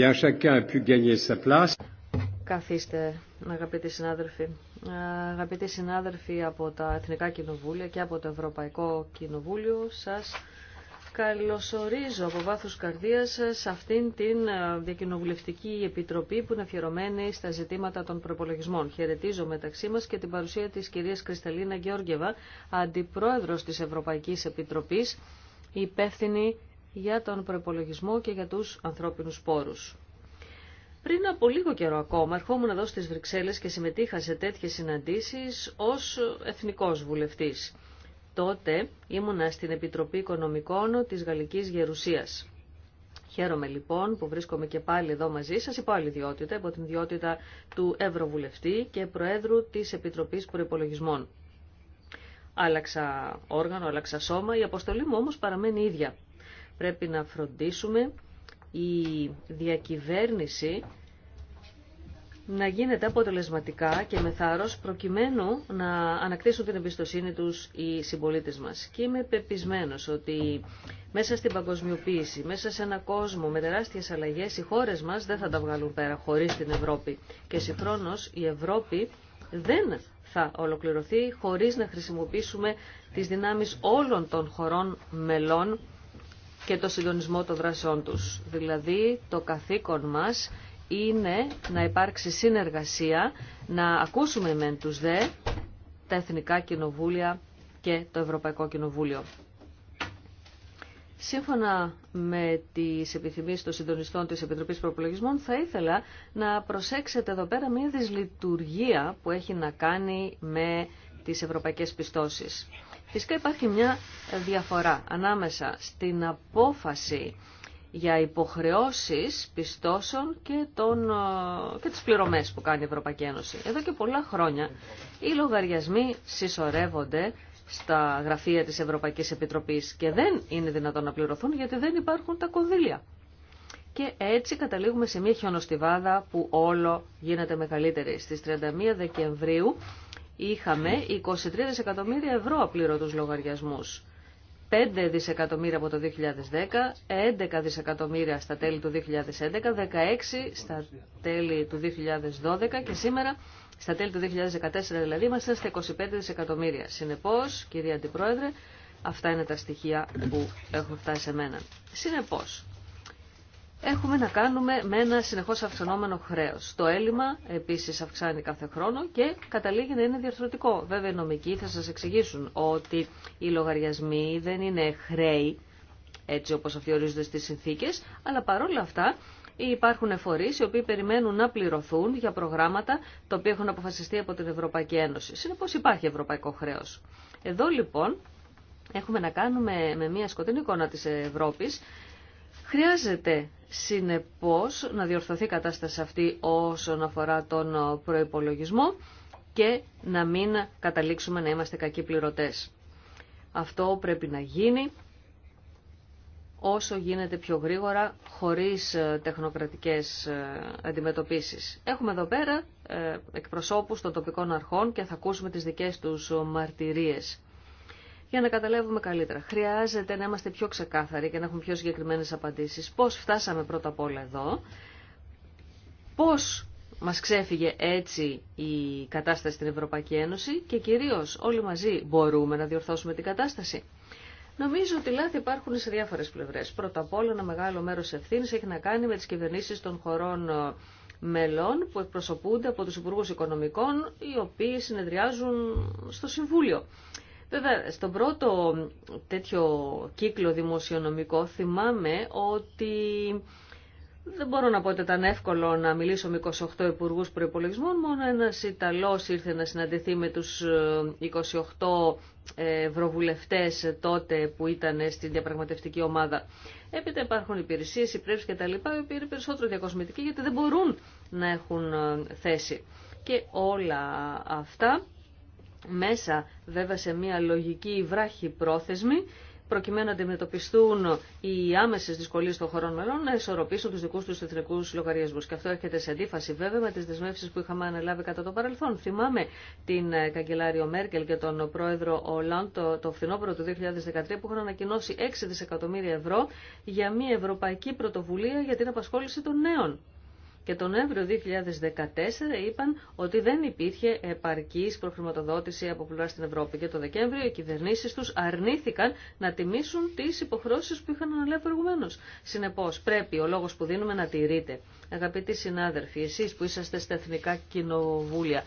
Bien, chacun a pu gagner sa place. Καθίστε, αγαπητοί συνάδελφοι. Ε, αγαπητοί συνάδελφοι από τα Εθνικά Κοινοβούλια και από το Ευρωπαϊκό Κοινοβούλιο, σας καλωσορίζω από βάθους καρδίας σε αυτήν την ε, Διακοινοβουλευτική Επιτροπή που είναι αφιερωμένη στα ζητήματα των προπολογισμών. Χαιρετίζω μεταξύ μας και την παρουσία της κυρίας Κρυσταλίνα Γεώργεβα, Αντιπρόεδρος της Ευρωπαϊκής Επιτροπής, υπεύθυνη για τον προπολογισμό και για τους ανθρώπινους πόρους. Πριν από λίγο καιρό ακόμα ερχόμουν εδώ στις Βρυξέλλες και συμμετείχα σε τέτοιες συναντήσεις ως εθνικός βουλευτής. Τότε ήμουνα στην Επιτροπή Οικονομικών της Γαλλικής Γερουσίας. Χαίρομαι λοιπόν που βρίσκομαι και πάλι εδώ μαζί σας υπό άλλη ιδιότητα, υπό την ιδιότητα του Ευρωβουλευτή και Προέδρου της Επιτροπής Προϋπολογισμών. Άλλαξα όργανο, άλλαξα σώμα, η αποστολή μου όμως παραμένει ίδια. Πρέπει να φροντίσουμε η διακυβέρνηση να γίνεται αποτελεσματικά και με θάρρος προκειμένου να ανακτήσουν την εμπιστοσύνη τους οι συμπολίτες μας. Και είμαι πεπισμένος ότι μέσα στην παγκοσμιοποίηση, μέσα σε ένα κόσμο με τεράστιες αλλαγές, οι χώρες μας δεν θα τα βγάλουν πέρα χωρίς την Ευρώπη. Και συγχρόνως η Ευρώπη δεν θα ολοκληρωθεί χωρίς να χρησιμοποιήσουμε τις δυνάμεις όλων των χωρών μελών και το συντονισμό των δράσεών τους. Δηλαδή το καθήκον μας είναι να υπάρξει συνεργασία, να ακούσουμε μεν τους δε τα Εθνικά Κοινοβούλια και το Ευρωπαϊκό Κοινοβούλιο. Σύμφωνα με τις επιθυμίες των συντονιστών της Επιτροπής Προπολογισμών θα ήθελα να προσέξετε εδώ πέρα μια δυσλειτουργία που έχει να κάνει με τις ευρωπαϊκές πιστώσεις. Φυσικά υπάρχει μια διαφορά ανάμεσα στην απόφαση για υποχρεώσεις πιστώσεων και, τον, ε, και τις πληρωμές που κάνει η Ευρωπαϊκή Ένωση. Εδώ και πολλά χρόνια οι λογαριασμοί συσσωρεύονται στα γραφεία της Ευρωπαϊκής Επιτροπής και δεν είναι δυνατόν να πληρωθούν γιατί δεν υπάρχουν τα κονδύλια. Και έτσι καταλήγουμε σε μια χιονοστιβάδα που όλο γίνεται μεγαλύτερη. Στις 31 Δεκεμβρίου είχαμε 23 δισεκατομμύρια ευρώ απλήρωτους λογαριασμούς. 5 δισεκατομμύρια από το 2010, 11 δισεκατομμύρια στα τέλη του 2011, 16 στα τέλη του 2012 και σήμερα στα τέλη του 2014 δηλαδή είμαστε στα 25 δισεκατομμύρια. Συνεπώς, κυρία Αντιπρόεδρε, αυτά είναι τα στοιχεία που έχουν φτάσει σε μένα. Συνεπώς, έχουμε να κάνουμε με ένα συνεχώς αυξανόμενο χρέος. Το έλλειμμα επίσης αυξάνει κάθε χρόνο και καταλήγει να είναι διαρθρωτικό. Βέβαια οι νομικοί θα σας εξηγήσουν ότι οι λογαριασμοί δεν είναι χρέη έτσι όπως αυτοί στις συνθήκες, αλλά παρόλα αυτά υπάρχουν φορείς οι οποίοι περιμένουν να πληρωθούν για προγράμματα τα οποία έχουν αποφασιστεί από την Ευρωπαϊκή Ένωση. Συνεπώς υπάρχει ευρωπαϊκό χρέος. Εδώ λοιπόν έχουμε να κάνουμε με μια σκοτεινή εικόνα της Ευρώπης Χρειάζεται συνεπώς να διορθωθεί η κατάσταση αυτή όσον αφορά τον προϋπολογισμό και να μην καταλήξουμε να είμαστε κακοί πληρωτές. Αυτό πρέπει να γίνει όσο γίνεται πιο γρήγορα, χωρίς ε, τεχνοκρατικές ε, αντιμετωπίσεις. Έχουμε εδώ πέρα ε, εκπροσώπους των τοπικών αρχών και θα ακούσουμε τις δικές τους μαρτυρίες για να καταλάβουμε καλύτερα. Χρειάζεται να είμαστε πιο ξεκάθαροι και να έχουμε πιο συγκεκριμένες απαντήσεις. Πώς φτάσαμε πρώτα απ' όλα εδώ, πώς μας ξέφυγε έτσι η κατάσταση στην Ευρωπαϊκή Ένωση και κυρίως όλοι μαζί μπορούμε να διορθώσουμε την κατάσταση. Νομίζω ότι λάθη υπάρχουν σε διάφορες πλευρές. Πρώτα απ' όλα ένα μεγάλο μέρος ευθύνης έχει να κάνει με τις κυβερνήσεις των χωρών ε, μελών που εκπροσωπούνται από τους Υπουργούς Οικονομικών οι οποίοι συνεδριάζουν στο Συμβούλιο. Βέβαια, στον πρώτο τέτοιο κύκλο δημοσιονομικό θυμάμαι ότι δεν μπορώ να πω ότι ήταν εύκολο να μιλήσω με 28 υπουργού προπολογισμών. Μόνο ένα Ιταλό ήρθε να συναντηθεί με του 28 ε, ε, ευρωβουλευτέ τότε που ήταν στην διαπραγματευτική ομάδα. Έπειτα υπάρχουν υπηρεσίε, υπρέψει κτλ. οι οποίοι είναι περισσότερο διακοσμητικοί γιατί δεν μπορούν να έχουν ε, θέση. Και όλα αυτά μέσα βέβαια σε μια λογική βράχη πρόθεσμη, προκειμένου να αντιμετωπιστούν οι άμεσε δυσκολίε των χωρών μελών, να ισορροπήσουν του δικού του εθνικού λογαριασμού. Και αυτό έρχεται σε αντίφαση βέβαια με τι δεσμεύσει που είχαμε αναλάβει κατά το παρελθόν. Θυμάμαι την ε, καγκελάριο Μέρκελ και τον πρόεδρο Ολάντ το, το φθινόπωρο του 2013 που είχαν ανακοινώσει 6 δισεκατομμύρια ευρώ για μια ευρωπαϊκή πρωτοβουλία για την απασχόληση των νέων και τον Νοέμβριο 2014 είπαν ότι δεν υπήρχε επαρκής προχρηματοδότηση από πλευρά στην Ευρώπη και το Δεκέμβριο οι κυβερνήσεις τους αρνήθηκαν να τιμήσουν τις υποχρώσεις που είχαν αναλάβει προηγουμένω. Συνεπώς πρέπει ο λόγος που δίνουμε να τηρείται. Αγαπητοί συνάδελφοι, εσείς που είσαστε στα εθνικά κοινοβούλια,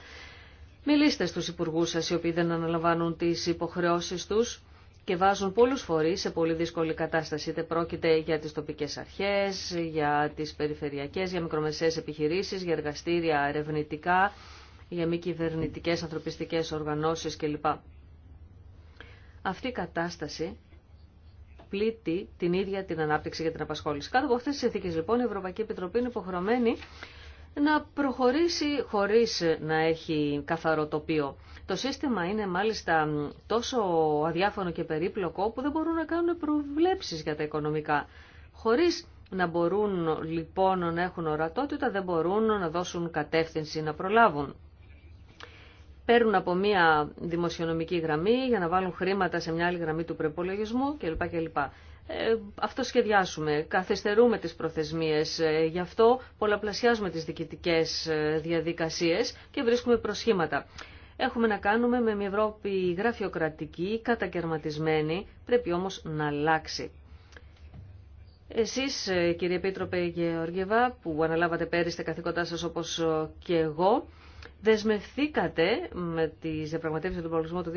μιλήστε στους υπουργούς σας οι οποίοι δεν αναλαμβάνουν τις υποχρεώσεις τους και βάζουν πολλούς φορείς σε πολύ δύσκολη κατάσταση. Είτε πρόκειται για τις τοπικές αρχές, για τις περιφερειακές, για μικρομεσαίες επιχειρήσεις, για εργαστήρια ερευνητικά, για μη κυβερνητικέ ανθρωπιστικές οργανώσεις κλπ. Αυτή η κατάσταση πλήττει την ίδια την ανάπτυξη για την απασχόληση. Κάτω από αυτέ τι λοιπόν, η Ευρωπαϊκή Επιτροπή είναι υποχρεωμένη να προχωρήσει χωρίς να έχει καθαρό τοπίο. Το σύστημα είναι μάλιστα τόσο αδιάφωνο και περίπλοκο που δεν μπορούν να κάνουν προβλέψεις για τα οικονομικά. Χωρίς να μπορούν λοιπόν να έχουν ορατότητα, δεν μπορούν να δώσουν κατεύθυνση, να προλάβουν. Παίρνουν από μία δημοσιονομική γραμμή για να βάλουν χρήματα σε μια άλλη γραμμή του προπολογισμού κλπ. Ε, αυτό σχεδιάσουμε. Καθυστερούμε τις προθεσμίες. Ε, γι' αυτό πολλαπλασιάζουμε τις διοικητικές ε, διαδικασίες και βρίσκουμε προσχήματα. Έχουμε να κάνουμε με μια Ευρώπη γραφειοκρατική, κατακαιρματισμένη. Πρέπει όμως να αλλάξει. Εσείς, κύριε Πίτροπε Γεωργιεβά, που αναλάβατε πέρυσι τα καθήκοντά σας όπως και εγώ, δεσμευθήκατε με τι διαπραγματεύσει του προπολογισμού του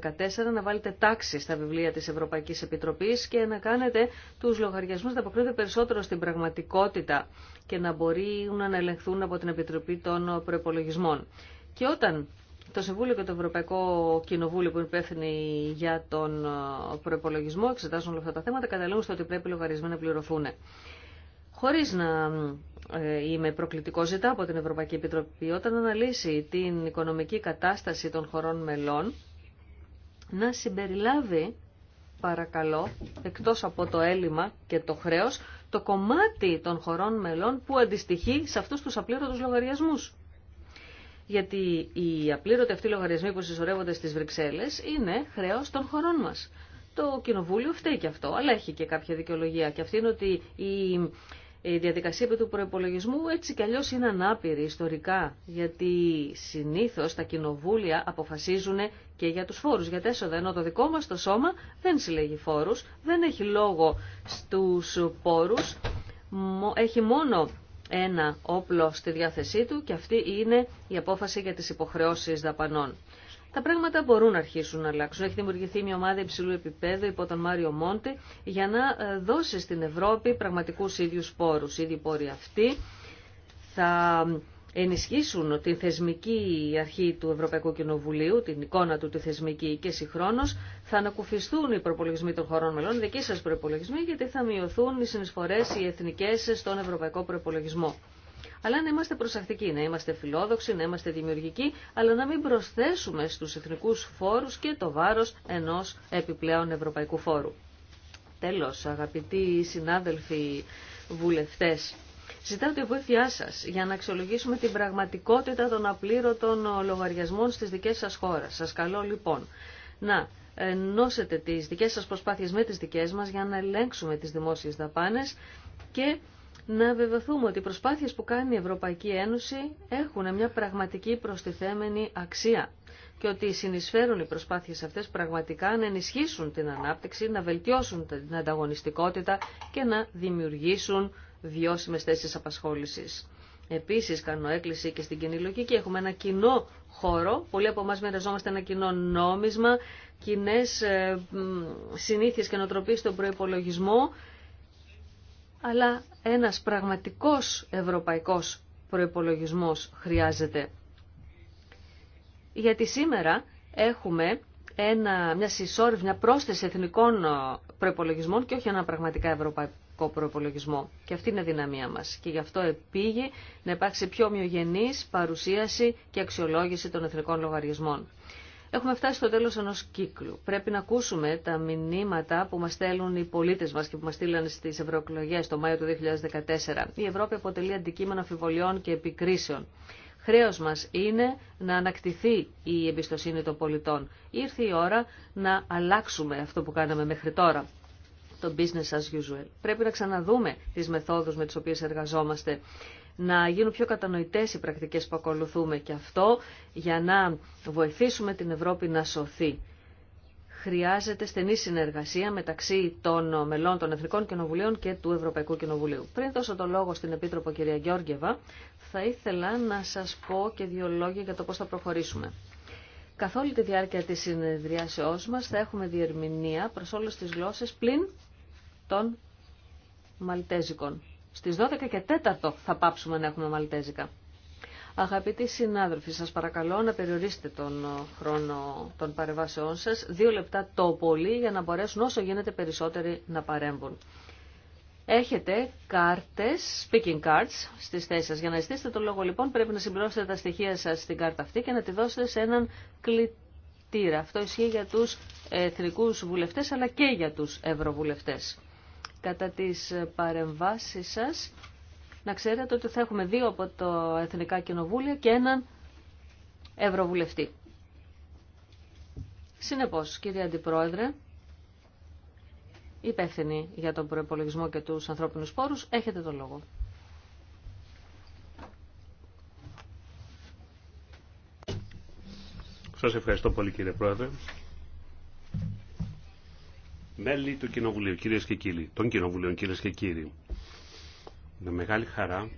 2014 να βάλετε τάξη στα βιβλία τη Ευρωπαϊκή Επιτροπή και να κάνετε του λογαριασμού να αποκρίνονται περισσότερο στην πραγματικότητα και να μπορούν να ελεγχθούν από την Επιτροπή των Προπολογισμών. Και όταν το Συμβούλιο και το Ευρωπαϊκό Κοινοβούλιο που είναι υπεύθυνοι για τον προπολογισμό εξετάζουν όλα αυτά τα θέματα, καταλήγουν στο ότι πρέπει οι λογαριασμοί να πληρωθούν. Χωρί να ε, είμαι προκλητικό ζητά από την Ευρωπαϊκή Επιτροπή όταν αναλύσει την οικονομική κατάσταση των χωρών μελών να συμπεριλάβει παρακαλώ εκτός από το έλλειμμα και το χρέος το κομμάτι των χωρών μελών που αντιστοιχεί σε αυτούς τους απλήρωτους λογαριασμούς. Γιατί οι απλήρωτοι αυτοί λογαριασμοί που συσσωρεύονται στις Βρυξέλλες είναι χρέος των χωρών μας. Το Κοινοβούλιο φταίει και αυτό, αλλά έχει και κάποια δικαιολογία. Και αυτή είναι ότι η η διαδικασία του προπολογισμού έτσι κι αλλιώς είναι ανάπηρη ιστορικά, γιατί συνήθως τα κοινοβούλια αποφασίζουν και για τους φόρους, για τέσσερα, ενώ το δικό μας το σώμα δεν συλλέγει φόρους, δεν έχει λόγο στους πόρους, έχει μόνο ένα όπλο στη διάθεσή του και αυτή είναι η απόφαση για τις υποχρεώσεις δαπανών. Τα πράγματα μπορούν να αρχίσουν να αλλάξουν. Έχει δημιουργηθεί μια ομάδα υψηλού επίπεδου υπό τον Μάριο Μόντι για να ε, δώσει στην Ευρώπη πραγματικού ίδιου πόρου. Οι ίδιοι πόροι αυτοί θα ενισχύσουν την θεσμική αρχή του Ευρωπαϊκού Κοινοβουλίου, την εικόνα του τη θεσμική και συγχρόνως, θα ανακουφιστούν οι προπολογισμοί των χωρών μελών, δικοί σα προπολογισμοί, γιατί θα μειωθούν οι συνεισφορέ οι εθνικέ στον Ευρωπαϊκό Προπολογισμό. Αλλά να είμαστε προσεκτικοί, να είμαστε φιλόδοξοι, να είμαστε δημιουργικοί, αλλά να μην προσθέσουμε στους εθνικούς φόρους και το βάρος ενός επιπλέον ευρωπαϊκού φόρου. Τέλος, αγαπητοί συνάδελφοι βουλευτές, Ζητάω τη βοήθειά σα για να αξιολογήσουμε την πραγματικότητα των απλήρωτων λογαριασμών στι δικέ σα χώρε. Σα καλώ λοιπόν να ενώσετε τι δικέ σα προσπάθειε με τι δικέ μα για να ελέγξουμε τι δημόσιε δαπάνε και να βεβαιωθούμε ότι οι προσπάθειες που κάνει η Ευρωπαϊκή Ένωση έχουν μια πραγματική προστιθέμενη αξία και ότι συνεισφέρουν οι προσπάθειες αυτές πραγματικά να ενισχύσουν την ανάπτυξη, να βελτιώσουν την ανταγωνιστικότητα και να δημιουργήσουν βιώσιμες θέσεις απασχόλησης. Επίσης κάνω έκκληση και στην κοινή λογική. Έχουμε ένα κοινό χώρο. Πολλοί από εμάς μοιραζόμαστε ένα κοινό νόμισμα, κοινέ ε, συνήθειες και νοοτροπίες στον προπολογισμό αλλά ένας πραγματικός ευρωπαϊκός προϋπολογισμός χρειάζεται. Γιατί σήμερα έχουμε ένα, μια συσσόρυβη, μια πρόσθεση εθνικών προϋπολογισμών και όχι ένα πραγματικά ευρωπαϊκό προϋπολογισμό. Και αυτή είναι η δυναμία μας. Και γι' αυτό επήγει να υπάρξει πιο ομοιογενής παρουσίαση και αξιολόγηση των εθνικών λογαριασμών. Έχουμε φτάσει στο τέλος ενός κύκλου. Πρέπει να ακούσουμε τα μηνύματα που μας στέλνουν οι πολίτες μας και που μας στείλαν στις ευρωεκλογέ το Μάιο του 2014. Η Ευρώπη αποτελεί αντικείμενο αφιβολιών και επικρίσεων. Χρέος μας είναι να ανακτηθεί η εμπιστοσύνη των πολιτών. Ήρθε η ώρα να αλλάξουμε αυτό που κάναμε μέχρι τώρα το business as usual. Πρέπει να ξαναδούμε τις μεθόδους με τις οποίες εργαζόμαστε να γίνουν πιο κατανοητές οι πρακτικές που ακολουθούμε και αυτό για να βοηθήσουμε την Ευρώπη να σωθεί. Χρειάζεται στενή συνεργασία μεταξύ των μελών των Εθνικών Κοινοβουλίων και του Ευρωπαϊκού Κοινοβουλίου. Πριν δώσω το λόγο στην Επίτροπο κυρία Γιώργεβα, θα ήθελα να σας πω και δύο λόγια για το πώς θα προχωρήσουμε. Καθ' όλη τη διάρκεια της συνεδριάσεώς μας θα έχουμε διερμηνία προς όλες τις γλώσσες πλην των Μαλτέζικων. Στις 12 και 4 θα πάψουμε να έχουμε μαλτέζικα. Αγαπητοί συνάδελφοι, σας παρακαλώ να περιορίσετε τον ε, χρόνο των παρεμβάσεών σας, δύο λεπτά το πολύ, για να μπορέσουν όσο γίνεται περισσότεροι να παρέμβουν. Έχετε κάρτες, speaking cards, στις θέσεις σας. Για να ζητήσετε το λόγο λοιπόν πρέπει να συμπληρώσετε τα στοιχεία σας στην κάρτα αυτή και να τη δώσετε σε έναν κλητήρα. Αυτό ισχύει για τους εθνικούς βουλευτές αλλά και για τους ευρωβουλευτές κατά τις παρεμβάσεις σας. Να ξέρετε ότι θα έχουμε δύο από το Εθνικά Κοινοβούλια και έναν Ευρωβουλευτή. Συνεπώς, κύριε Αντιπρόεδρε, υπεύθυνοι για τον προπολογισμό και τους ανθρώπινους πόρους, έχετε το λόγο. Σας ευχαριστώ πολύ κύριε Πρόεδρε μέλη του Κοινοβουλίου, κύριε και κύριοι, των Κοινοβουλίων, κύριε και κύριοι. Με μεγάλη χαρά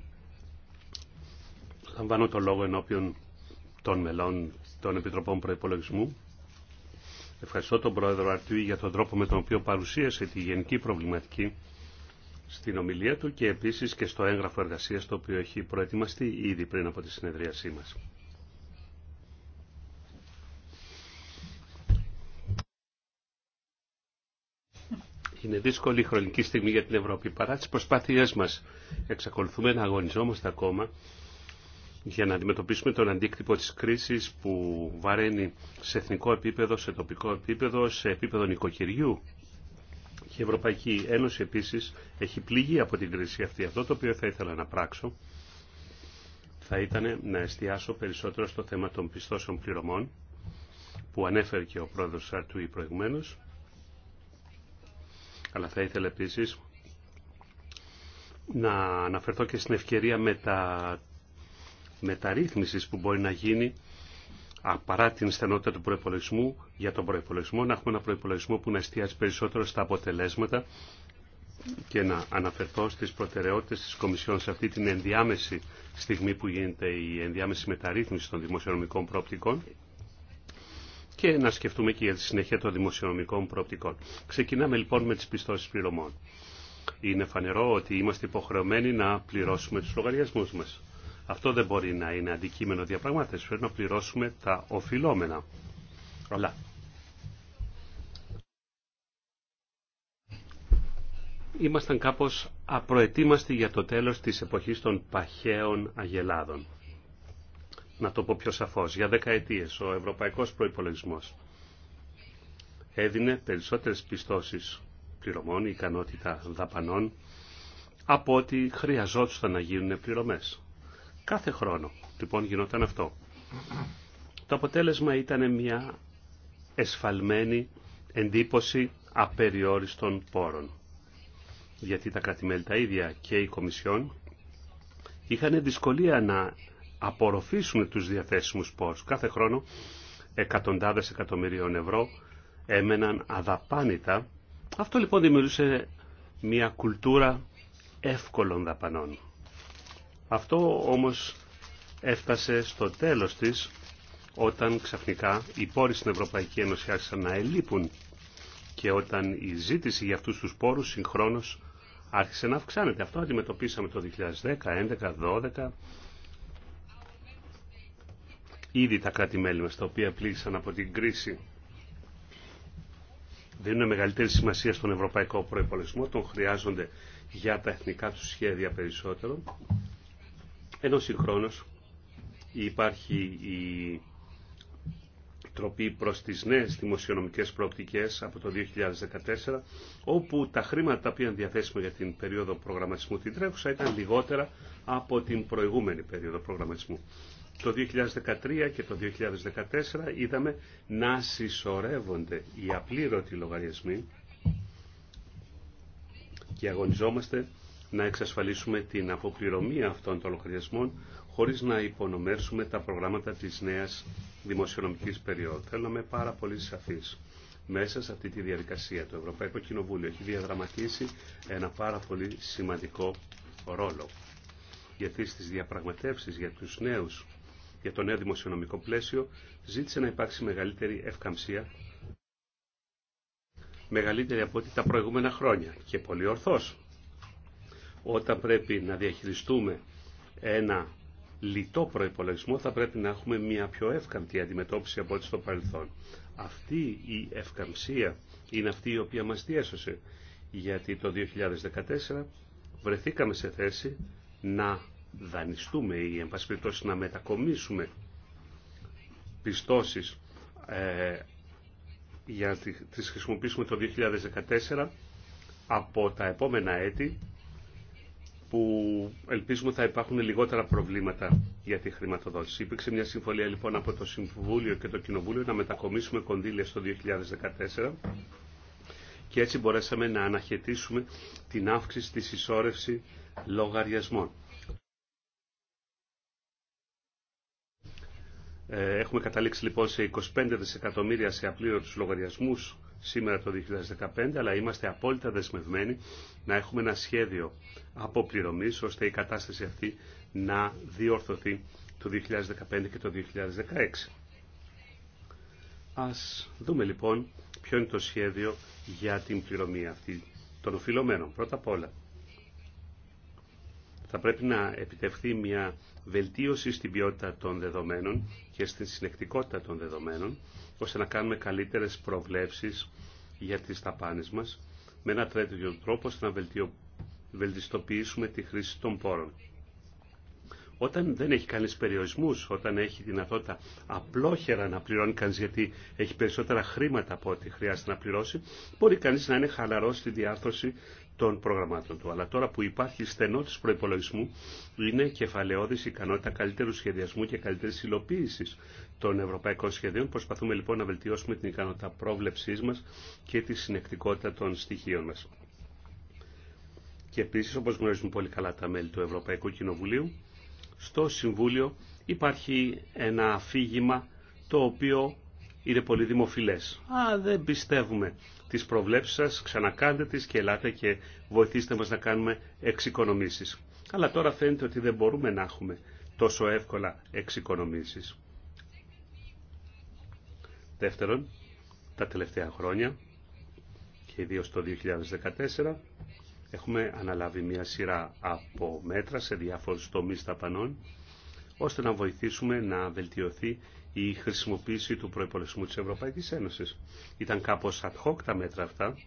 λαμβάνω το λόγο ενώπιον των μελών των Επιτροπών Προπολογισμού. Ευχαριστώ τον Πρόεδρο Αρτιού για τον τρόπο με τον οποίο παρουσίασε τη γενική προβληματική στην ομιλία του και επίσης και στο έγγραφο εργασίας το οποίο έχει προετοιμαστεί ήδη πριν από τη συνεδρίασή μας. Είναι δύσκολη η χρονική στιγμή για την Ευρώπη. Παρά τις προσπάθειές μας εξακολουθούμε να αγωνιζόμαστε ακόμα για να αντιμετωπίσουμε τον αντίκτυπο της κρίσης που βαραίνει σε εθνικό επίπεδο, σε τοπικό επίπεδο, σε επίπεδο νοικοκυριού. η Ευρωπαϊκή Ένωση επίσης έχει πληγεί από την κρίση αυτή. Αυτό το οποίο θα ήθελα να πράξω θα ήταν να εστιάσω περισσότερο στο θέμα των πιστώσεων πληρωμών που ανέφερε και ο πρόεδρος Σαρτουή προηγουμένως αλλά θα ήθελα επίσης να αναφερθώ και στην ευκαιρία μετα... μεταρρύθμισης που μπορεί να γίνει παρά την στενότητα του προϋπολογισμού για τον προϋπολογισμό να έχουμε ένα προπολογισμό που να εστιάζει περισσότερο στα αποτελέσματα και να αναφερθώ στις προτεραιότητες της Κομισιόν σε αυτή την ενδιάμεση στιγμή που γίνεται η ενδιάμεση μεταρρύθμιση των δημοσιονομικών προοπτικών και να σκεφτούμε και για τη συνέχεια των δημοσιονομικών προοπτικών. Ξεκινάμε λοιπόν με τις πιστώσεις πληρωμών. Είναι φανερό ότι είμαστε υποχρεωμένοι να πληρώσουμε τους λογαριασμούς μας. Αυτό δεν μπορεί να είναι αντικείμενο διαπραγμάτευση. Πρέπει να πληρώσουμε τα οφειλόμενα. Αλλά ήμασταν κάπως απροετοίμαστοι για το τέλος της εποχής των παχαίων αγελάδων να το πω πιο σαφώς, για δεκαετίες ο ευρωπαϊκός προϋπολογισμός έδινε περισσότερες πιστώσεις πληρωμών, ικανότητα δαπανών, από ό,τι χρειαζόταν να γίνουν πληρωμές. Κάθε χρόνο, λοιπόν, γινόταν αυτό. Το αποτέλεσμα ήταν μια εσφαλμένη εντύπωση απεριόριστων πόρων. Γιατί τα κρατημέλη τα ίδια και η Κομισιόν είχαν δυσκολία να απορροφήσουν τους διαθέσιμους πόρους. Κάθε χρόνο εκατοντάδες εκατομμυρίων ευρώ έμεναν αδαπάνητα. Αυτό λοιπόν δημιουργούσε μια κουλτούρα εύκολων δαπανών. Αυτό όμως έφτασε στο τέλος της όταν ξαφνικά οι πόροι στην Ευρωπαϊκή Ένωση άρχισαν να ελείπουν και όταν η ζήτηση για αυτούς τους πόρους συγχρόνως άρχισε να αυξάνεται. Αυτό αντιμετωπίσαμε το 2010, 2011, 2012 ήδη τα κράτη-μέλη μας, τα οποία πλήγησαν από την κρίση, δίνουν μεγαλύτερη σημασία στον ευρωπαϊκό προϋπολογισμό, τον χρειάζονται για τα εθνικά τους σχέδια περισσότερο, ενώ συγχρόνως υπάρχει η τροπή προς τις νέες δημοσιονομικές προοπτικές από το 2014, όπου τα χρήματα τα οποία διαθέσιμα για την περίοδο προγραμματισμού την τρέχουσα ήταν λιγότερα από την προηγούμενη περίοδο προγραμματισμού. Το 2013 και το 2014 είδαμε να συσσωρεύονται οι απλήρωτοι λογαριασμοί και αγωνιζόμαστε να εξασφαλίσουμε την αποπληρωμή αυτών των λογαριασμών χωρίς να υπονομεύσουμε τα προγράμματα της νέας δημοσιονομικής περίοδου. Θέλω να είμαι πάρα πολύ σαφής. Μέσα σε αυτή τη διαδικασία το Ευρωπαϊκό Κοινοβούλιο έχει διαδραματίσει ένα πάρα πολύ σημαντικό ρόλο. Γιατί στις διαπραγματεύσεις για τους νέους για το νέο δημοσιονομικό πλαίσιο ζήτησε να υπάρξει μεγαλύτερη ευκαμψία, μεγαλύτερη από ό,τι τα προηγούμενα χρόνια και πολύ ορθώς. Όταν πρέπει να διαχειριστούμε ένα λιτό προϋπολογισμό θα πρέπει να έχουμε μια πιο εύκαμπτη αντιμετώπιση από ό,τι στο παρελθόν. Αυτή η ευκαμψία είναι αυτή η οποία μας διέσωσε, γιατί το 2014 βρεθήκαμε σε θέση να δανειστούμε ή εν να μετακομίσουμε πιστώσεις ε, για να τις χρησιμοποιήσουμε το 2014 από τα επόμενα έτη που ελπίζουμε θα υπάρχουν λιγότερα προβλήματα για τη χρηματοδότηση. Υπήρξε μια συμφωνία λοιπόν από το Συμβούλιο και το Κοινοβούλιο να μετακομίσουμε κονδύλια στο 2014 και έτσι μπορέσαμε να αναχαιτήσουμε την αύξηση της ισόρευση λογαριασμών. Ε, έχουμε καταλήξει λοιπόν σε 25 δισεκατομμύρια σε απλήρωτους λογαριασμούς σήμερα το 2015, αλλά είμαστε απόλυτα δεσμευμένοι να έχουμε ένα σχέδιο αποπληρωμής, ώστε η κατάσταση αυτή να διορθωθεί το 2015 και το 2016. Ας δούμε λοιπόν ποιο είναι το σχέδιο για την πληρωμή αυτή των οφειλωμένων. Πρώτα απ' όλα, θα πρέπει να επιτευχθεί μια βελτίωση στην ποιότητα των δεδομένων και στην συνεκτικότητα των δεδομένων, ώστε να κάνουμε καλύτερες προβλέψεις για τις ταπάνες μας, με ένα τέτοιο τρόπο ώστε να βελτιστοποιήσουμε τη χρήση των πόρων. Όταν δεν έχει κανείς περιορισμούς, όταν έχει δυνατότητα απλόχερα να πληρώνει κανείς γιατί έχει περισσότερα χρήματα από ό,τι χρειάζεται να πληρώσει, μπορεί κανείς να είναι χαλαρός στη διάρθρωση των προγραμμάτων του. Αλλά τώρα που υπάρχει στενό της προπολογισμού, είναι κεφαλαιώδης ικανότητα καλύτερου σχεδιασμού και καλύτερης υλοποίηση των ευρωπαϊκών σχεδίων. Προσπαθούμε λοιπόν να βελτιώσουμε την ικανότητα πρόβλεψή μας και τη συνεκτικότητα των στοιχείων μας. Και επίση, όπω γνωρίζουμε πολύ καλά τα μέλη του Ευρωπαϊκού Κοινοβουλίου, στο Συμβούλιο υπάρχει ένα αφήγημα το οποίο είναι πολύ δημοφιλές. Α, δεν πιστεύουμε τις προβλέψεις σας, ξανακάντε τις και ελάτε και βοηθήστε μας να κάνουμε εξοικονομήσεις. Αλλά τώρα φαίνεται ότι δεν μπορούμε να έχουμε τόσο εύκολα εξοικονομήσεις. Δεύτερον, τα τελευταία χρόνια και ιδίω το 2014 έχουμε αναλάβει μια σειρά από μέτρα σε διάφορους τομείς ταπανών ώστε να βοηθήσουμε να βελτιωθεί η χρησιμοποίηση του προϋπολογισμού της Ευρωπαϊκής Ένωσης. Ήταν κάπως ad hoc τα μέτρα αυτά.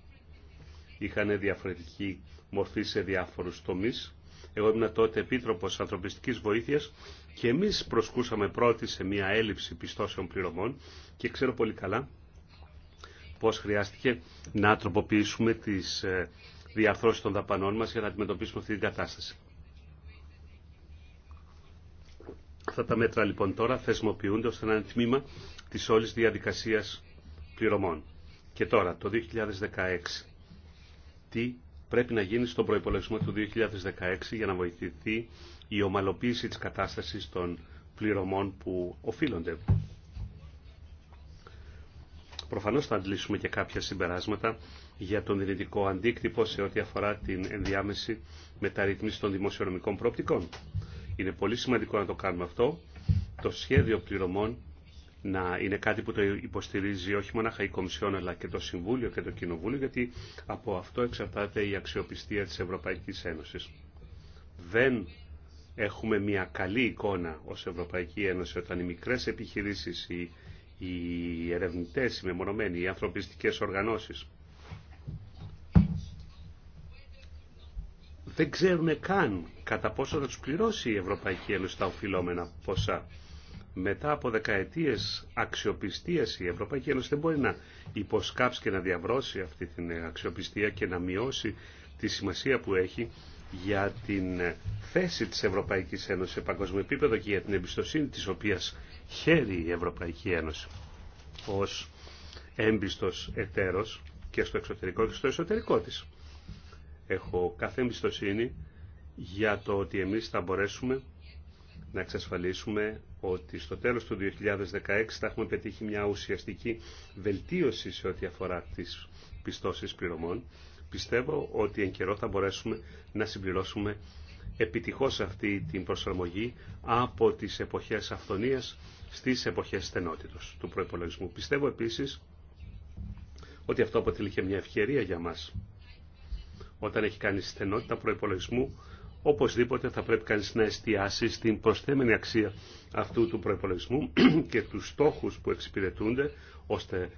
Είχαν διαφορετική μορφή σε διάφορους τομείς. Εγώ ήμουν τότε επίτροπος ανθρωπιστικής βοήθειας και εμείς προσκούσαμε πρώτοι σε μια έλλειψη πιστώσεων πληρωμών και ξέρω πολύ καλά πώς χρειάστηκε να τροποποιήσουμε τις ε, διαρθρώσεις των δαπανών μας για να αντιμετωπίσουμε αυτή την κατάσταση. Αυτά τα μέτρα λοιπόν τώρα θεσμοποιούνται ώστε να είναι τμήμα της όλης διαδικασίας πληρωμών. Και τώρα, το 2016, τι πρέπει να γίνει στον προϋπολογισμό του 2016 για να βοηθηθεί η ομαλοποίηση της κατάστασης των πληρωμών που οφείλονται. Προφανώς θα αντλήσουμε και κάποια συμπεράσματα για τον δυνητικό αντίκτυπο σε ό,τι αφορά την ενδιάμεση μεταρρύθμιση των δημοσιονομικών προοπτικών. Είναι πολύ σημαντικό να το κάνουμε αυτό. Το σχέδιο πληρωμών να είναι κάτι που το υποστηρίζει όχι μόνο η Κομισιόν αλλά και το Συμβούλιο και το Κοινοβούλιο γιατί από αυτό εξαρτάται η αξιοπιστία της Ευρωπαϊκής Ένωσης. Δεν έχουμε μια καλή εικόνα ως Ευρωπαϊκή Ένωση όταν οι μικρές επιχειρήσεις, οι, οι ερευνητές, οι μεμονωμένοι, οι ανθρωπιστικές οργανώσεις δεν ξέρουν καν κατά πόσο θα τους πληρώσει η Ευρωπαϊκή Ένωση τα οφειλόμενα ποσά. Μετά από δεκαετίες αξιοπιστίας η Ευρωπαϊκή Ένωση δεν μπορεί να υποσκάψει και να διαβρώσει αυτή την αξιοπιστία και να μειώσει τη σημασία που έχει για την θέση της Ευρωπαϊκής Ένωσης σε παγκόσμιο επίπεδο και για την εμπιστοσύνη της οποίας χαίρει η Ευρωπαϊκή Ένωση ως έμπιστος εταίρος και στο εξωτερικό και στο εσωτερικό της. Έχω κάθε εμπιστοσύνη για το ότι εμείς θα μπορέσουμε να εξασφαλίσουμε ότι στο τέλος του 2016 θα έχουμε πετύχει μια ουσιαστική βελτίωση σε ό,τι αφορά τις πιστώσεις πληρωμών. Πιστεύω ότι εν καιρό θα μπορέσουμε να συμπληρώσουμε επιτυχώς αυτή την προσαρμογή από τις εποχές αυθονίας στις εποχές στενότητος του προϋπολογισμού. Πιστεύω επίσης ότι αυτό αποτελεί και μια ευκαιρία για μας όταν έχει κάνει στενότητα προπολογισμού, οπωσδήποτε θα πρέπει κανείς να εστιάσει στην προσθέμενη αξία αυτού του προπολογισμού και τους στόχους που εξυπηρετούνται, ώστε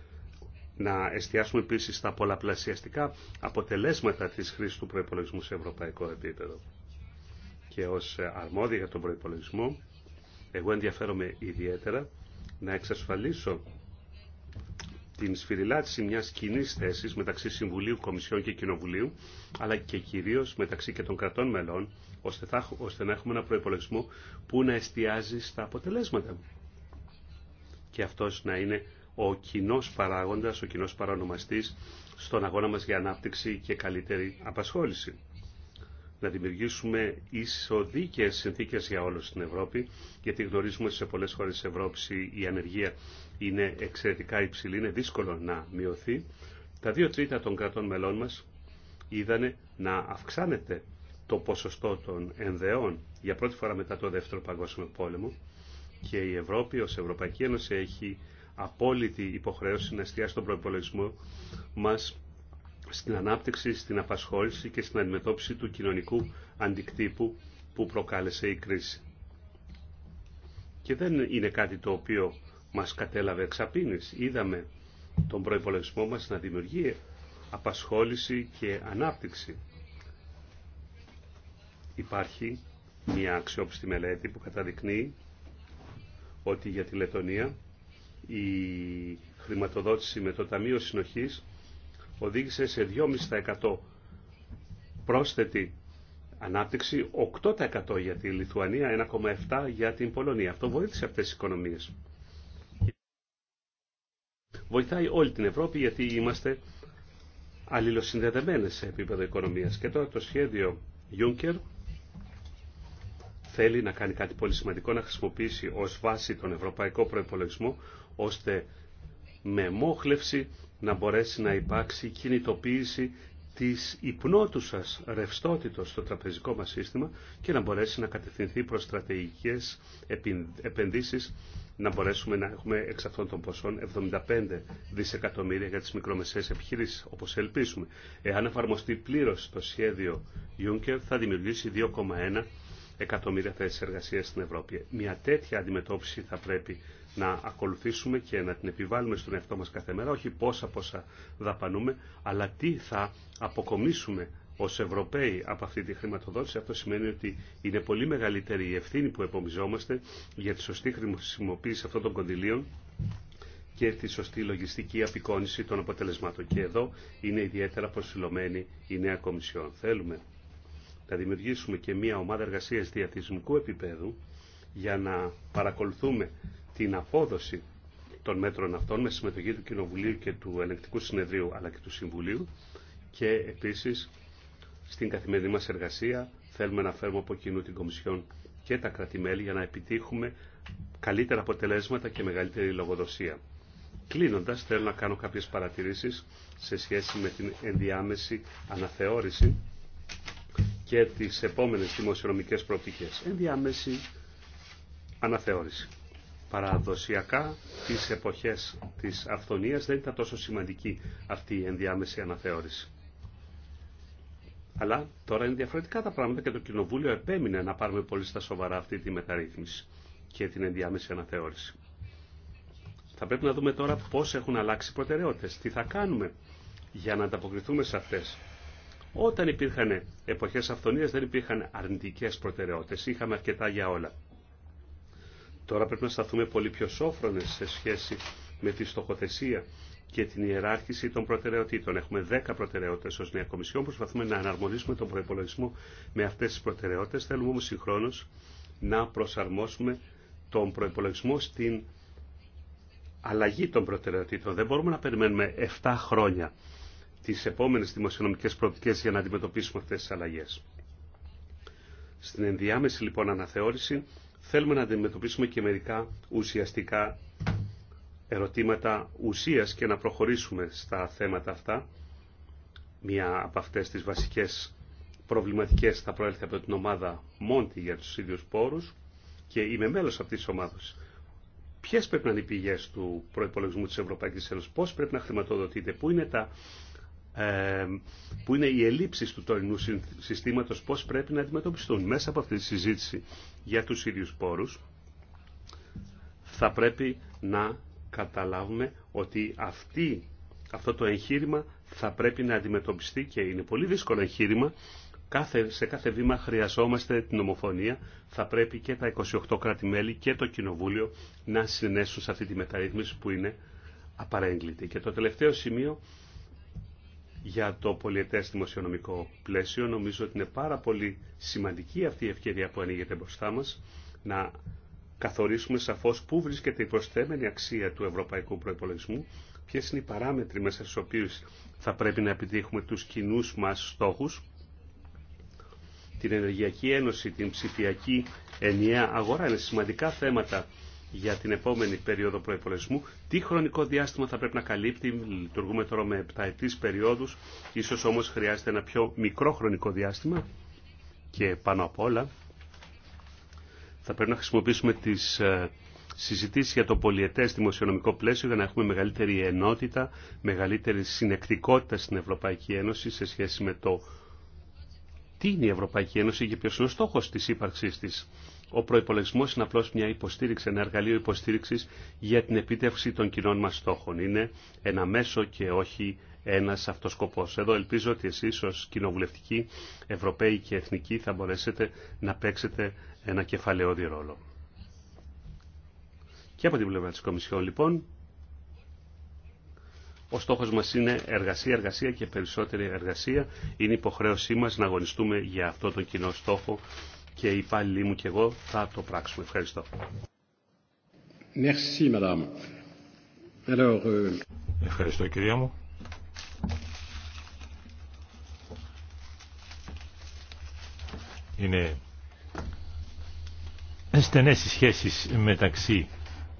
να εστιάσουμε επίση στα πολλαπλασιαστικά αποτελέσματα της χρήση του προπολογισμού σε ευρωπαϊκό επίπεδο. Και ως αρμόδια για τον προπολογισμό, εγώ ενδιαφέρομαι ιδιαίτερα να εξασφαλίσω την σφυριλάτηση μιας κοινή θέση μεταξύ Συμβουλίου, Κομισιών και Κοινοβουλίου, αλλά και κυρίως μεταξύ και των κρατών μελών, ώστε, θα, ώστε να έχουμε ένα προϋπολογισμό που να εστιάζει στα αποτελέσματα. Και αυτός να είναι ο κοινό παράγοντας, ο κοινό παρανομαστής στον αγώνα μας για ανάπτυξη και καλύτερη απασχόληση. Να δημιουργήσουμε ισοδίκαιες συνθήκες για όλους στην Ευρώπη, γιατί γνωρίζουμε σε πολλές χώρες της Ευρώπης η ανεργία είναι εξαιρετικά υψηλή, είναι δύσκολο να μειωθεί. Τα δύο τρίτα των κρατών μελών μας είδανε να αυξάνεται το ποσοστό των ενδεών για πρώτη φορά μετά το Δεύτερο Παγκόσμιο Πόλεμο και η Ευρώπη ως Ευρωπαϊκή Ένωση έχει απόλυτη υποχρέωση να εστιάσει τον προπολογισμό μας στην ανάπτυξη, στην απασχόληση και στην αντιμετώπιση του κοινωνικού αντικτύπου που προκάλεσε η κρίση. Και δεν είναι κάτι το οποίο μας κατέλαβε εξαπίνης. Είδαμε τον προϋπολογισμό μας να δημιουργεί απασχόληση και ανάπτυξη. Υπάρχει μια αξιόπιστη μελέτη που καταδεικνύει ότι για τη Λετωνία η χρηματοδότηση με το Ταμείο Συνοχής οδήγησε σε 2,5% πρόσθετη ανάπτυξη, 8% για τη Λιθουανία, 1,7% για την Πολωνία. Αυτό βοήθησε αυτές τις οικονομίες βοηθάει όλη την Ευρώπη γιατί είμαστε αλληλοσυνδεδεμένες σε επίπεδο οικονομίας. Και τώρα το σχέδιο Juncker θέλει να κάνει κάτι πολύ σημαντικό, να χρησιμοποιήσει ως βάση τον ευρωπαϊκό προϋπολογισμό, ώστε με μόχλευση να μπορέσει να υπάρξει κινητοποίηση της υπνότουσας ρευστότητος στο τραπεζικό μας σύστημα και να μπορέσει να κατευθυνθεί προς στρατηγικές επενδύσεις να μπορέσουμε να έχουμε εξ αυτών των ποσών 75 δισεκατομμύρια για τις μικρομεσαίες επιχειρήσεις, όπως ελπίσουμε. Εάν εφαρμοστεί πλήρως το σχέδιο Juncker θα δημιουργήσει 2,1 εκατομμύρια θέσεις εργασίας στην Ευρώπη. Μια τέτοια αντιμετώπιση θα πρέπει να ακολουθήσουμε και να την επιβάλλουμε στον εαυτό μας κάθε μέρα, όχι πόσα πόσα δαπανούμε, αλλά τι θα αποκομίσουμε ως Ευρωπαίοι από αυτή τη χρηματοδότηση, αυτό σημαίνει ότι είναι πολύ μεγαλύτερη η ευθύνη που επομιζόμαστε για τη σωστή χρησιμοποίηση αυτών των κονδυλίων και τη σωστή λογιστική απεικόνηση των αποτελεσμάτων. Και εδώ είναι ιδιαίτερα προσφυλωμένη η νέα Κομισιόν. Θέλουμε να δημιουργήσουμε και μια ομάδα εργασίας διαθυσμικού επίπεδου για να παρακολουθούμε την απόδοση των μέτρων αυτών με συμμετοχή του Κοινοβουλίου και του Ελεκτικού Συνεδρίου αλλά και του Συμβουλίου και επίσης στην καθημερινή μας εργασία. Θέλουμε να φέρουμε από κοινού την Κομισιόν και τα κρατημέλη για να επιτύχουμε καλύτερα αποτελέσματα και μεγαλύτερη λογοδοσία. Κλείνοντας, θέλω να κάνω κάποιες παρατηρήσεις σε σχέση με την ενδιάμεση αναθεώρηση και τις επόμενες δημοσιονομικές προοπτικές. Ενδιάμεση αναθεώρηση. Παραδοσιακά, τις εποχές της αυθονίας δεν ήταν τόσο σημαντική αυτή η ενδιάμεση αναθεώρηση. Αλλά τώρα είναι διαφορετικά τα πράγματα και το Κοινοβούλιο επέμεινε να πάρουμε πολύ στα σοβαρά αυτή τη μεταρρύθμιση και την ενδιάμεση αναθεώρηση. Θα πρέπει να δούμε τώρα πώς έχουν αλλάξει οι προτεραιότητες, τι θα κάνουμε για να ανταποκριθούμε σε αυτές. Όταν υπήρχαν εποχές αυθονίας δεν υπήρχαν αρνητικές προτεραιότητες, είχαμε αρκετά για όλα. Τώρα πρέπει να σταθούμε πολύ πιο σόφρονες σε σχέση με τη στοχοθεσία και την ιεράρχηση των προτεραιοτήτων. Έχουμε 10 προτεραιότητε ω Νέα Κομισιόν. Προσπαθούμε να αναρμονίσουμε τον προπολογισμό με αυτέ τι προτεραιότητε. Θέλουμε όμω συγχρόνω να προσαρμόσουμε τον προπολογισμό στην αλλαγή των προτεραιοτήτων. Δεν μπορούμε να περιμένουμε 7 χρόνια τι επόμενε δημοσιονομικέ προοπτικέ για να αντιμετωπίσουμε αυτέ τι αλλαγέ. Στην ενδιάμεση λοιπόν αναθεώρηση θέλουμε να αντιμετωπίσουμε και μερικά ουσιαστικά ερωτήματα ουσίας και να προχωρήσουμε στα θέματα αυτά. Μία από αυτές τις βασικές προβληματικές θα προέλθει από την ομάδα Μόντι για τους ίδιους πόρους και είμαι μέλος αυτής της ομάδας. Ποιε πρέπει να είναι οι πηγέ του προπολογισμού τη Ευρωπαϊκή Ένωση, πώ πρέπει να χρηματοδοτείται, πού είναι, ε, που είναι οι ελλείψει του τωρινού συστήματο, πώ πρέπει να αντιμετωπιστούν. Μέσα από αυτή τη συζήτηση για του ίδιου πόρου, θα πρέπει να καταλάβουμε ότι αυτή, αυτό το εγχείρημα θα πρέπει να αντιμετωπιστεί και είναι πολύ δύσκολο εγχείρημα. Κάθε, σε κάθε βήμα χρειαζόμαστε την ομοφωνία. Θα πρέπει και τα 28 κράτη-μέλη και το Κοινοβούλιο να συνέσουν σε αυτή τη μεταρρύθμιση που είναι απαρέγκλητη. Και το τελευταίο σημείο για το πολιετές δημοσιονομικό πλαίσιο νομίζω ότι είναι πάρα πολύ σημαντική αυτή η ευκαιρία που ανοίγεται μπροστά μας να καθορίσουμε σαφώς πού βρίσκεται η προσθέμενη αξία του ευρωπαϊκού προϋπολογισμού, ποιες είναι οι παράμετροι μέσα στους οποίου θα πρέπει να επιτύχουμε τους κοινού μας στόχους, την Ενεργειακή Ένωση, την ψηφιακή ενιαία αγορά είναι σημαντικά θέματα για την επόμενη περίοδο προπολογισμού. Τι χρονικό διάστημα θα πρέπει να καλύπτει, λειτουργούμε τώρα με επταετή περίοδου, ίσω όμω χρειάζεται ένα πιο μικρό χρονικό διάστημα. Και πάνω απ' όλα, θα πρέπει να χρησιμοποιήσουμε τις ε, συζητήσεις για το πολιετές δημοσιονομικό πλαίσιο για να έχουμε μεγαλύτερη ενότητα, μεγαλύτερη συνεκτικότητα στην Ευρωπαϊκή Ένωση σε σχέση με το τι είναι η Ευρωπαϊκή Ένωση και ποιος είναι ο στόχος της ύπαρξής της. Ο προπολογισμό είναι απλώ μια υποστήριξη, ένα εργαλείο υποστήριξη για την επίτευξη των κοινών μα στόχων. Είναι ένα μέσο και όχι ένα αυτοσκοπό. Εδώ ελπίζω ότι εσεί ω κοινοβουλευτικοί, ευρωπαίοι και εθνικοί θα μπορέσετε να παίξετε ένα κεφαλαιόδη ρόλο. Και από την πλευρά της Κομισιόν λοιπόν, ο στόχος μας είναι εργασία, εργασία και περισσότερη εργασία. Είναι υποχρέωσή μας να αγωνιστούμε για αυτό τον κοινό στόχο και οι υπάλληλοι μου και εγώ θα το πράξουμε. Ευχαριστώ. Euh, Ευχαριστώ κυρία μου. Είναι στενές οι σχέσεις μεταξύ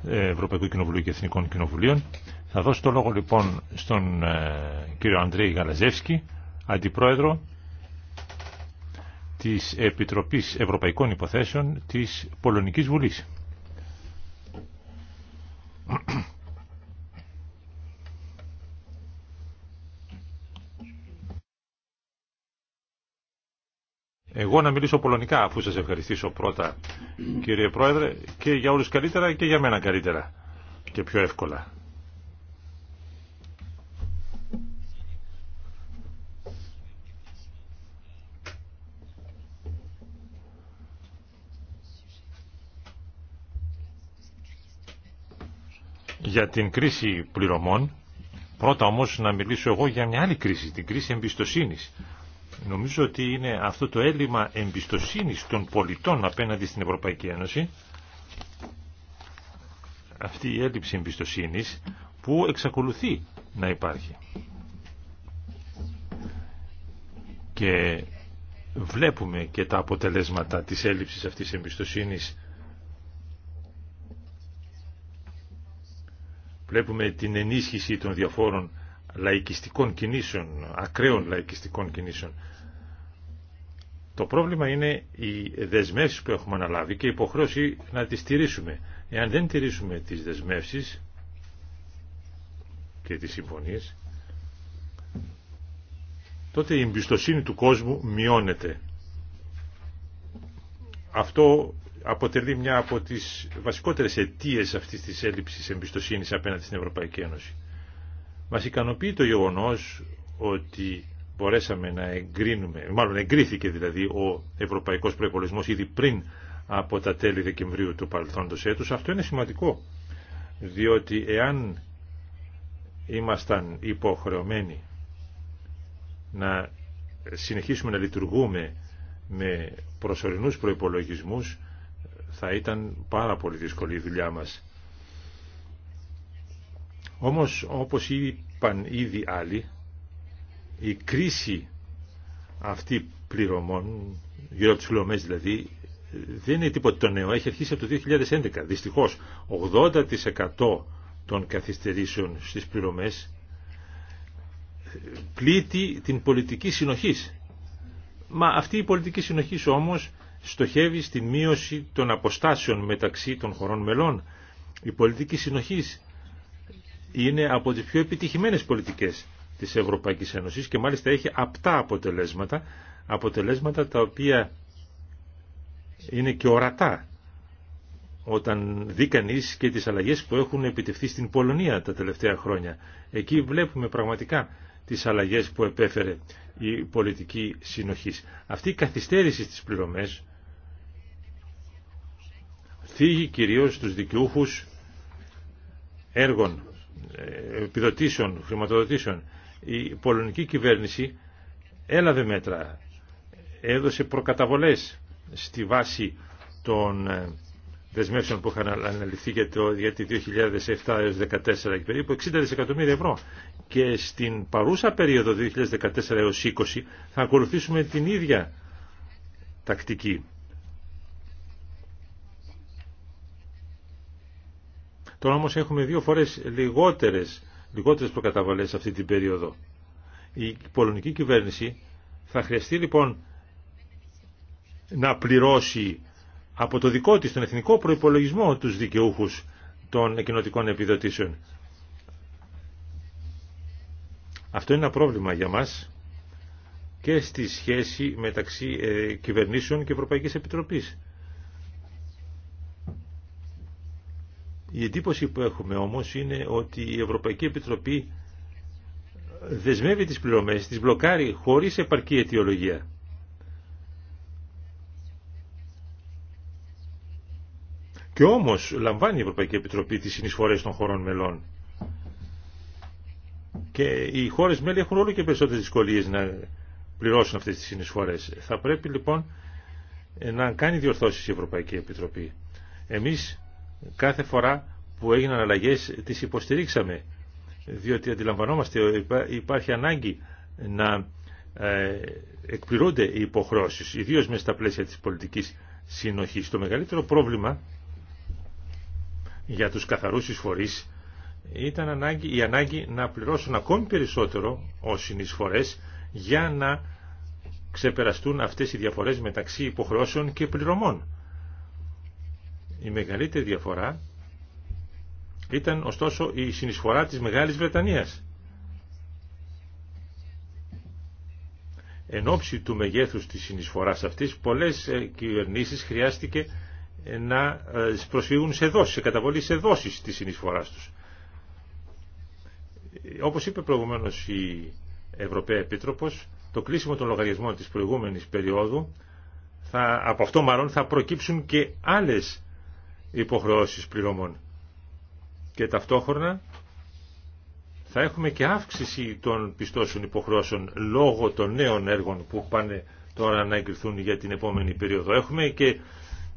ε, Ευρωπαϊκού Κοινοβουλίου και Εθνικών Κοινοβουλίων. Θα δώσω το λόγο λοιπόν στον ε, κύριο Αντρέη Γαλαζεύσκη, Αντιπρόεδρο της Επιτροπής Ευρωπαϊκών Υποθέσεων της Πολωνικής Βουλής. Εγώ να μιλήσω πολωνικά αφού σας ευχαριστήσω πρώτα κύριε Πρόεδρε και για όλους καλύτερα και για μένα καλύτερα και πιο εύκολα. για την κρίση πληρωμών. Πρώτα όμως να μιλήσω εγώ για μια άλλη κρίση, την κρίση εμπιστοσύνης Νομίζω ότι είναι αυτό το έλλειμμα εμπιστοσύνης των πολιτών απέναντι στην Ευρωπαϊκή Ένωση, αυτή η έλλειψη εμπιστοσύνης που εξακολουθεί να υπάρχει. Και βλέπουμε και τα αποτελέσματα της έλλειψης αυτής της εμπιστοσύνης. Βλέπουμε την ενίσχυση των διαφόρων λαϊκιστικών κινήσεων, ακραίων λαϊκιστικών κινήσεων. Το πρόβλημα είναι οι δεσμεύσεις που έχουμε αναλάβει και η υποχρέωση να τις τηρήσουμε. Εάν δεν τηρήσουμε τις δεσμεύσεις και τις συμφωνίες, τότε η εμπιστοσύνη του κόσμου μειώνεται. Αυτό αποτελεί μια από τις βασικότερες αιτίες αυτής της έλλειψης εμπιστοσύνης απέναντι στην Ευρωπαϊκή Ένωση. Μας ικανοποιεί το γεγονός ότι μπορέσαμε να εγκρίνουμε, μάλλον εγκρίθηκε δηλαδή ο ευρωπαϊκός προϋπολογισμός ήδη πριν από τα τέλη Δεκεμβρίου του παρελθόντος έτους. Αυτό είναι σημαντικό, διότι εάν ήμασταν υποχρεωμένοι να συνεχίσουμε να λειτουργούμε με προσωρινούς προϋπολογισμούς, θα ήταν πάρα πολύ δύσκολη η δουλειά μας. Όμως όπως είπαν ήδη άλλοι, η κρίση αυτή πληρωμών, γύρω από τις πληρωμές δηλαδή, δεν είναι τίποτα το νέο. Έχει αρχίσει από το 2011. Δυστυχώς, 80% των καθυστερήσεων στις πληρωμές πλήττει την πολιτική συνοχής. Μα αυτή η πολιτική συνοχής όμως στοχεύει στη μείωση των αποστάσεων μεταξύ των χωρών μελών. Η πολιτική συνοχής είναι από τις πιο επιτυχημένες πολιτικές της Ευρωπαϊκής Ένωσης και μάλιστα έχει απτά αποτελέσματα, αποτελέσματα τα οποία είναι και ορατά όταν δει κανεί και τις αλλαγές που έχουν επιτευχθεί στην Πολωνία τα τελευταία χρόνια. Εκεί βλέπουμε πραγματικά τις αλλαγές που επέφερε η πολιτική συνοχής. Αυτή η καθυστέρηση στις πληρωμές θίγει κυρίως τους δικαιούχους έργων επιδοτήσεων, χρηματοδοτήσεων. Η πολωνική κυβέρνηση έλαβε μέτρα, έδωσε προκαταβολές στη βάση των ε, δεσμεύσεων που είχαν αναλυθεί για, το, τη 2007 έως 2014 περίπου 60 δισεκατομμύρια ευρώ και στην παρούσα περίοδο 2014 έως 2020 θα ακολουθήσουμε την ίδια τακτική Τώρα όμως έχουμε δύο φορές λιγότερες, λιγότερες προκαταβολές σε αυτή την περίοδο. Η πολωνική κυβέρνηση θα χρειαστεί λοιπόν να πληρώσει από το δικό της τον εθνικό προϋπολογισμό τους δικαιούχους των κοινοτικών επιδοτήσεων. Αυτό είναι ένα πρόβλημα για μας και στη σχέση μεταξύ ε, κυβερνήσεων και Ευρωπαϊκής Επιτροπής. Η εντύπωση που έχουμε όμως είναι ότι η Ευρωπαϊκή Επιτροπή δεσμεύει τις πληρωμές, τις μπλοκάρει χωρίς επαρκή αιτιολογία. Και όμως λαμβάνει η Ευρωπαϊκή Επιτροπή τις συνεισφορές των χωρών μελών. Και οι χώρες μέλη έχουν όλο και περισσότερες δυσκολίες να πληρώσουν αυτές τις συνεισφορές. Θα πρέπει λοιπόν να κάνει διορθώσεις η Ευρωπαϊκή Επιτροπή. Εμείς κάθε φορά που έγιναν αλλαγές τις υποστηρίξαμε διότι αντιλαμβανόμαστε υπάρχει ανάγκη να ε, εκπληρούνται οι υποχρώσεις ιδίως μέσα στα πλαίσια της πολιτικής συνοχής. Το μεγαλύτερο πρόβλημα για τους καθαρούς εισφορείς ήταν ανάγκη, η ανάγκη να πληρώσουν ακόμη περισσότερο ως συνεισφορές για να ξεπεραστούν αυτές οι διαφορές μεταξύ υποχρεώσεων και πληρωμών. Η μεγαλύτερη διαφορά ήταν ωστόσο η συνεισφορά της Μεγάλης Βρετανίας. Εν ώψη του μεγέθους της συνεισφοράς αυτής, πολλές ε, κυβερνήσεις χρειάστηκε ε, να ε, προσφύγουν σε δόσεις, σε καταβολή σε δόσεις της συνεισφοράς τους. Όπως είπε προηγουμένως η Ευρωπαία Επίτροπος, το κλείσιμο των λογαριασμών της προηγούμενης περίοδου, θα, από αυτό μάλλον θα προκύψουν και άλλες υποχρεώσεις πληρωμών. Και ταυτόχρονα θα έχουμε και αύξηση των πιστώσεων υποχρεώσεων λόγω των νέων έργων που πάνε τώρα να εγκριθούν για την επόμενη περίοδο. Έχουμε και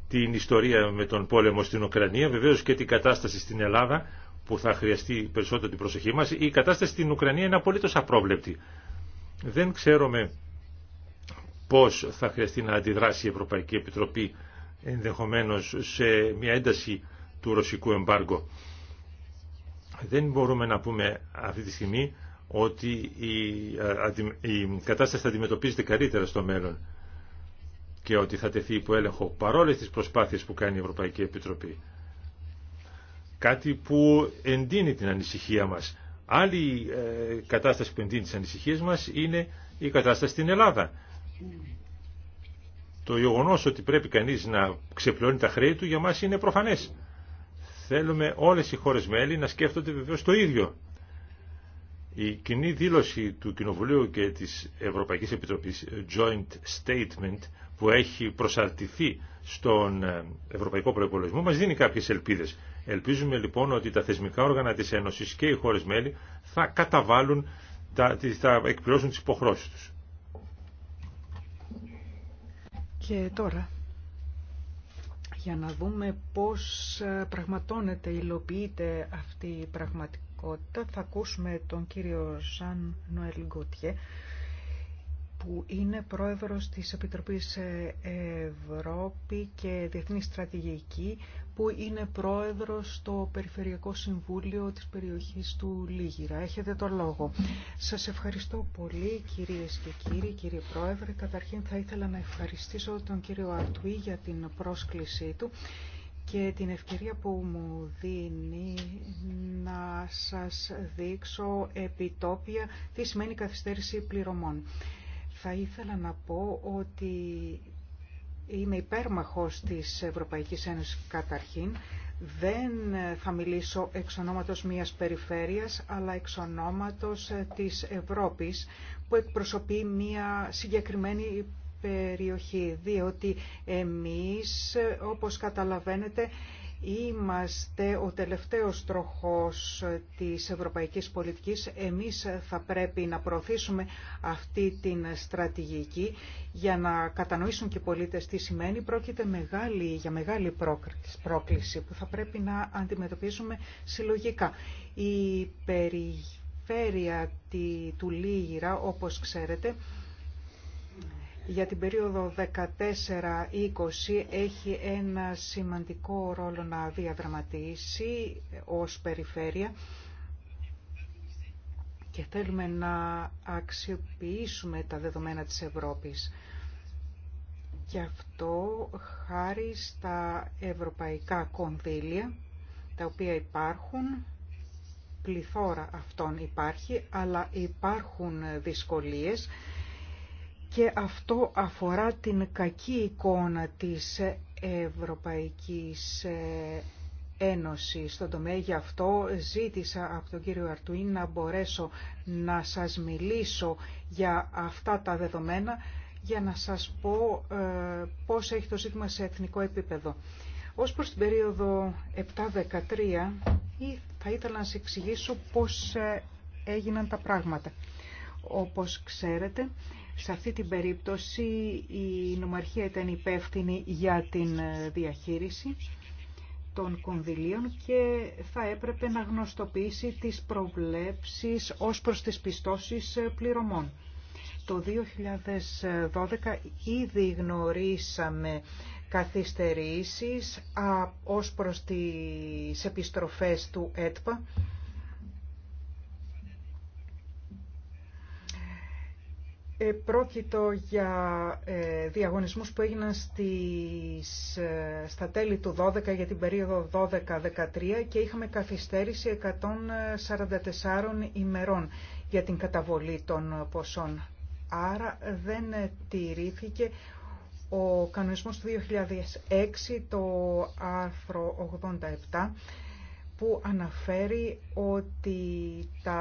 την ιστορία με τον πόλεμο στην Ουκρανία, βεβαίως και την κατάσταση στην Ελλάδα που θα χρειαστεί περισσότερη την προσοχή μας. Η κατάσταση στην Ουκρανία είναι απολύτως απρόβλεπτη. Δεν ξέρουμε πώς θα χρειαστεί να αντιδράσει η Ευρωπαϊκή Επιτροπή ενδεχομένως σε μια ένταση του ρωσικού εμπάργου. Δεν μπορούμε να πούμε αυτή τη στιγμή ότι η κατάσταση θα αντιμετωπίζεται καλύτερα στο μέλλον και ότι θα τεθεί υπό έλεγχο παρόλες τις προσπάθειες που κάνει η Ευρωπαϊκή Επιτροπή. Κάτι που εντείνει την ανησυχία μας. Άλλη ε, κατάσταση που εντείνει τις ανησυχίες μας είναι η κατάσταση στην Ελλάδα. Το γεγονός ότι πρέπει κανείς να ξεπλώνει τα χρέη του για μας είναι προφανές. Θέλουμε όλες οι χώρες μέλη να σκέφτονται βεβαίως το ίδιο. Η κοινή δήλωση του Κοινοβουλίου και της Ευρωπαϊκής Επιτροπής Joint Statement που έχει προσαρτηθεί στον ε, Ευρωπαϊκό Προϋπολογισμό μας δίνει κάποιες ελπίδες. Ελπίζουμε λοιπόν ότι τα θεσμικά όργανα της Ένωσης και οι χώρες μέλη θα καταβάλουν, θα εκπληρώσουν τις υποχρώσεις τους. Και τώρα, για να δούμε πώς ε, πραγματώνεται, υλοποιείται αυτή η πραγματικότητα, θα ακούσουμε τον κύριο Ζαν Νοελ Γκότιε, που είναι πρόεδρος της Επιτροπής Ευρώπη και Διεθνή Στρατηγική, που είναι πρόεδρος στο Περιφερειακό Συμβούλιο της περιοχής του Λίγυρα. Έχετε το λόγο. Σας ευχαριστώ πολύ κυρίες και κύριοι, κύριε Πρόεδρε. Καταρχήν θα ήθελα να ευχαριστήσω τον κύριο Αρτουή για την πρόσκλησή του και την ευκαιρία που μου δίνει να σας δείξω επιτόπια τι σημαίνει καθυστέρηση πληρωμών. Θα ήθελα να πω ότι είμαι υπέρμαχος της Ευρωπαϊκής Ένωσης καταρχήν. Δεν θα μιλήσω εξ ονόματος μιας περιφέρειας, αλλά εξ ονόματος ε, της Ευρώπης, που εκπροσωπεί μια συγκεκριμένη περιοχή, διότι εμείς, ε, όπως καταλαβαίνετε, Είμαστε ο τελευταίος τροχός της ευρωπαϊκής πολιτικής. Εμείς θα πρέπει να προωθήσουμε αυτή την στρατηγική για να κατανοήσουν και οι πολίτες τι σημαίνει. Πρόκειται μεγάλη, για μεγάλη πρόκληση που θα πρέπει να αντιμετωπίσουμε συλλογικά. Η περιφέρεια του Λίγυρα, όπως ξέρετε, για την περίοδο 14-20 έχει ένα σημαντικό ρόλο να διαδραματίσει ως περιφέρεια και θέλουμε να αξιοποιήσουμε τα δεδομένα της Ευρώπης. Και αυτό χάρη στα ευρωπαϊκά κονδύλια, τα οποία υπάρχουν, πληθώρα αυτών υπάρχει, αλλά υπάρχουν δυσκολίες και αυτό αφορά την κακή εικόνα της Ευρωπαϊκής ε, Ένωση στον τομέα. Γι' αυτό ζήτησα από τον κύριο Αρτουίν να μπορέσω να σας μιλήσω για αυτά τα δεδομένα για να σας πω ε, πώς έχει το ζήτημα σε εθνικό επίπεδο. Ως προς την περίοδο 7-13 θα ήθελα να σας εξηγήσω πώς ε, έγιναν τα πράγματα. Όπως ξέρετε, σε αυτή την περίπτωση η νομαρχία ήταν υπεύθυνη για την διαχείριση των κονδυλίων και θα έπρεπε να γνωστοποιήσει τις προβλέψεις ως προς τις πιστώσεις πληρωμών. Το 2012 ήδη γνωρίσαμε καθυστερήσεις ως προς τις επιστροφές του ΕΤΠΑ Ε, πρόκειτο για ε, διαγωνισμούς που έγιναν στις, ε, στα τέλη του 12 για την περίοδο 12-13 και είχαμε καθυστέρηση 144 ημερών για την καταβολή των ποσών. Άρα δεν τηρήθηκε ο κανονισμός του 2006, το άρθρο 87 που αναφέρει ότι τα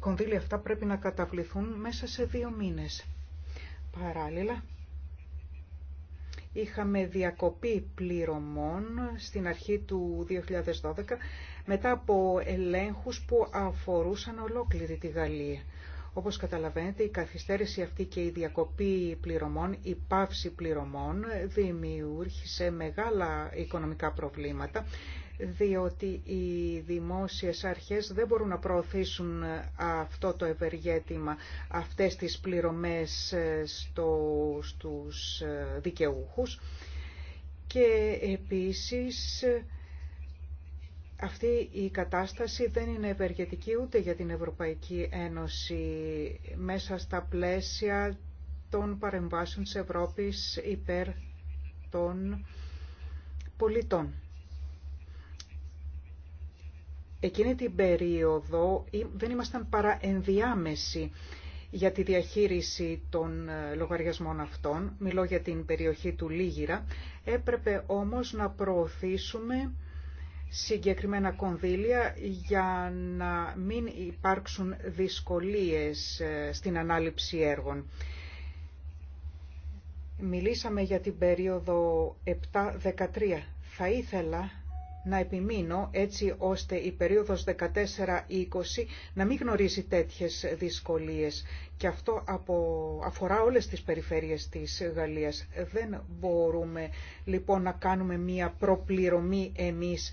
κονδύλια αυτά πρέπει να καταβληθούν μέσα σε δύο μήνες. Παράλληλα, είχαμε διακοπή πληρωμών στην αρχή του 2012 μετά από ελέγχους που αφορούσαν ολόκληρη τη Γαλλία. Όπως καταλαβαίνετε, η καθυστέρηση αυτή και η διακοπή πληρωμών, η πάυση πληρωμών, δημιούργησε μεγάλα οικονομικά προβλήματα διότι οι δημόσιες αρχές δεν μπορούν να προωθήσουν ε, αυτό το ευεργέτημα, αυτές τις πληρωμές ε, στο, στους ε, δικαιούχους και επίσης αυτή η κατάσταση δεν είναι ευεργετική ούτε για την Ευρωπαϊκή Ένωση μέσα στα πλαίσια των παρεμβάσεων της Ευρώπης υπέρ των πολιτών. Εκείνη την περίοδο δεν ήμασταν παρά ενδιάμεση για τη διαχείριση των ε, λογαριασμών αυτών, μιλώ για την περιοχή του Λίγυρα, έπρεπε όμως να προωθήσουμε συγκεκριμένα κονδύλια για να μην υπάρξουν δυσκολίες ε, στην ανάληψη έργων. Μιλήσαμε για την περίοδο 7-13. Θα ήθελα να επιμείνω έτσι ώστε η περίοδος 14-20 να μην γνωρίζει τέτοιες δυσκολίες. Και αυτό από, αφορά όλες τις περιφέρειες της Γαλλίας. Δεν μπορούμε λοιπόν να κάνουμε μία προπληρωμή εμείς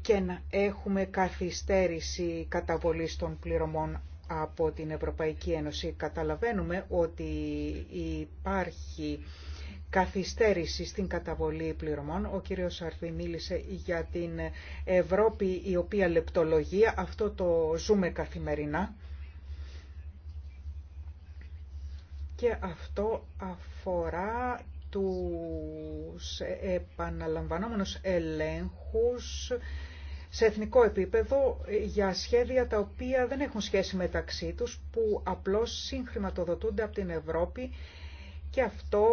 και να έχουμε καθυστέρηση καταβολής των πληρωμών από την Ευρωπαϊκή Ένωση. Καταλαβαίνουμε ότι υπάρχει καθυστέρηση στην καταβολή πληρωμών. Ο κύριος Αρθή μίλησε για την Ευρώπη η οποία λεπτολογία. Αυτό το ζούμε καθημερινά. Και αυτό αφορά τους επαναλαμβανόμενους ελέγχους σε εθνικό επίπεδο για σχέδια τα οποία δεν έχουν σχέση μεταξύ τους, που απλώς συγχρηματοδοτούνται από την Ευρώπη και αυτό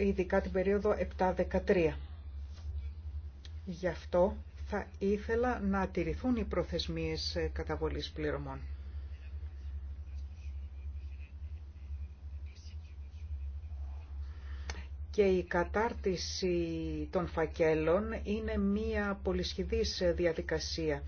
ειδικά την περίοδο 7-13. Γι' αυτό θα ήθελα να τηρηθούν οι προθεσμίες ε, καταβολής πληρωμών. και η κατάρτιση των φακέλων είναι μία πολυσχηδής ε, διαδικασία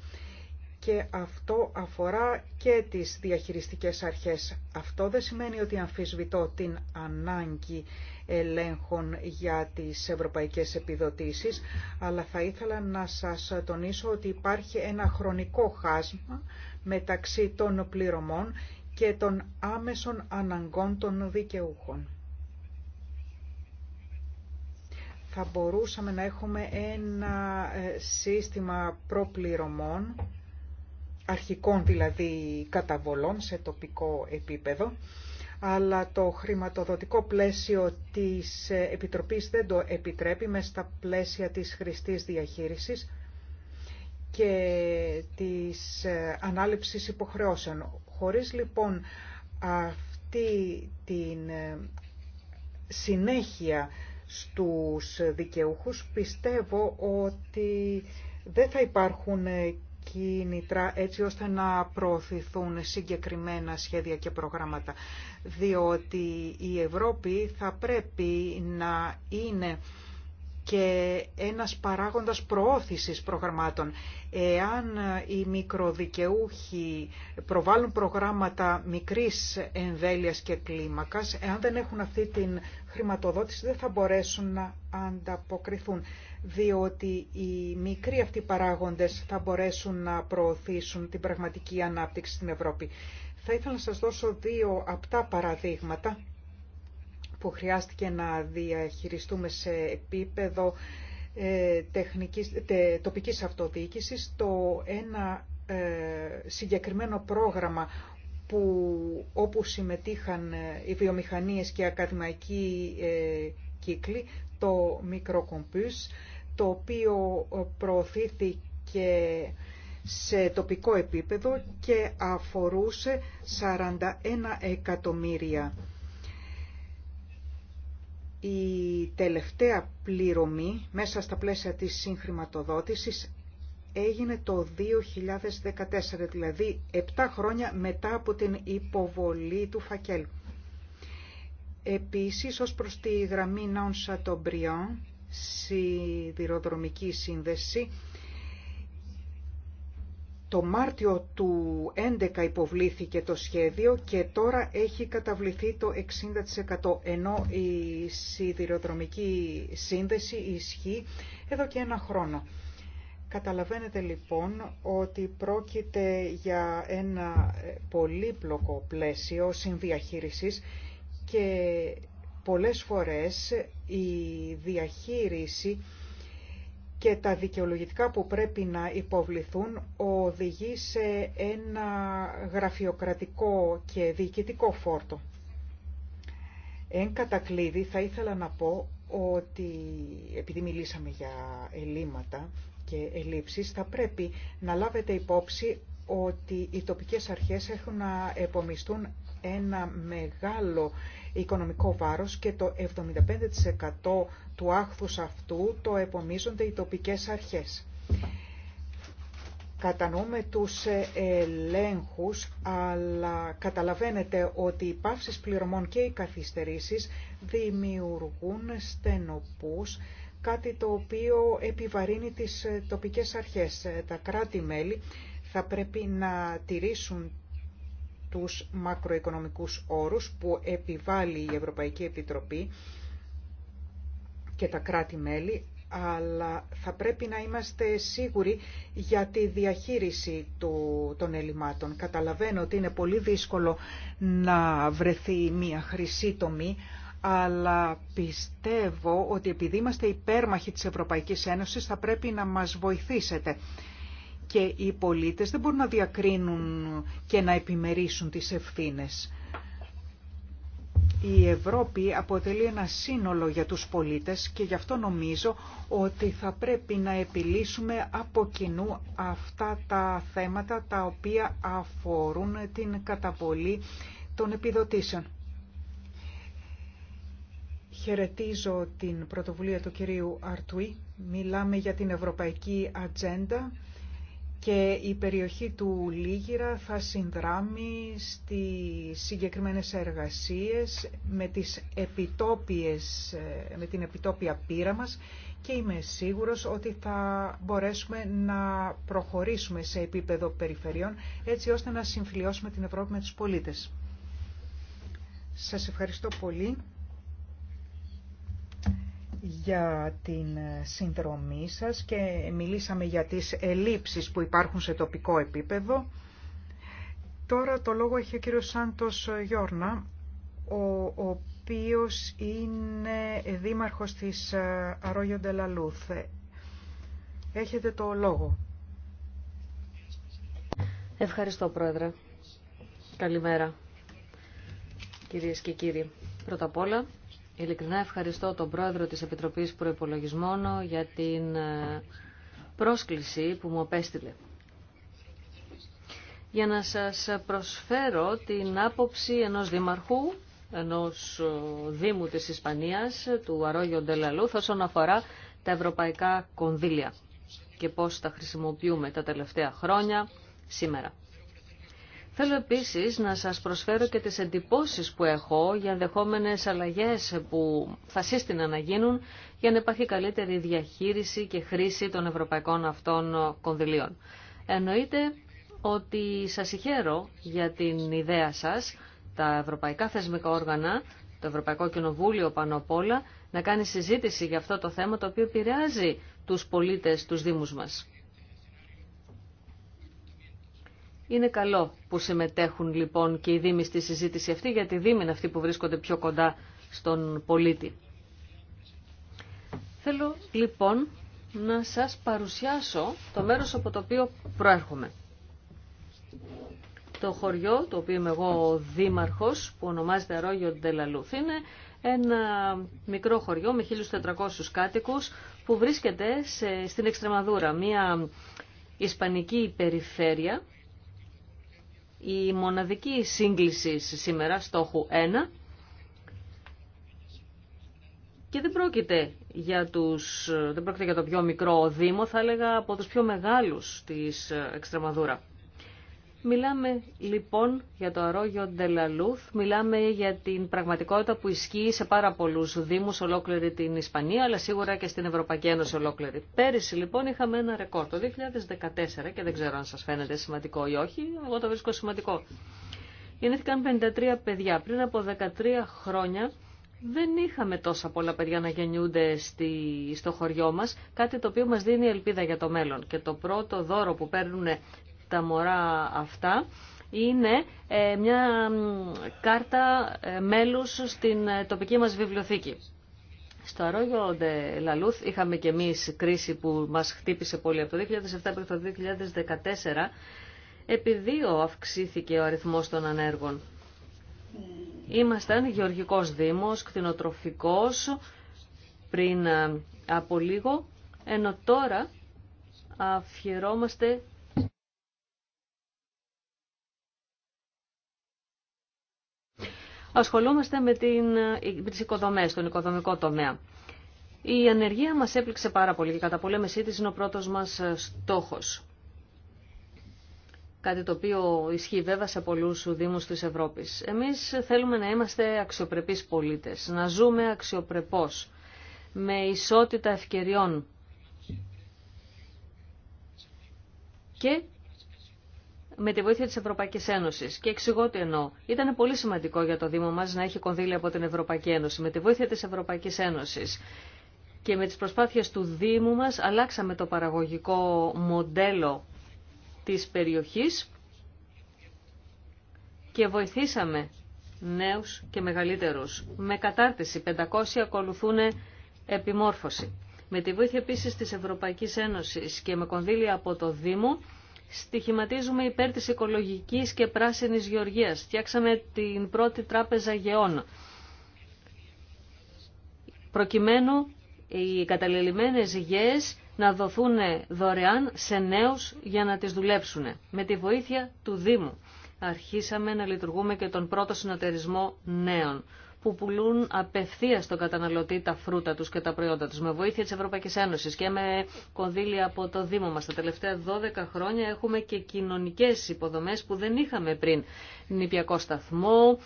και αυτό αφορά και τις διαχειριστικές αρχές. Αυτό δεν σημαίνει ότι αμφισβητώ την ανάγκη ελέγχων για τις ευρωπαϊκές επιδοτήσεις, αλλά θα ήθελα να σας τονίσω ότι υπάρχει ένα χρονικό χάσμα μεταξύ των πληρωμών και των άμεσων αναγκών των δικαιούχων. Θα μπορούσαμε να έχουμε ένα ε, σύστημα προπληρωμών αρχικών δηλαδή καταβολών σε τοπικό επίπεδο, αλλά το χρηματοδοτικό πλαίσιο της Επιτροπής δεν το επιτρέπει με στα πλαίσια της χρηστής διαχείρισης και της ε, ανάληψης υποχρεώσεων. Χωρίς λοιπόν αυτή την ε, συνέχεια στους δικαιούχους, πιστεύω ότι δεν θα υπάρχουν ε, κίνητρα έτσι ώστε να προωθηθούν συγκεκριμένα σχέδια και προγράμματα. Διότι η Ευρώπη θα πρέπει να είναι και ένας παράγοντας προώθησης προγραμμάτων. Εάν οι μικροδικαιούχοι προβάλλουν προγράμματα μικρής ενδέλειας και κλίμακας, εάν δεν έχουν αυτή την χρηματοδότηση δεν θα μπορέσουν να ανταποκριθούν, διότι οι μικροί αυτοί παράγοντες θα μπορέσουν να προωθήσουν την πραγματική ανάπτυξη στην Ευρώπη. Θα ήθελα να σας δώσω δύο απτά παραδείγματα που χρειάστηκε να διαχειριστούμε σε επίπεδο ε, τεχνικής, τε, τοπικής αυτοδιοίκησης το ένα ε, συγκεκριμένο πρόγραμμα που, όπου συμμετείχαν ε, οι βιομηχανίες και οι ακαδημαϊκοί κύκλοι, το μικροκομπούς, το οποίο προωθήθηκε σε τοπικό επίπεδο και αφορούσε 41 εκατομμύρια η τελευταία πληρωμή μέσα στα πλαίσια της συγχρηματοδότησης έγινε το 2014, δηλαδή 7 χρόνια μετά από την υποβολή του φακέλου. Επίσης, ως προς τη γραμμή Νόνσα Τομπριόν, σιδηροδρομική σύνδεση, το Μάρτιο του 2011 υποβλήθηκε το σχέδιο και τώρα έχει καταβληθεί το 60% ενώ η σιδηροδρομική σύνδεση ισχύει εδώ και ένα χρόνο. Καταλαβαίνετε λοιπόν ότι πρόκειται για ένα πολύπλοκο πλαίσιο συνδιαχείρισης και πολλές φορές η διαχείριση και τα δικαιολογητικά που πρέπει να υποβληθούν οδηγεί σε ένα γραφειοκρατικό και διοικητικό φόρτο. Εν κατακλείδη θα ήθελα να πω ότι επειδή μιλήσαμε για ελλείμματα και ελλείψεις θα πρέπει να λάβετε υπόψη ότι οι τοπικές αρχές έχουν να επομιστούν ένα μεγάλο οικονομικό βάρος και το 75% του άχθους αυτού το επομίζονται οι τοπικές αρχές. Κατανοούμε τους ελέγχους, αλλά καταλαβαίνετε ότι οι παύσεις πληρωμών και οι καθυστερήσεις δημιουργούν στενοπούς, κάτι το οποίο επιβαρύνει τις τοπικές αρχές. Τα κράτη-μέλη θα πρέπει να τηρήσουν τους μακροοικονομικούς όρους που επιβάλλει η Ευρωπαϊκή Επιτροπή και τα κράτη-μέλη, αλλά θα πρέπει να είμαστε σίγουροι για τη διαχείριση του, των ελλημάτων. Καταλαβαίνω ότι είναι πολύ δύσκολο να βρεθεί μια χρυσή τομή, αλλά πιστεύω ότι επειδή είμαστε υπέρμαχοι της Ευρωπαϊκής Ένωσης θα πρέπει να μας βοηθήσετε και οι πολίτες δεν μπορούν να διακρίνουν και να επιμερίσουν τις ευθύνες. Η Ευρώπη αποτελεί ένα σύνολο για τους πολίτες και γι' αυτό νομίζω ότι θα πρέπει να επιλύσουμε από κοινού αυτά τα θέματα τα οποία αφορούν την καταβολή των επιδοτήσεων. Χαιρετίζω την πρωτοβουλία του κυρίου Αρτουή. Μιλάμε για την Ευρωπαϊκή Ατζέντα και η περιοχή του Λίγυρα θα συνδράμει στις συγκεκριμένες εργασίες με, τις επιτόπιες, ε, με την επιτόπια πείρα μας και είμαι σίγουρος ότι θα μπορέσουμε να προχωρήσουμε σε επίπεδο περιφερειών έτσι ώστε να συμφιλιώσουμε την Ευρώπη με τους πολίτες. Σας ευχαριστώ πολύ για την συνδρομή σας και μιλήσαμε για τις ελλείψεις που υπάρχουν σε τοπικό επίπεδο. Τώρα το λόγο έχει ο κύριος Σάντος Γιόρνα, ο οποίος είναι δήμαρχος της Αρόγιο Ντελαλούθ. Έχετε το λόγο. Ευχαριστώ, Πρόεδρε. Καλημέρα, κυρίες και κύριοι. Πρώτα απ' όλα, Ειλικρινά ευχαριστώ τον πρόεδρο της Επιτροπής Προϋπολογισμών για την ε, πρόσκληση που μου απέστειλε. Για να σας προσφέρω την άποψη ενός δήμαρχου, ενός ε, δήμου της Ισπανίας, του Αρόγιο Ντελαλού, όσον αφορά τα ευρωπαϊκά κονδύλια και πώς τα χρησιμοποιούμε τα τελευταία χρόνια σήμερα. Θέλω επίσης να σας προσφέρω και τις εντυπώσεις που έχω για ενδεχόμενε αλλαγές που θα σύστηνα να γίνουν για να υπάρχει καλύτερη διαχείριση και χρήση των ευρωπαϊκών αυτών κονδυλίων. Εννοείται ότι σας συγχαίρω για την ιδέα σας, τα ευρωπαϊκά θεσμικά όργανα, το Ευρωπαϊκό Κοινοβούλιο πάνω απ' όλα, να κάνει συζήτηση για αυτό το θέμα το οποίο επηρεάζει τους πολίτες, τους δήμους μας. Είναι καλό που συμμετέχουν λοιπόν και οι Δήμοι στη συζήτηση αυτή, γιατί οι Δήμοι είναι αυτοί που βρίσκονται πιο κοντά στον πολίτη. Θέλω λοιπόν να σας παρουσιάσω το μέρος από το οποίο προέρχομαι. Το χωριό, το οποίο είμαι εγώ δήμαρχος, που ονομάζεται Αρόγιο Ντελαλούθ, είναι ένα μικρό χωριό με 1.400 κάτοικους που βρίσκεται στην Εξτρεμαδούρα, μια ισπανική περιφέρεια η μοναδική σύγκληση σήμερα στόχου 1 και δεν πρόκειται, για τους, δεν πρόκειται για το πιο μικρό δήμο, θα έλεγα από τους πιο μεγάλους της Εξτρεμαδούρα. Μιλάμε λοιπόν για το αρρώγιο Ντελαλούθ, μιλάμε για την πραγματικότητα που ισχύει σε πάρα πολλού Δήμου, ολόκληρη την Ισπανία, αλλά σίγουρα και στην Ευρωπαϊκή Ένωση ολόκληρη. Πέρυσι λοιπόν είχαμε ένα ρεκόρ το 2014 και δεν ξέρω αν σα φαίνεται σημαντικό ή όχι, εγώ το βρίσκω σημαντικό. Γεννήθηκαν 53 παιδιά. Πριν από 13 χρόνια δεν είχαμε τόσα πολλά παιδιά να γεννιούνται στο χωριό μας, κάτι το οποίο μας δίνει ελπίδα για το μέλλον. Και το πρώτο δώρο που παίρνουν τα μωρά αυτά είναι ε, μια κάρτα ε, μέλους στην ε, τοπική μας βιβλιοθήκη. Στο Αρόγιο Ντε Λαλούθ είχαμε και εμείς κρίση που μας χτύπησε πολύ από το 2007 μέχρι το 2014 επειδή αυξήθηκε ο αριθμός των ανέργων. Ήμασταν γεωργικός δήμος, κτηνοτροφικός πριν από λίγο, ενώ τώρα αφιερώμαστε ασχολούμαστε με, την, με τις οικοδομές, τον οικοδομικό τομέα. Η ανεργία μας έπληξε πάρα πολύ και η καταπολέμησή της είναι ο πρώτος μας στόχος. Κάτι το οποίο ισχύει βέβαια σε πολλούς δήμους της Ευρώπης. Εμείς θέλουμε να είμαστε αξιοπρεπείς πολίτες, να ζούμε αξιοπρεπώς, με ισότητα ευκαιριών και με τη βοήθεια της Ευρωπαϊκής Ένωσης. Και εξηγώ τι εννοώ. Ήταν πολύ σημαντικό για το Δήμο μας να έχει κονδύλια από την Ευρωπαϊκή Ένωση, με τη βοήθεια της Ευρωπαϊκής Ένωσης. Και με τις προσπάθειες του Δήμου μας αλλάξαμε το παραγωγικό μοντέλο της περιοχής και βοηθήσαμε νέους και μεγαλύτερους. Με κατάρτιση 500 ακολουθούν επιμόρφωση. Με τη βοήθεια επίσης της Ευρωπαϊκής Ένωσης και με κονδύλια από το Δήμο στοιχηματίζουμε υπέρ της οικολογικής και πράσινης γεωργίας. Φτιάξαμε την πρώτη τράπεζα γεών. Προκειμένου οι καταλελειμμένες γεές να δοθούν δωρεάν σε νέους για να τις δουλέψουν. Με τη βοήθεια του Δήμου αρχίσαμε να λειτουργούμε και τον πρώτο συνεταιρισμό νέων που πουλούν απευθεία στον καταναλωτή τα φρούτα τους και τα προϊόντα του με βοήθεια της Ευρωπαϊκής Ένωσης και με κονδύλια από το Δήμο μα. Τα τελευταία 12 χρόνια έχουμε και κοινωνικές υποδομές που δεν είχαμε πριν. Νηπιακό σταθμό,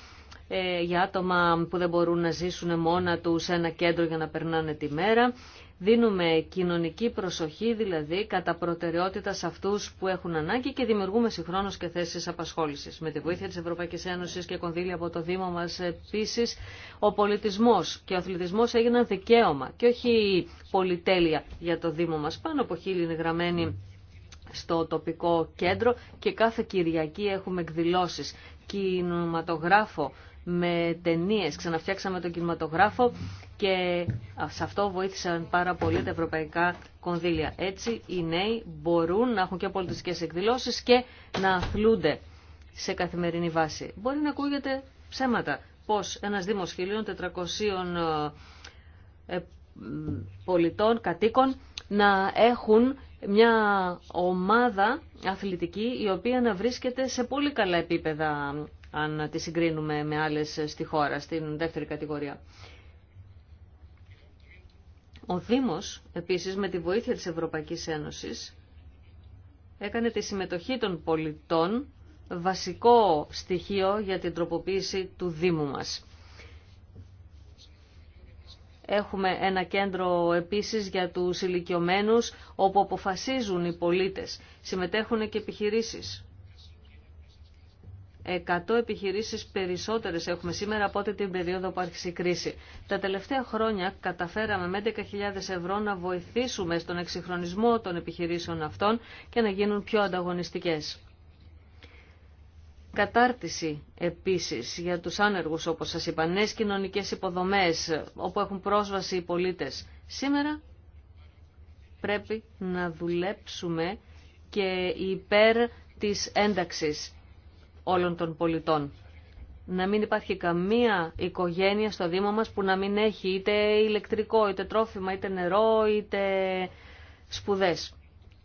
ε, για άτομα που δεν μπορούν να ζήσουν μόνα τους σε ένα κέντρο για να περνάνε τη μέρα Δίνουμε κοινωνική προσοχή δηλαδή κατά προτεραιότητα σε αυτού που έχουν ανάγκη και δημιουργούμε συγχρόνω και θέσεις απασχόληση. Με τη βοήθεια τη Ευρωπαϊκή Ένωση και κονδύλια από το Δήμο μα επίση. ο πολιτισμό και ο αθλητισμός έγιναν δικαίωμα και όχι πολυτέλεια για το Δήμο μα Πάνω από χίλιοι είναι γραμμένοι στο τοπικό κέντρο και κάθε Κυριακή έχουμε εκδηλώσεις, κινηματογράφο με ταινίε. Ξαναφτιάξαμε τον κινηματογράφο και σε αυτό βοήθησαν πάρα πολύ τα ευρωπαϊκά κονδύλια. Έτσι οι νέοι μπορούν να έχουν και πολιτιστικές εκδηλώσεις και να αθλούνται σε καθημερινή βάση. Μπορεί να ακούγεται ψέματα πως ένας δήμος 1400 ε, ε, πολιτών, κατοίκων να έχουν μια ομάδα αθλητική η οποία να βρίσκεται σε πολύ καλά επίπεδα αν τη συγκρίνουμε με άλλες στη χώρα, στην δεύτερη κατηγορία. Ο Δήμος, επίσης, με τη βοήθεια της Ευρωπαϊκής Ένωσης, έκανε τη συμμετοχή των πολιτών βασικό στοιχείο για την τροποποίηση του Δήμου μας. Έχουμε ένα κέντρο επίσης για τους ηλικιωμένους όπου αποφασίζουν οι πολίτες. Συμμετέχουν και επιχειρήσεις. 100 επιχειρήσεις περισσότερες έχουμε σήμερα από ό,τι την περίοδο που άρχισε η κρίση. Τα τελευταία χρόνια καταφέραμε με 11.000 ευρώ να βοηθήσουμε στον εξυγχρονισμό των επιχειρήσεων αυτών και να γίνουν πιο ανταγωνιστικές. Κατάρτιση επίσης για τους άνεργους, όπως σας είπα, νέες κοινωνικές υποδομές όπου έχουν πρόσβαση οι πολίτες. Σήμερα πρέπει να δουλέψουμε και υπέρ της ένταξης όλων των πολιτών. Να μην υπάρχει καμία οικογένεια στο Δήμο μας που να μην έχει είτε ηλεκτρικό, είτε τρόφιμα, είτε νερό, είτε σπουδές.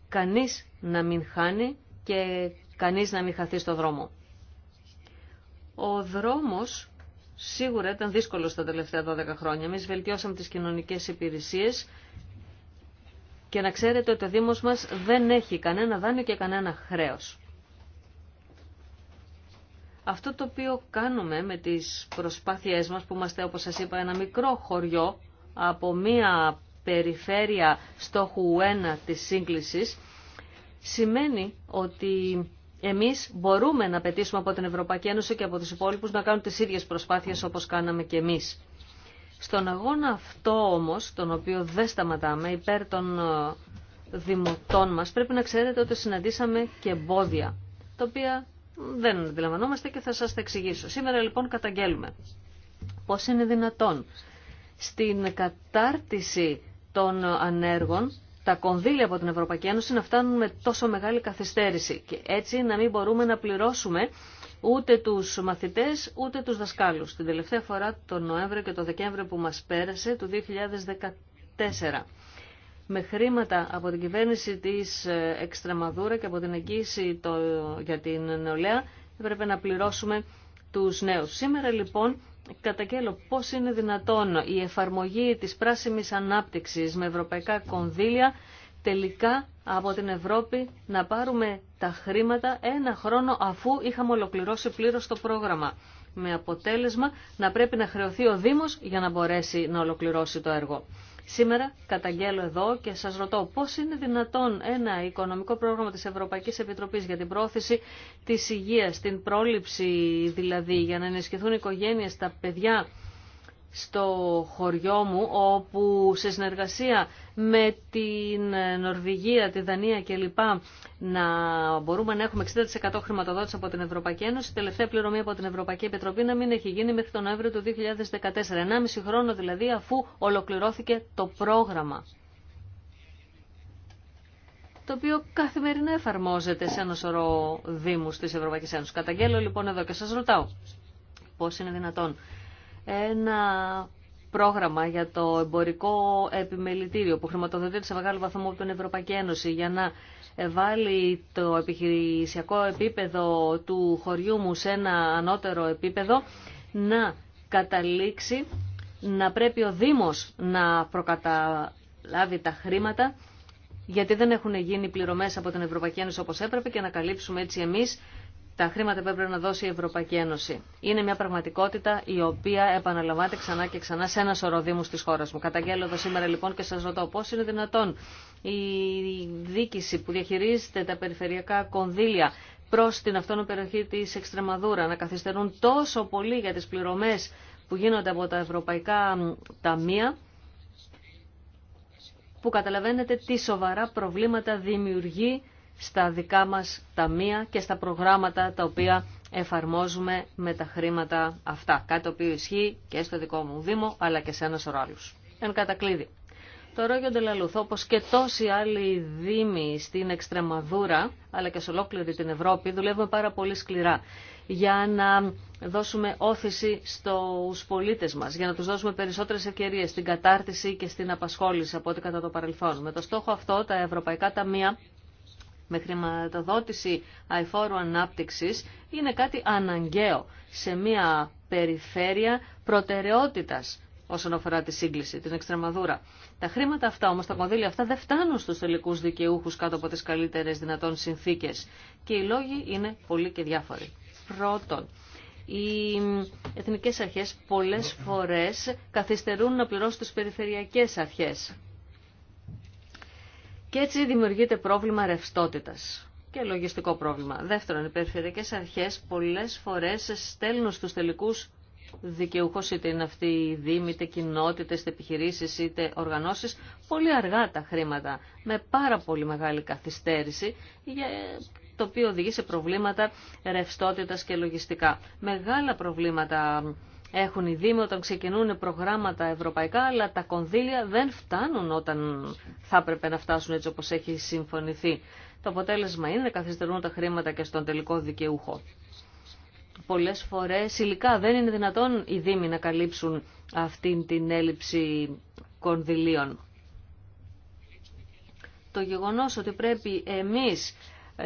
Κανείς να μην χάνει και κανείς να μην χαθεί στο δρόμο. Ο δρόμος σίγουρα ήταν δύσκολος τα τελευταία 12 χρόνια. Εμείς βελτιώσαμε τις κοινωνικές υπηρεσίες και να ξέρετε ότι ο Δήμος μας δεν έχει κανένα δάνειο και κανένα χρέος. Αυτό το οποίο κάνουμε με τις προσπάθειές μας που είμαστε όπως σας είπα ένα μικρό χωριό από μία περιφέρεια στόχου 1 της σύγκλησης σημαίνει ότι εμείς μπορούμε να πετύσουμε από την Ευρωπαϊκή Ένωση και από τους υπόλοιπους να κάνουν τις ίδιες προσπάθειες όπως κάναμε και εμείς. Στον αγώνα αυτό όμως, τον οποίο δεν σταματάμε, υπέρ των ε, δημοτών μας, πρέπει να ξέρετε ότι συναντήσαμε και εμπόδια, τα οποία δεν αντιλαμβανόμαστε και θα σας τα εξηγήσω. Σήμερα λοιπόν καταγγέλουμε πώς είναι δυνατόν στην κατάρτιση των ανέργων τα κονδύλια από την Ευρωπαϊκή Ένωση να φτάνουν με τόσο μεγάλη καθυστέρηση και έτσι να μην μπορούμε να πληρώσουμε ούτε τους μαθητές ούτε τους δασκάλους. Την τελευταία φορά τον Νοέμβριο και τον Δεκέμβριο που μας πέρασε του 2014 με χρήματα από την κυβέρνηση της ε, Εξτραμαδούρα και από την εγγύηση το, για την νεολαία έπρεπε να πληρώσουμε τους νέους. Σήμερα λοιπόν κατακέλω πώς είναι δυνατόν η εφαρμογή της πράσιμης ανάπτυξης με ευρωπαϊκά κονδύλια τελικά από την Ευρώπη να πάρουμε τα χρήματα ένα χρόνο αφού είχαμε ολοκληρώσει πλήρως το πρόγραμμα. Με αποτέλεσμα να πρέπει να χρεωθεί ο Δήμος για να μπορέσει να ολοκληρώσει το έργο. Σήμερα καταγγέλω εδώ και σας ρωτώ πώς είναι δυνατόν ένα οικονομικό πρόγραμμα της Ευρωπαϊκής Επιτροπής για την πρόθεση της υγείας, την πρόληψη δηλαδή, για να ενισχυθούν οι οικογένειες, τα παιδιά στο χωριό μου όπου σε συνεργασία με την Νορβηγία, τη Δανία κλπ. να μπορούμε να έχουμε 60% χρηματοδότηση από την Ευρωπαϊκή Ένωση, η τελευταία πληρωμή από την Ευρωπαϊκή Επιτροπή να μην έχει γίνει μέχρι τον Νοέμβριο του 2014. 1,5 χρόνο δηλαδή αφού ολοκληρώθηκε το πρόγραμμα το οποίο καθημερινά εφαρμόζεται σε ένα σωρό δήμους της Ευρωπαϊκής Ένωσης. Καταγγέλλω λοιπόν εδώ και σας ρωτάω πώς είναι δυνατόν ένα πρόγραμμα για το εμπορικό επιμελητήριο που χρηματοδοτείται σε μεγάλο βαθμό από την Ευρωπαϊκή Ένωση για να βάλει το επιχειρησιακό επίπεδο του χωριού μου σε ένα ανώτερο επίπεδο να καταλήξει να πρέπει ο Δήμος να προκαταλάβει τα χρήματα γιατί δεν έχουν γίνει πληρωμές από την Ευρωπαϊκή Ένωση όπως έπρεπε και να καλύψουμε έτσι εμείς τα χρήματα που έπρεπε να δώσει η Ευρωπαϊκή Ένωση. Είναι μια πραγματικότητα η οποία επαναλαμβάνεται ξανά και ξανά σε ένα σωρό δήμου τη χώρα μου. Καταγγέλλω εδώ σήμερα λοιπόν και σα ρωτώ πώ είναι δυνατόν η δίκηση που διαχειρίζεται τα περιφερειακά κονδύλια προ την αυτόνομη περιοχή τη Εξτρεμαδούρα να καθυστερούν τόσο πολύ για τι πληρωμέ που γίνονται από τα ευρωπαϊκά ταμεία που καταλαβαίνετε τι σοβαρά προβλήματα δημιουργεί στα δικά μας ταμεία και στα προγράμματα τα οποία εφαρμόζουμε με τα χρήματα αυτά. Κάτι το οποίο ισχύει και στο δικό μου Δήμο αλλά και σε ένα σωρό άλλους. Εν κατακλείδη. Το Ρόγιο Ντελαλουθ, όπω και τόσοι άλλοι δήμοι στην Εξτρεμαδούρα, αλλά και σε ολόκληρη την Ευρώπη, δουλεύουμε πάρα πολύ σκληρά για να δώσουμε όθηση στου πολίτε μα για να του δώσουμε περισσότερε ευκαιρίε στην κατάρτιση και στην απασχόληση από ό,τι κατά το παρελθόν. Με το στόχο αυτό τα Ευρωπαϊκά Ταμεία με χρηματοδότηση αϊφόρου ανάπτυξης είναι κάτι αναγκαίο σε μια περιφέρεια προτεραιότητας όσον αφορά τη σύγκληση, την εξτρεμαδούρα. Τα χρήματα αυτά όμως, τα κονδύλια αυτά δεν φτάνουν στους τελικούς δικαιούχους κάτω από τις καλύτερες δυνατόν συνθήκες και οι λόγοι είναι πολύ και διάφοροι. Πρώτον, οι εθνικές αρχές πολλές φορές καθυστερούν να πληρώσουν τις περιφερειακές αρχές και έτσι δημιουργείται πρόβλημα ρευστότητα και λογιστικό πρόβλημα. Δεύτερον, οι περιφερειακέ αρχές πολλέ φορέ στέλνουν στους τελικού δικαιούχους, είτε είναι αυτοί οι δήμοι, είτε κοινότητε, είτε επιχειρήσει, είτε οργανώσει, πολύ αργά τα χρήματα, με πάρα πολύ μεγάλη καθυστέρηση, το οποίο οδηγεί σε προβλήματα ρευστότητα και λογιστικά. Μεγάλα προβλήματα έχουν οι Δήμοι όταν ξεκινούν προγράμματα ευρωπαϊκά, αλλά τα κονδύλια δεν φτάνουν όταν θα έπρεπε να φτάσουν έτσι όπως έχει συμφωνηθεί. Το αποτέλεσμα είναι να καθυστερούν τα χρήματα και στον τελικό δικαιούχο. Πολλές φορές υλικά δεν είναι δυνατόν οι Δήμοι να καλύψουν αυτή την έλλειψη κονδυλίων. Το γεγονός ότι πρέπει εμείς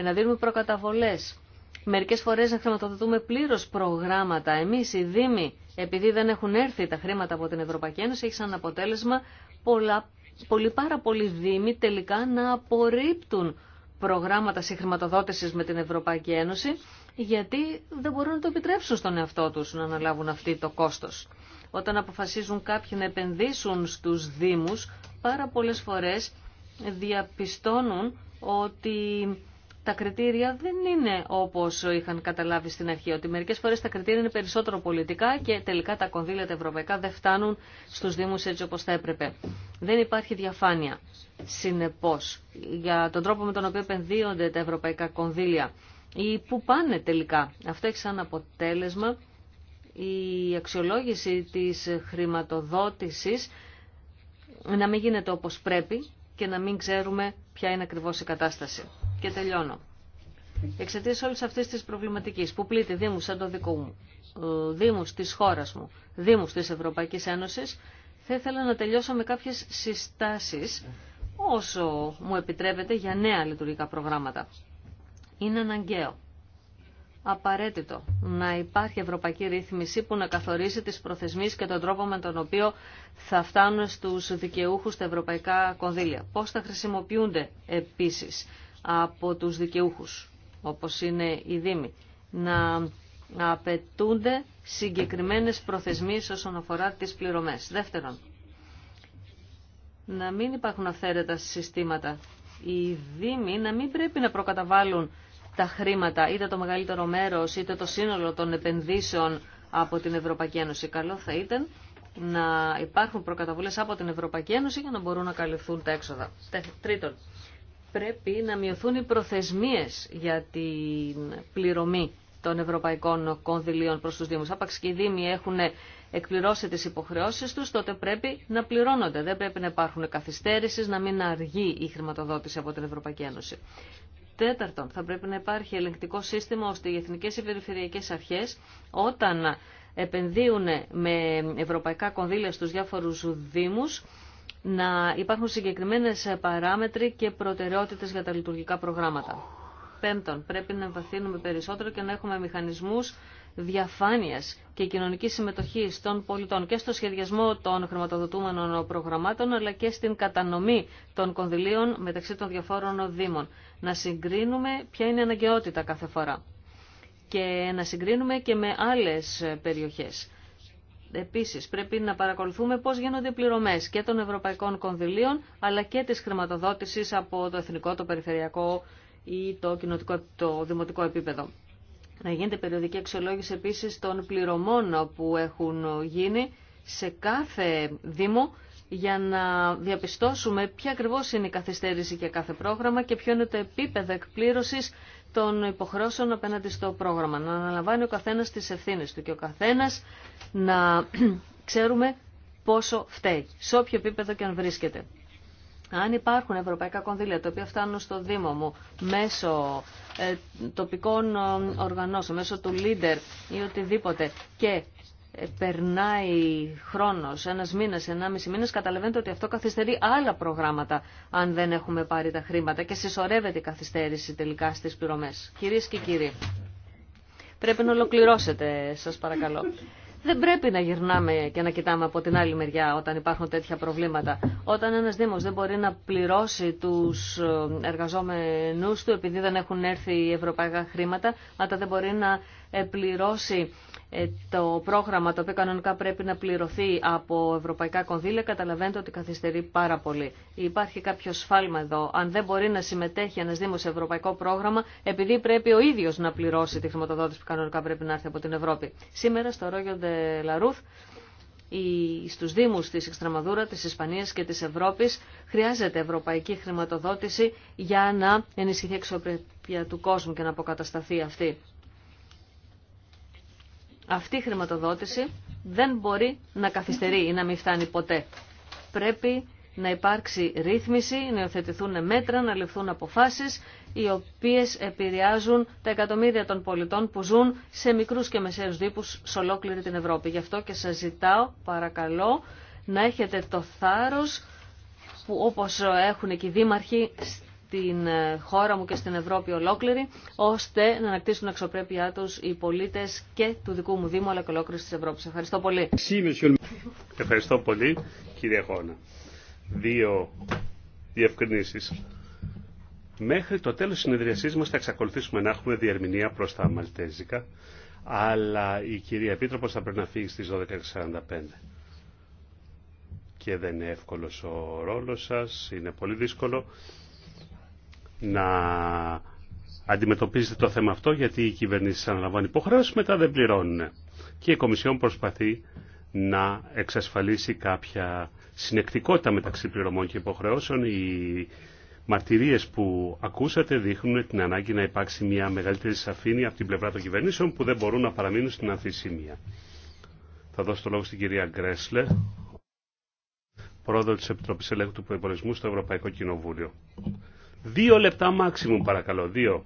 να δίνουμε προκαταβολές, μερικές φορές να χρηματοδοτούμε πλήρως προγράμματα, εμείς οι Δήμοι, επειδή δεν έχουν έρθει τα χρήματα από την Ευρωπαϊκή Ένωση, έχει σαν αποτέλεσμα πολλά, πολύ, πάρα πολλοί δήμοι τελικά να απορρίπτουν προγράμματα συγχρηματοδότησης με την Ευρωπαϊκή Ένωση, γιατί δεν μπορούν να το επιτρέψουν στον εαυτό τους να αναλάβουν αυτή το κόστος. Όταν αποφασίζουν κάποιοι να επενδύσουν στους δήμους, πάρα πολλές φορές διαπιστώνουν ότι τα κριτήρια δεν είναι όπως είχαν καταλάβει στην αρχή, ότι μερικές φορές τα κριτήρια είναι περισσότερο πολιτικά και τελικά τα κονδύλια τα ευρωπαϊκά δεν φτάνουν στους Δήμους έτσι όπως θα έπρεπε. Δεν υπάρχει διαφάνεια, συνεπώς, για τον τρόπο με τον οποίο επενδύονται τα ευρωπαϊκά κονδύλια ή πού πάνε τελικά. Αυτό έχει σαν αποτέλεσμα η αξιολόγηση της χρηματοδότησης να μην γίνεται όπως πρέπει και να μην ξέρουμε ποια είναι ακριβώ η κατάσταση και τελειώνω. Εξαιτία όλη αυτή τη προβληματική που πλήττει Δήμου σαν το δικό μου, ε, Δήμου τη χώρα μου, Δήμου τη Ευρωπαϊκή Ένωση, θα ήθελα να τελειώσω με κάποιε συστάσει, όσο μου επιτρέπεται, για νέα λειτουργικά προγράμματα. Είναι αναγκαίο απαραίτητο να υπάρχει ευρωπαϊκή ρύθμιση που να καθορίζει τις προθεσμίες και τον τρόπο με τον οποίο θα φτάνουν στους δικαιούχους τα ευρωπαϊκά κονδύλια. Πώς θα χρησιμοποιούνται επίσης από τους δικαιούχους, όπως είναι οι Δήμοι, να απαιτούνται συγκεκριμένες προθεσμίες όσον αφορά τις πληρωμές. Δεύτερον, να μην υπάρχουν αυθαίρετα συστήματα. Οι Δήμοι να μην πρέπει να προκαταβάλουν τα χρήματα, είτε το μεγαλύτερο μέρος, είτε το σύνολο των επενδύσεων από την Ευρωπαϊκή Ένωση. Καλό θα ήταν να υπάρχουν προκαταβολές από την Ευρωπαϊκή Ένωση για να μπορούν να καλυφθούν τα έξοδα. Τρίτον, πρέπει να μειωθούν οι προθεσμίες για την πληρωμή των ευρωπαϊκών κονδυλίων προς τους Δήμους. Άπαξ και οι Δήμοι έχουν εκπληρώσει τις υποχρεώσεις τους, τότε πρέπει να πληρώνονται. Δεν πρέπει να υπάρχουν καθυστέρησεις, να μην αργεί η χρηματοδότηση από την Ευρωπαϊκή Ένωση. Τέταρτον, θα πρέπει να υπάρχει ελεγκτικό σύστημα ώστε οι εθνικές και περιφερειακές αρχές όταν επενδύουν με ευρωπαϊκά κονδύλια στους διάφορους δήμους να υπάρχουν συγκεκριμένες παράμετροι και προτεραιότητες για τα λειτουργικά προγράμματα. Πέμπτον, πρέπει να εμβαθύνουμε περισσότερο και να έχουμε μηχανισμούς διαφάνειας και κοινωνικής συμμετοχής των πολιτών και στο σχεδιασμό των χρηματοδοτούμενων προγραμμάτων αλλά και στην κατανομή των κονδυλίων μεταξύ των διαφόρων δήμων. Να συγκρίνουμε ποια είναι η αναγκαιότητα κάθε φορά και να συγκρίνουμε και με άλλες περιοχές. Επίσης πρέπει να παρακολουθούμε πώς γίνονται οι πληρωμές και των ευρωπαϊκών κονδυλίων αλλά και τη χρηματοδότηση από το εθνικό, το περιφερειακό ή το, κοινοτικό, το δημοτικό επίπεδο. Να γίνεται περιοδική αξιολόγηση επίσης των πληρωμών που έχουν γίνει σε κάθε Δήμο για να διαπιστώσουμε ποια ακριβώ είναι η καθυστέρηση για κάθε πρόγραμμα και ποιο είναι το επίπεδο εκπλήρωση των υποχρεώσεων απέναντι στο πρόγραμμα. Να αναλαμβάνει ο καθένας τις ευθύνες του και ο καθένας να ξέρουμε πόσο φταίει, σε όποιο επίπεδο και αν βρίσκεται. Αν υπάρχουν ευρωπαϊκά κονδύλια τα οποία φτάνουν στο Δήμο μου μέσω ε, τοπικών ε, οργανώσεων, μέσω του Leader ή οτιδήποτε και περνάει χρόνος, ένας μήνας, ενάμιση μήνας, καταλαβαίνετε ότι αυτό καθυστερεί άλλα προγράμματα αν δεν έχουμε πάρει τα χρήματα και συσσωρεύεται η καθυστέρηση τελικά στις πληρωμές. Κυρίε και κύριοι, πρέπει να ολοκληρώσετε, σας παρακαλώ. Δεν πρέπει να γυρνάμε και να κοιτάμε από την άλλη μεριά όταν υπάρχουν τέτοια προβλήματα. Όταν ένας Δήμος δεν μπορεί να πληρώσει τους ε, εργαζόμενούς του επειδή δεν έχουν έρθει ευρωπαϊκά χρήματα, αλλά δεν μπορεί να πληρώσει ε, το πρόγραμμα το οποίο κανονικά πρέπει να πληρωθεί από ευρωπαϊκά κονδύλια, καταλαβαίνετε ότι καθυστερεί πάρα πολύ. Υπάρχει κάποιο σφάλμα εδώ. Αν δεν μπορεί να συμμετέχει ένα Δήμο σε ευρωπαϊκό πρόγραμμα, επειδή πρέπει ο ίδιο να πληρώσει τη χρηματοδότηση που κανονικά πρέπει να έρθει από την Ευρώπη. Σήμερα στο Ρόγιο Ντε Λαρούθ, στου Δήμου τη Εξτραμαδούρα, τη Ισπανία και τη Ευρώπη, χρειάζεται ευρωπαϊκή χρηματοδότηση για να ενισχυθεί η του κόσμου και να αποκατασταθεί αυτή αυτή η χρηματοδότηση δεν μπορεί να καθυστερεί ή να μην φτάνει ποτέ. Πρέπει να υπάρξει ρύθμιση, να υιοθετηθούν μέτρα, να ληφθούν αποφάσεις οι οποίες επηρεάζουν τα εκατομμύρια των πολιτών που ζουν σε μικρούς και μεσαίους δίπους σε ολόκληρη την Ευρώπη. Γι' αυτό και σας ζητάω παρακαλώ να έχετε το θάρρος που όπως έχουν και οι δήμαρχοι την ε, χώρα μου και στην Ευρώπη ολόκληρη, ώστε να ανακτήσουν αξιοπρέπειά τους οι πολίτες και του δικού μου Δήμου, αλλά και ολόκληρης της Ευρώπης. Ευχαριστώ πολύ. Ευχαριστώ πολύ, κύριε Χώνα. Δύο διευκρινήσεις. Μέχρι το τέλος της συνεδριασής μας θα εξακολουθήσουμε να έχουμε διερμηνία προς τα Μαλτέζικα, αλλά η κυρία Επίτροπος θα πρέπει να φύγει στις 12.45 και δεν είναι εύκολος ο ρόλος σας, είναι πολύ δύσκολο να αντιμετωπίζετε το θέμα αυτό γιατί οι κυβερνήσει αναλαμβάνουν υποχρέωση μετά δεν πληρώνουν. Και η Κομισιόν προσπαθεί να εξασφαλίσει κάποια συνεκτικότητα μεταξύ πληρωμών και υποχρεώσεων. Οι μαρτυρίες που ακούσατε δείχνουν την ανάγκη να υπάρξει μια μεγαλύτερη σαφήνεια από την πλευρά των κυβερνήσεων που δεν μπορούν να παραμείνουν στην αμφισημία. Θα δώσω το λόγο στην κυρία Γκρέσλε, πρόεδρο τη Επιτροπή Ελέγχου του στο Ευρωπαϊκό Κοινοβούλιο. Δύο λεπτά μάξιμουμ παρακαλώ, δύο.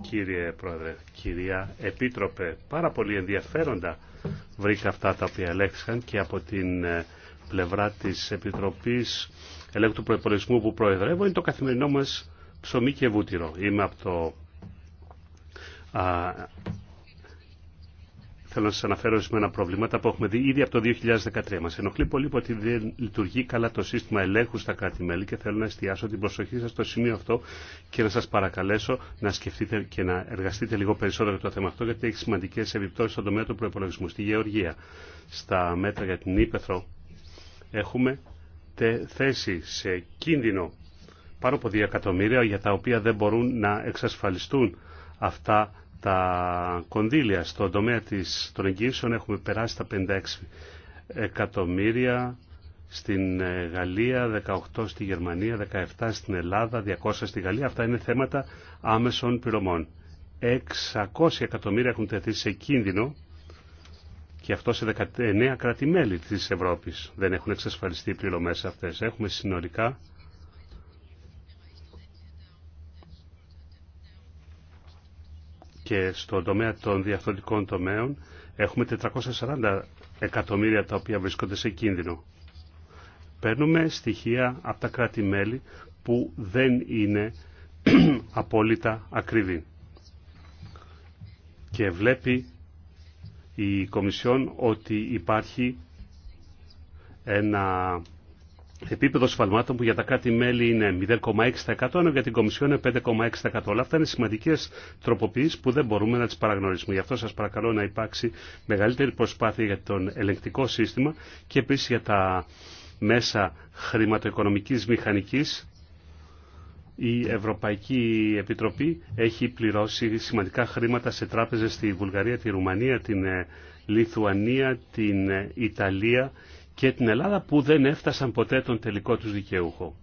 Κύριε Πρόεδρε, κυρία Επίτροπε, πάρα πολύ ενδιαφέροντα βρήκα αυτά τα οποία ελέγχθηκαν και από την ε, πλευρά της Επιτροπής Ελέγχου του που προεδρεύω είναι το καθημερινό μας ψωμί και βούτυρο. Είμαι από το θέλω να σα αναφέρω ορισμένα προβλήματα που έχουμε δει ήδη από το 2013. μα. ενοχλεί πολύ ότι δεν λειτουργεί καλά το σύστημα ελέγχου στα κράτη-μέλη και θέλω να εστιάσω την προσοχή σα στο σημείο αυτό και να σα παρακαλέσω να σκεφτείτε και να εργαστείτε λίγο περισσότερο για το θέμα αυτό γιατί έχει σημαντικέ επιπτώσεις στον τομέα του προπολογισμού. Στη Γεωργία, στα μέτρα για την Ήπεθρο, έχουμε θέση σε κίνδυνο πάνω από 2 εκατομμύρια για τα οποία δεν μπορούν να εξασφαλιστούν αυτά τα κονδύλια στον τομέα της, των εγγύσεων έχουμε περάσει τα 56 εκατομμύρια στην ε, Γαλλία, 18 στη Γερμανία, 17 στην Ελλάδα, 200 στη Γαλλία. Αυτά είναι θέματα άμεσων πληρωμών. 600 εκατομμύρια έχουν τεθεί σε κίνδυνο και αυτό σε 19 κράτη-μέλη της Ευρώπης. Δεν έχουν εξασφαλιστεί οι πληρωμές αυτές. Έχουμε συνολικά και στον τομέα των διαφθορτικών τομέων έχουμε 440 εκατομμύρια τα οποία βρίσκονται σε κίνδυνο. Παίρνουμε στοιχεία από τα κράτη-μέλη που δεν είναι απόλυτα ακριβή. Και βλέπει η Κομισιόν ότι υπάρχει ένα επίπεδο σφαλμάτων που για τα κάτι μελη είναι 0,6% ενώ για την Κομισιόν είναι 5,6%. Όλα αυτά είναι σημαντικέ τροποποιήσει που δεν μπορούμε να τι παραγνωρίσουμε. Γι' αυτό σα παρακαλώ να υπάρξει μεγαλύτερη προσπάθεια για τον ελεγκτικό σύστημα και επίση για τα μέσα χρηματοοικονομικής μηχανικής η Ευρωπαϊκή Επιτροπή έχει πληρώσει σημαντικά χρήματα σε τράπεζε στη Βουλγαρία, τη Ρουμανία, την ε, Λιθουανία, την ε, Ιταλία και την Ελλάδα που δεν έφτασαν ποτέ τον τελικό τους δικαιούχο.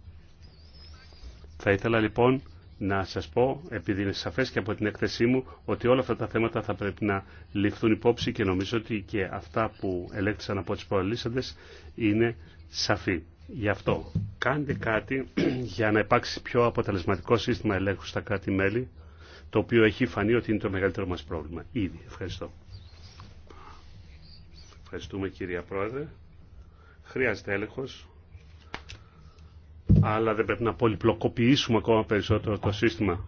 Θα ήθελα λοιπόν να σας πω, επειδή είναι σαφές και από την έκθεσή μου, ότι όλα αυτά τα θέματα θα πρέπει να ληφθούν υπόψη και νομίζω ότι και αυτά που ελέγχθησαν από τις προελίσσαντες είναι σαφή. Γι' αυτό κάντε κάτι για να υπάρξει πιο αποτελεσματικό σύστημα ελέγχου στα κράτη-μέλη, το οποίο έχει φανεί ότι είναι το μεγαλύτερο μας πρόβλημα. Ήδη. Ευχαριστώ. Ευχαριστούμε κυρία Πρόεδρε. Χρειάζεται έλεγχος, αλλά δεν πρέπει να πολυπλοκοποιήσουμε ακόμα περισσότερο το σύστημα.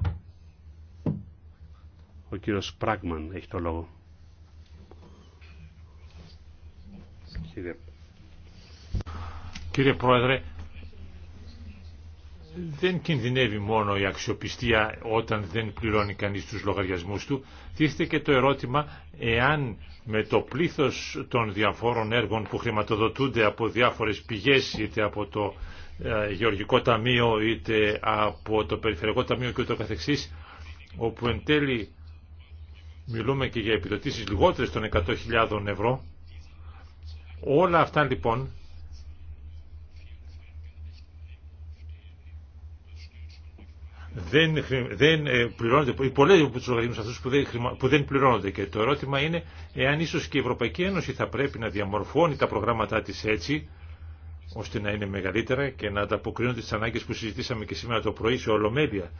Ο κύριος Πράγμαν έχει το λόγο. Κύριε Πρόεδρε, δεν κινδυνεύει μόνο η αξιοπιστία όταν δεν πληρώνει κανείς τους λογαριασμούς του. Τίθεται και το ερώτημα εάν με το πλήθος των διαφόρων έργων που χρηματοδοτούνται από διάφορες πηγές είτε από το ε, Γεωργικό Ταμείο είτε από το Περιφερειακό Ταμείο και ούτω καθεξής όπου εν τέλει μιλούμε και για επιδοτήσεις λιγότερες των 100.000 ευρώ όλα αυτά λοιπόν δεν, δεν ε, πληρώνονται, πολλοί από τους λογαριασμούς αυτούς που δεν, που δεν πληρώνονται και το ερώτημα είναι εάν ίσως και η Ευρωπαϊκή Ένωση θα πρέπει να διαμορφώνει τα προγράμματά της έτσι ώστε να είναι μεγαλύτερα και να ανταποκρίνονται τις ανάγκες που συζητήσαμε και σήμερα το πρωί σε Ολομέλεια.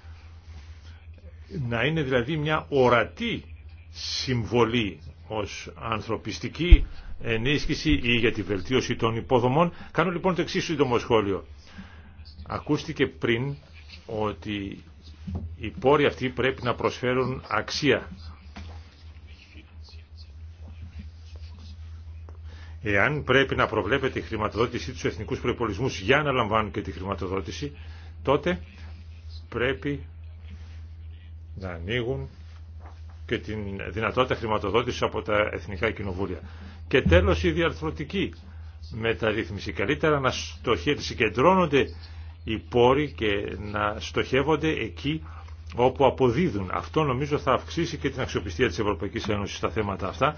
Να είναι δηλαδή μια ορατή συμβολή ως ανθρωπιστική ενίσχυση ή για τη βελτίωση των υποδομών. Κάνω λοιπόν το εξής σύντομο σχόλιο. Ακούστηκε πριν ότι οι πόροι αυτοί πρέπει να προσφέρουν αξία. Εάν πρέπει να προβλέπεται η χρηματοδότησή τους εθνικούς προϋπολισμούς για να λαμβάνουν και τη χρηματοδότηση, τότε πρέπει να ανοίγουν και την δυνατότητα χρηματοδότησης από τα εθνικά κοινοβούλια. Και τέλος η διαρθρωτική μεταρρύθμιση. Καλύτερα να στοχεύει συγκεντρώνονται οι πόροι και να στοχεύονται εκεί όπου αποδίδουν. Αυτό νομίζω θα αυξήσει και την αξιοπιστία της Ευρωπαϊκής Ένωσης στα θέματα αυτά,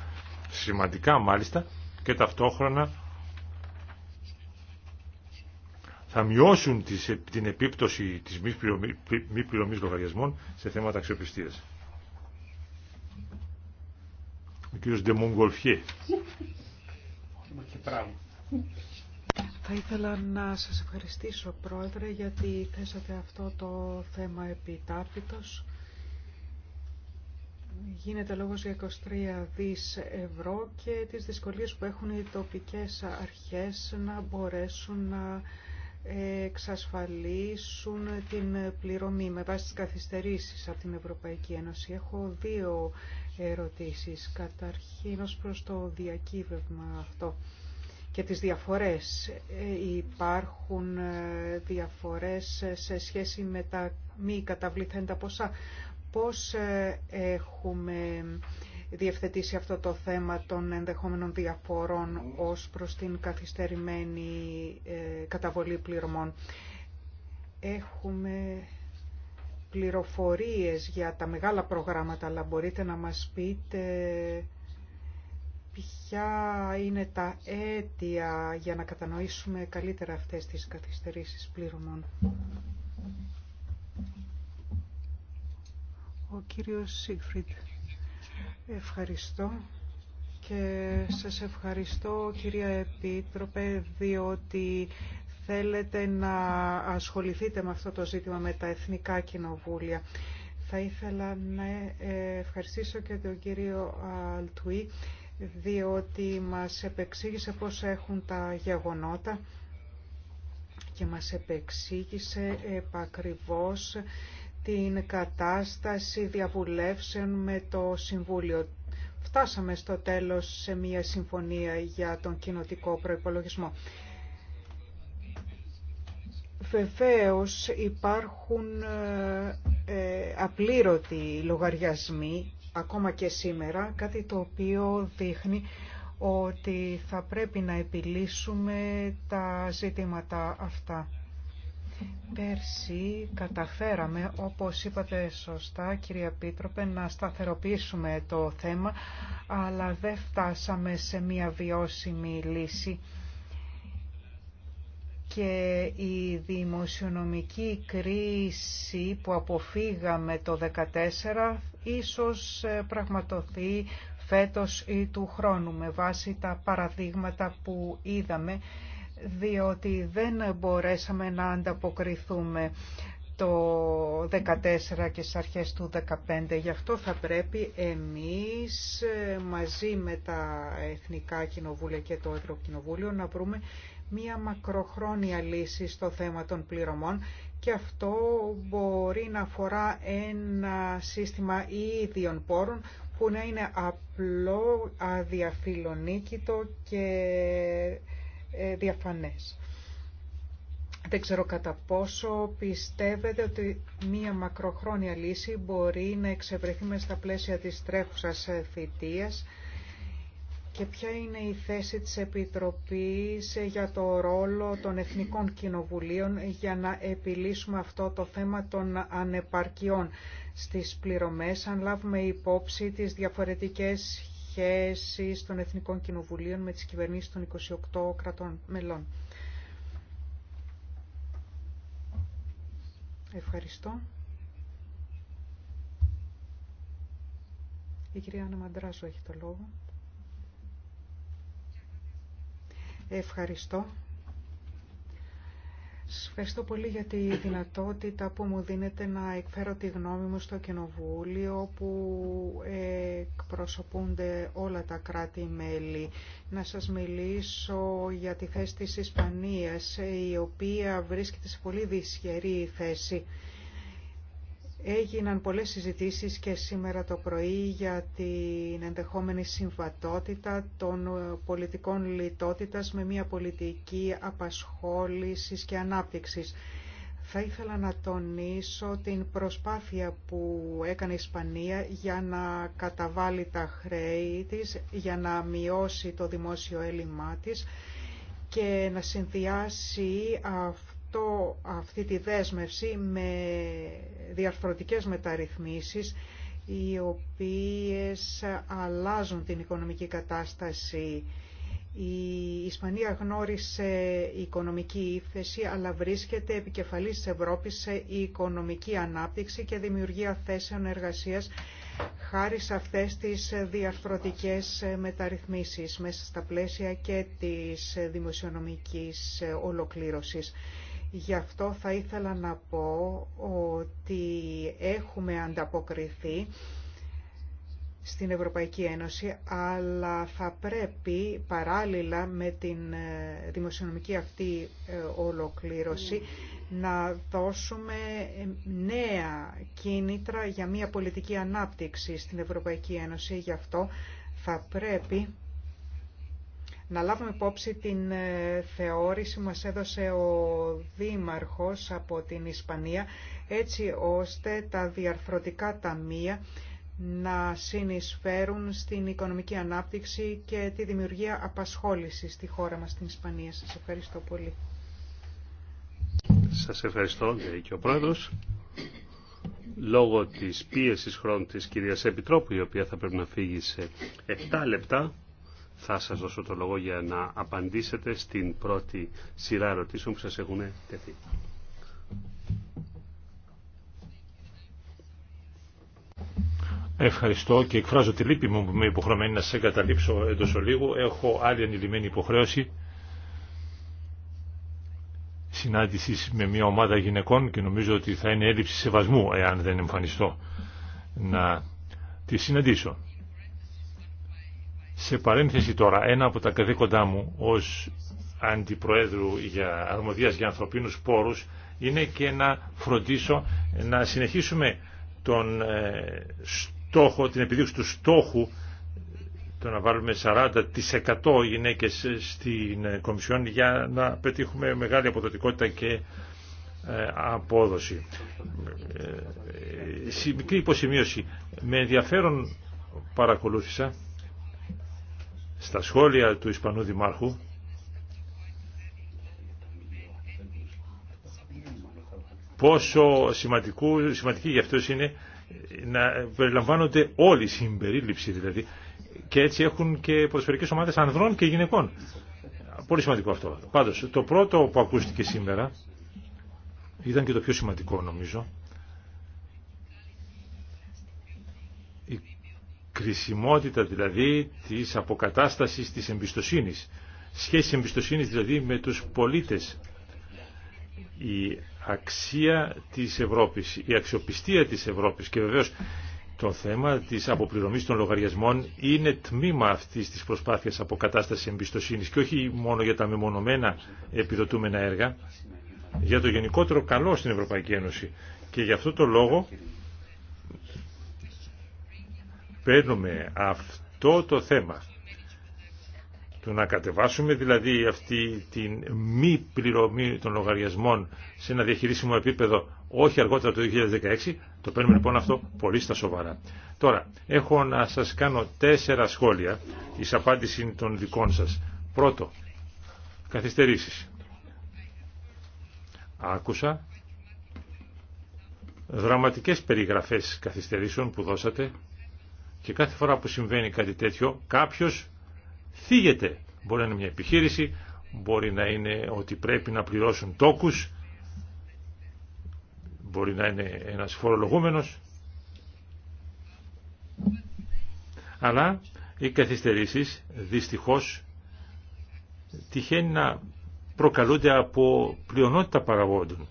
σημαντικά μάλιστα, και ταυτόχρονα θα μειώσουν την επίπτωση της μη, πληρωμή, πληρωμής λογαριασμών σε θέματα αξιοπιστίας. Ο κύριος Ντεμονγκολφιέ. Θα ήθελα να σας ευχαριστήσω, Πρόεδρε, γιατί θέσατε αυτό το θέμα επιτάπητος. Γίνεται λόγος για 23 δις ευρώ και τις δυσκολίες που έχουν οι τοπικές αρχές να μπορέσουν να εξασφαλίσουν την πληρωμή με βάση τις καθυστερήσεις από την Ευρωπαϊκή Ένωση. Έχω δύο ερωτήσεις. Καταρχήν ως προς το διακύβευμα αυτό και τις διαφορές. Ε, υπάρχουν ε, διαφορές ε, σε σχέση με τα μη καταβληθέντα ποσά. Πώς έχουμε διευθετήσει αυτό το θέμα των ενδεχόμενων διαφορών ως προς την καθυστερημένη καταβολή πληρωμών. Έχουμε πληροφορίες για τα μεγάλα προγράμματα, αλλά μπορείτε να μας πείτε ποια είναι τα αίτια για να κατανοήσουμε καλύτερα αυτές τις καθυστερήσεις πληρωμών. Ο κύριος Σίγφριντ. Ευχαριστώ και σας ευχαριστώ κυρία Επίτροπε διότι θέλετε να ασχοληθείτε με αυτό το ζήτημα με τα Εθνικά Κοινοβούλια. Θα ήθελα να ευχαριστήσω και τον κύριο Αλτουή διότι μας επεξήγησε πώς έχουν τα γεγονότα και μας επεξήγησε επακριβώς την κατάσταση διαβουλεύσεων με το Συμβούλιο. Φτάσαμε στο τέλος σε μια συμφωνία για τον κοινοτικό προϋπολογισμό. Βεβαίως υπάρχουν ε, απλήρωτοι λογαριασμοί ακόμα και σήμερα, κάτι το οποίο δείχνει ότι θα πρέπει να επιλύσουμε τα ζητήματα αυτά. Πέρσι καταφέραμε, όπως είπατε σωστά κυρία Πίτροπε, να σταθεροποιήσουμε το θέμα, αλλά δεν φτάσαμε σε μια βιώσιμη λύση και η δημοσιονομική κρίση που αποφύγαμε το 2014 ίσως ε, πραγματοθεί φέτος ή του χρόνου με βάση τα παραδείγματα που είδαμε διότι δεν μπορέσαμε να ανταποκριθούμε το 14 και στις αρχές του 2015. Γι' αυτό θα πρέπει εμείς ε, μαζί με τα Εθνικά Κοινοβούλια και το Ευρωκοινοβούλιο να βρούμε μία μακροχρόνια λύση στο θέμα των πληρωμών και αυτό μπορεί να αφορά ένα σύστημα ίδιων πόρων που να είναι απλό, αδιαφιλονίκητο και ε, διαφανές. Δεν ξέρω κατά πόσο πιστεύετε ότι μία μακροχρόνια λύση μπορεί να εξευρεθεί μέσα στα πλαίσια της τρέχουσας ε, θητείας και ποια είναι η θέση της Επιτροπής για το ρόλο των Εθνικών Κοινοβουλίων για να επιλύσουμε αυτό το θέμα των ανεπαρκιών στις πληρωμές, αν λάβουμε υπόψη τις διαφορετικές σχέσεις των Εθνικών Κοινοβουλίων με τις κυβερνήσεις των 28 κρατών μελών. Ευχαριστώ. Η κυρία Άννα έχει το λόγο. Ευχαριστώ. Σας ευχαριστώ πολύ για τη δυνατότητα που μου δίνετε να εκφέρω τη γνώμη μου στο Κοινοβούλιο που εκπροσωπούνται όλα τα κράτη-μέλη. Να σας μιλήσω για τη θέση της Ισπανίας, η οποία βρίσκεται σε πολύ δυσχερή θέση Έγιναν πολλές συζητήσεις και σήμερα το πρωί για την ενδεχόμενη συμβατότητα των πολιτικών λιτότητας με μια πολιτική απασχόλησης και ανάπτυξης. Θα ήθελα να τονίσω την προσπάθεια που έκανε η Ισπανία για να καταβάλει τα χρέη της, για να μειώσει το δημόσιο έλλειμμά της και να συνδυάσει αυτό αυτή τη δέσμευση με διαρθρωτικές μεταρρυθμίσεις οι οποίες αλλάζουν την οικονομική κατάσταση. Η Ισπανία γνώρισε οικονομική ύφεση, αλλά βρίσκεται επικεφαλής της Ευρώπης σε οικονομική ανάπτυξη και δημιουργία θέσεων εργασίας χάρη σε αυτές τις διαρθρωτικές μεταρρυθμίσεις μέσα στα πλαίσια και της δημοσιονομικής ολοκλήρωσης. Γι' αυτό θα ήθελα να πω ότι έχουμε ανταποκριθεί στην Ευρωπαϊκή Ένωση, αλλά θα πρέπει παράλληλα με την ε, δημοσιονομική αυτή ε, ολοκλήρωση να δώσουμε ε, νέα κίνητρα για μια πολιτική ανάπτυξη στην Ευρωπαϊκή Ένωση. Γι' αυτό θα πρέπει να λάβουμε υπόψη την ε, θεώρηση που μας έδωσε ο Δήμαρχος από την Ισπανία, έτσι ώστε τα διαρθρωτικά ταμεία να συνεισφέρουν στην οικονομική ανάπτυξη και τη δημιουργία απασχόλησης στη χώρα μας, στην Ισπανία. Σας ευχαριστώ πολύ. Σας ευχαριστώ, και ο Πρόεδρος. Λόγω της πίεσης χρόνου της κυρίας Επιτρόπου, η οποία θα πρέπει να φύγει σε 7 λεπτά, θα σας δώσω το λόγο για να απαντήσετε στην πρώτη σειρά ερωτήσεων που σας έχουν τεθεί. Ευχαριστώ και εκφράζω τη λύπη μου που είμαι υποχρεωμένη να σε εγκαταλείψω εντός ολίγου. Έχω άλλη ανηλυμένη υποχρέωση συνάντηση με μια ομάδα γυναικών και νομίζω ότι θα είναι έλλειψη σεβασμού εάν δεν εμφανιστώ να τη συναντήσω. Σε παρένθεση τώρα, ένα από τα καθήκοντά μου ως αντιπροέδρου για αρμοδίας για ανθρωπίνους πόρους είναι και να φροντίσω να συνεχίσουμε τον στόχο, την επιδίωξη του στόχου το να βάλουμε 40% γυναίκες στην Κομισιόν για να πετύχουμε μεγάλη αποδοτικότητα και απόδοση. Μικρή υποσημείωση. Με ενδιαφέρον παρακολούθησα στα σχόλια του Ισπανού Δημάρχου πόσο σημαντικού, σημαντική για αυτό είναι να περιλαμβάνονται όλοι οι συμπερίληψη δηλαδή και έτσι έχουν και ποδοσφαιρικές ομάδες ανδρών και γυναικών. Πολύ σημαντικό αυτό. Πάντως, το πρώτο που ακούστηκε σήμερα ήταν και το πιο σημαντικό νομίζω κρισιμότητα δηλαδή της αποκατάστασης της εμπιστοσύνης. Σχέση εμπιστοσύνης δηλαδή με τους πολίτες. Η αξία της Ευρώπης, η αξιοπιστία της Ευρώπης και βεβαίως το θέμα της αποπληρωμής των λογαριασμών είναι τμήμα αυτής της προσπάθειας αποκατάστασης εμπιστοσύνης και όχι μόνο για τα μεμονωμένα επιδοτούμενα έργα, για το γενικότερο καλό στην Ευρωπαϊκή Ένωση. Και γι' αυτό το λόγο παίρνουμε αυτό το θέμα του να κατεβάσουμε δηλαδή αυτή την μη πληρωμή των λογαριασμών σε ένα διαχειρίσιμο επίπεδο όχι αργότερα το 2016, το παίρνουμε λοιπόν αυτό πολύ στα σοβαρά. Τώρα, έχω να σας κάνω τέσσερα σχόλια εις απάντηση των δικών σας. Πρώτο, καθυστερήσεις. Άκουσα δραματικές περιγραφές καθυστερήσεων που δώσατε και κάθε φορά που συμβαίνει κάτι τέτοιο, κάποιος θίγεται. Μπορεί να είναι μια επιχείρηση, μπορεί να είναι ότι πρέπει να πληρώσουν τόκους, μπορεί να είναι ένα φορολογούμενος. Αλλά οι καθυστερήσει, δυστυχώ, τυχαίνει να προκαλούνται από πλειονότητα παραγόντων.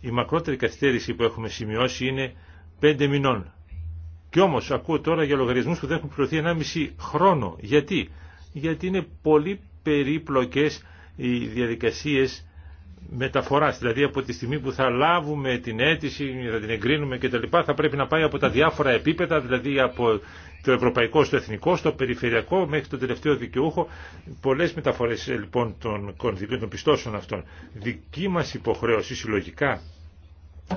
Η μακρότερη καθυστέρηση που έχουμε σημειώσει είναι πέντε μηνών. Κι όμω ακούω τώρα για λογαριασμού που δεν έχουν πληρωθεί 1,5 χρόνο. Γιατί? Γιατί είναι πολύ περίπλοκες οι διαδικασίε μεταφορά, Δηλαδή από τη στιγμή που θα λάβουμε την αίτηση, θα την εγκρίνουμε κτλ. θα πρέπει να πάει από τα διάφορα επίπεδα, δηλαδή από το ευρωπαϊκό στο εθνικό, στο περιφερειακό μέχρι το τελευταίο δικαιούχο. πολλέ μεταφορέ ε, λοιπόν των κονδυλίων των πιστώσεων αυτών. Δική μα υποχρέωση συλλογικά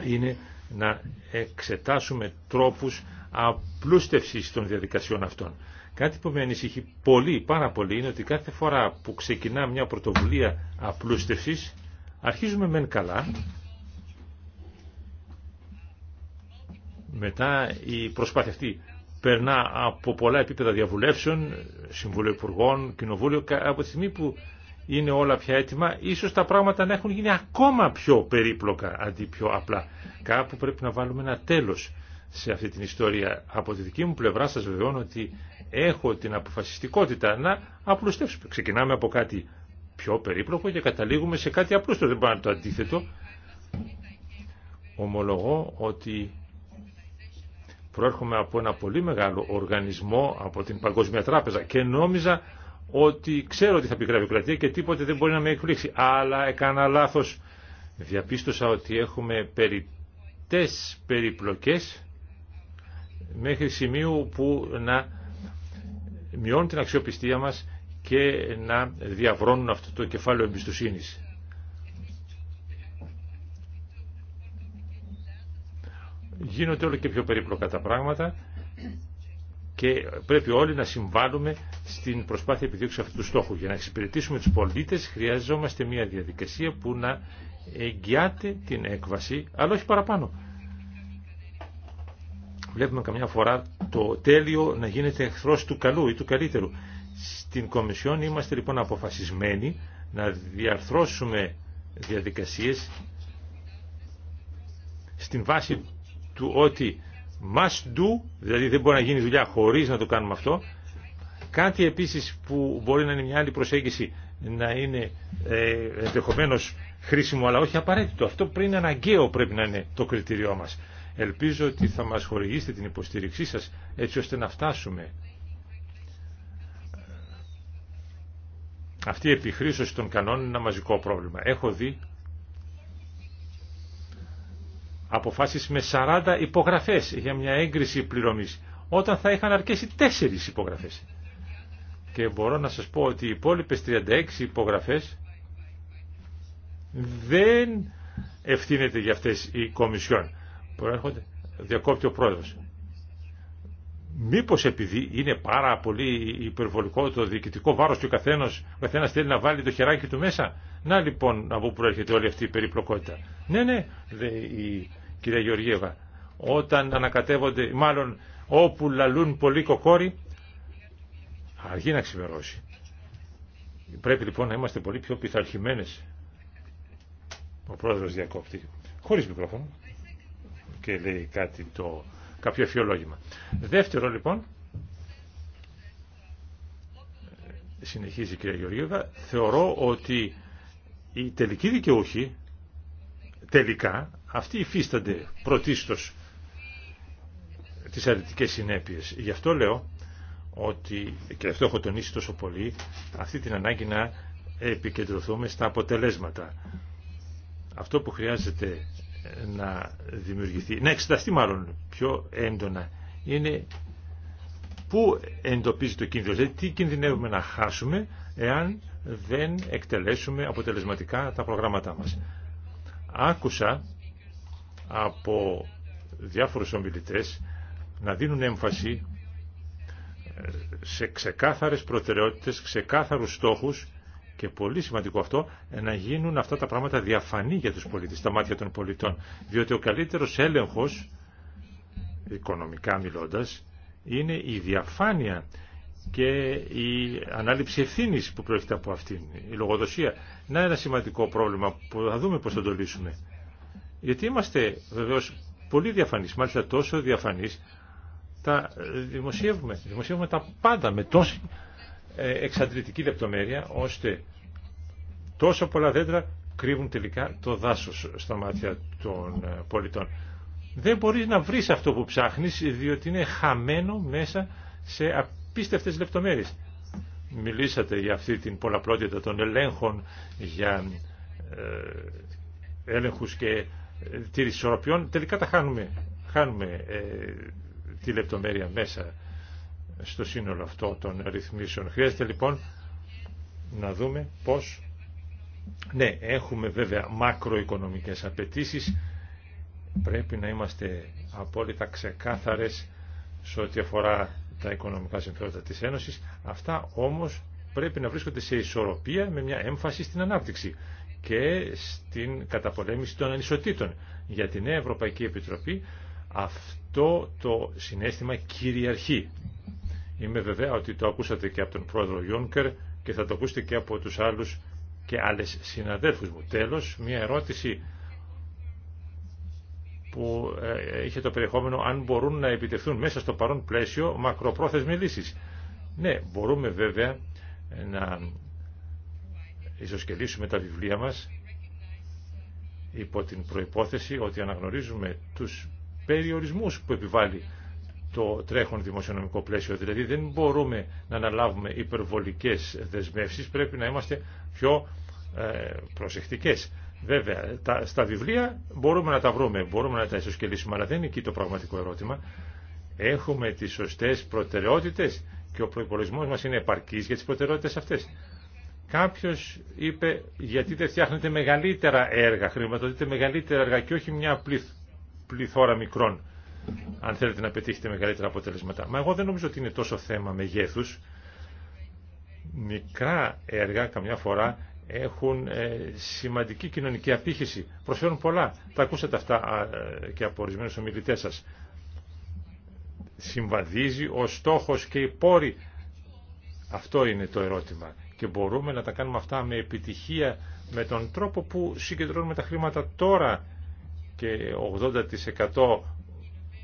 είναι να εξετάσουμε τρόπους Απλούστευση των διαδικασιών αυτών. Κάτι που με ανησυχεί πολύ, πάρα πολύ, είναι ότι κάθε φορά που ξεκινά μια πρωτοβουλία απλούστευσης, αρχίζουμε μεν καλά, μετά η προσπάθεια αυτή περνά από πολλά επίπεδα διαβουλεύσεων, Συμβούλιο Υπουργών, Κοινοβούλιο, από τη στιγμή που είναι όλα πια έτοιμα, ίσως τα πράγματα να έχουν γίνει ακόμα πιο περίπλοκα αντί πιο απλά. Κάπου πρέπει να βάλουμε ένα τέλος σε αυτή την ιστορία. Από τη δική μου πλευρά σας βεβαιώνω ότι έχω την αποφασιστικότητα να απλουστεύσουμε. Ξεκινάμε από κάτι πιο περίπλοκο και καταλήγουμε σε κάτι απλούστο. Δεν πάνε το αντίθετο. Ομολογώ ότι προέρχομαι από ένα πολύ μεγάλο οργανισμό από την Παγκόσμια Τράπεζα και νόμιζα ότι ξέρω ότι θα πει γραφειοκρατία και τίποτε δεν μπορεί να με εκπλήξει. Αλλά έκανα λάθος. Διαπίστωσα ότι έχουμε περιττές περιπλοκές μέχρι σημείου που να μειώνουν την αξιοπιστία μας και να διαβρώνουν αυτό το κεφάλαιο εμπιστοσύνης. Γίνονται όλο και πιο περίπλοκα τα πράγματα και πρέπει όλοι να συμβάλλουμε στην προσπάθεια επιδίωξης αυτού του στόχου. Για να εξυπηρετήσουμε τους πολίτες χρειαζόμαστε μια διαδικασία που να εγγυάται την έκβαση, αλλά όχι παραπάνω βλέπουμε καμιά φορά το τέλειο να γίνεται εχθρό του καλού ή του καλύτερου. Στην Κομισιόν είμαστε λοιπόν αποφασισμένοι να διαρθρώσουμε διαδικασίες στην βάση του ότι must do, δηλαδή δεν μπορεί να γίνει δουλειά χωρίς να το κάνουμε αυτό. Κάτι επίσης που μπορεί να είναι μια άλλη προσέγγιση να είναι ε, ενδεχομένω χρήσιμο αλλά όχι απαραίτητο. Αυτό πριν αναγκαίο πρέπει να είναι το κριτήριό μας. Ελπίζω ότι θα μας χορηγήσετε την υποστήριξή σας έτσι ώστε να φτάσουμε. Αυτή η επιχρήσωση των κανόνων είναι ένα μαζικό πρόβλημα. Έχω δει αποφάσεις με 40 υπογραφές για μια έγκριση πληρωμής όταν θα είχαν αρκέσει 4 υπογραφές. Και μπορώ να σας πω ότι οι υπόλοιπε 36 υπογραφές δεν ευθύνεται για αυτές οι κομισιόν προέρχονται. Διακόπτει ο πρόεδρο. Μήπω επειδή είναι πάρα πολύ υπερβολικό το διοικητικό βάρο και ο καθένα ο καθένας θέλει να βάλει το χεράκι του μέσα. Να λοιπόν από πού προέρχεται όλη αυτή η περιπλοκότητα. Ναι, ναι, δε, η κυρία Γεωργίευα. Όταν ανακατεύονται, μάλλον όπου λαλούν πολλοί κοκόροι, αργεί να ξημερώσει. Πρέπει λοιπόν να είμαστε πολύ πιο πειθαρχημένε. Ο πρόεδρο διακόπτει. Χωρί μικρόφωνο και λέει κάτι το, κάποιο αφιολόγημα. Δεύτερο λοιπόν, συνεχίζει η κυρία Γεωργίουδα θεωρώ ότι οι τελικοί δικαιούχοι, τελικά, αυτοί υφίστανται πρωτίστως τις αρνητικές συνέπειες. Γι' αυτό λέω ότι, και αυτό έχω τονίσει τόσο πολύ, αυτή την ανάγκη να επικεντρωθούμε στα αποτελέσματα. Αυτό που χρειάζεται να δημιουργηθεί, να εξεταστεί μάλλον πιο έντονα, είναι πού εντοπίζει το κίνδυνο, δηλαδή τι κινδυνεύουμε να χάσουμε εάν δεν εκτελέσουμε αποτελεσματικά τα προγράμματά μας. Άκουσα από διάφορους ομιλητές να δίνουν έμφαση ε, σε ξεκάθαρες προτεραιότητες, ξεκάθαρους στόχους και πολύ σημαντικό αυτό, να γίνουν αυτά τα πράγματα διαφανή για τους πολίτες, στα μάτια των πολιτών. Διότι ο καλύτερος έλεγχος, οικονομικά μιλώντας, είναι η διαφάνεια και η ανάληψη ευθύνη που προέρχεται από αυτήν, η λογοδοσία. Να ένα σημαντικό πρόβλημα που θα δούμε πώς θα το λύσουμε. Γιατί είμαστε βεβαίως πολύ διαφανείς, μάλιστα τόσο διαφανείς, τα δημοσιεύουμε, δημοσιεύουμε τα πάντα με τόση ε, εξαντλητική λεπτομέρεια, ώστε τόσο πολλά δέντρα κρύβουν τελικά το δάσος στα μάτια των ε, πολιτών. Δεν μπορείς να βρεις αυτό που ψάχνεις, διότι είναι χαμένο μέσα σε απίστευτες λεπτομέρειες. Μιλήσατε για αυτή την πολλαπλότητα των ελέγχων, για ε, έλεγχους και τήρηση ισορροπιών. Τελικά τα χάνουμε, χάνουμε τη λεπτομέρεια μέσα στο σύνολο αυτό των ρυθμίσεων. Χρειάζεται λοιπόν να δούμε πώς... Ναι, έχουμε βέβαια μακροοικονομικές απαιτήσεις. Πρέπει να είμαστε απόλυτα ξεκάθαρες σε ό,τι αφορά τα οικονομικά συμφέροντα της Ένωσης. Αυτά όμως πρέπει να βρίσκονται σε ισορροπία με μια έμφαση στην ανάπτυξη και στην καταπολέμηση των ανισοτήτων. Για την Νέα Ευρωπαϊκή Επιτροπή αυτό το συνέστημα κυριαρχεί. Είμαι βεβαία ότι το ακούσατε και από τον πρόεδρο Γιούνκερ και θα το ακούσετε και από τους άλλους και άλλες συναδέλφους μου. Τέλος, μια ερώτηση που ε, είχε το περιεχόμενο αν μπορούν να επιτευχθούν μέσα στο παρόν πλαίσιο μακροπρόθεσμοι λύσεις. Ναι, μπορούμε βέβαια να ισοσκελίσουμε τα βιβλία μας υπό την προϋπόθεση ότι αναγνωρίζουμε τους περιορισμούς που επιβάλλει το τρέχον δημοσιονομικό πλαίσιο. Δηλαδή δεν μπορούμε να αναλάβουμε υπερβολικές δεσμεύσεις, πρέπει να είμαστε πιο ε, προσεκτικές. Βέβαια, τα, στα βιβλία μπορούμε να τα βρούμε, μπορούμε να τα ισοσκελίσουμε, αλλά δεν είναι εκεί το πραγματικό ερώτημα. Έχουμε τις σωστές προτεραιότητες και ο προπολογισμό μας είναι επαρκής για τις προτεραιότητες αυτές. Κάποιος είπε γιατί δεν φτιάχνετε μεγαλύτερα έργα, χρηματοδοτείτε μεγαλύτερα έργα και όχι μια πληθ, πληθώρα μικρών αν θέλετε να πετύχετε μεγαλύτερα αποτελέσματα. Μα εγώ δεν νομίζω ότι είναι τόσο θέμα μεγέθους. Μικρά έργα καμιά φορά έχουν ε, σημαντική κοινωνική απήχηση. Προσφέρουν πολλά. Τα ακούσατε αυτά ε, και από ορισμένου ομιλητέ σα. Συμβαδίζει ο στόχος και η πόροι Αυτό είναι το ερώτημα. Και μπορούμε να τα κάνουμε αυτά με επιτυχία με τον τρόπο που συγκεντρώνουμε τα χρήματα τώρα και 80%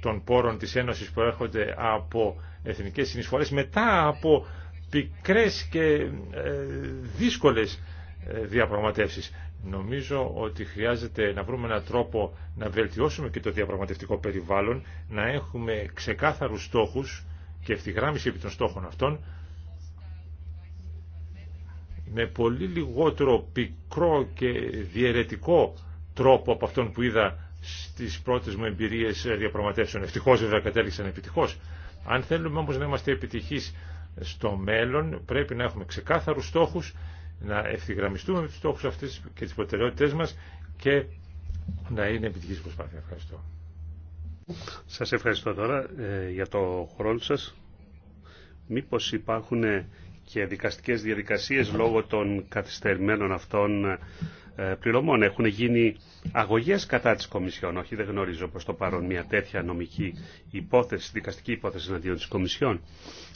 των πόρων της Ένωσης που έρχονται από εθνικές συνεισφορές μετά από πικρές και ε, δύσκολες ε, διαπραγματεύσεις. Νομίζω ότι χρειάζεται να βρούμε έναν τρόπο να βελτιώσουμε και το διαπραγματευτικό περιβάλλον, να έχουμε ξεκάθαρους στόχους και ευθυγράμμιση επί των στόχων αυτών, με πολύ λιγότερο πικρό και διαιρετικό τρόπο από αυτόν που είδα στις πρώτες μου εμπειρίες ε, διαπραγματεύσεων. Ευτυχώς δεν κατέληξαν επιτυχώς. Αν θέλουμε όμως να είμαστε επιτυχείς στο μέλλον πρέπει να έχουμε ξεκάθαρους στόχους, να ευθυγραμμιστούμε με τους στόχους αυτές και τις προτεραιότητες μας και να είναι επιτυχής προσπάθεια. Ευχαριστώ. Σας ευχαριστώ τώρα ε, για το χρόνο σας. Μήπως υπάρχουν και δικαστικές διαδικασίες λόγω των καθυστερημένων αυτών ε, ε, πληρωμών. Έχουν γίνει αγωγές κατά της Κομισιόν. Όχι, δεν γνωρίζω προς το παρόν μια τέτοια νομική υπόθεση, δικαστική υπόθεση εναντίον της Κομισιόν.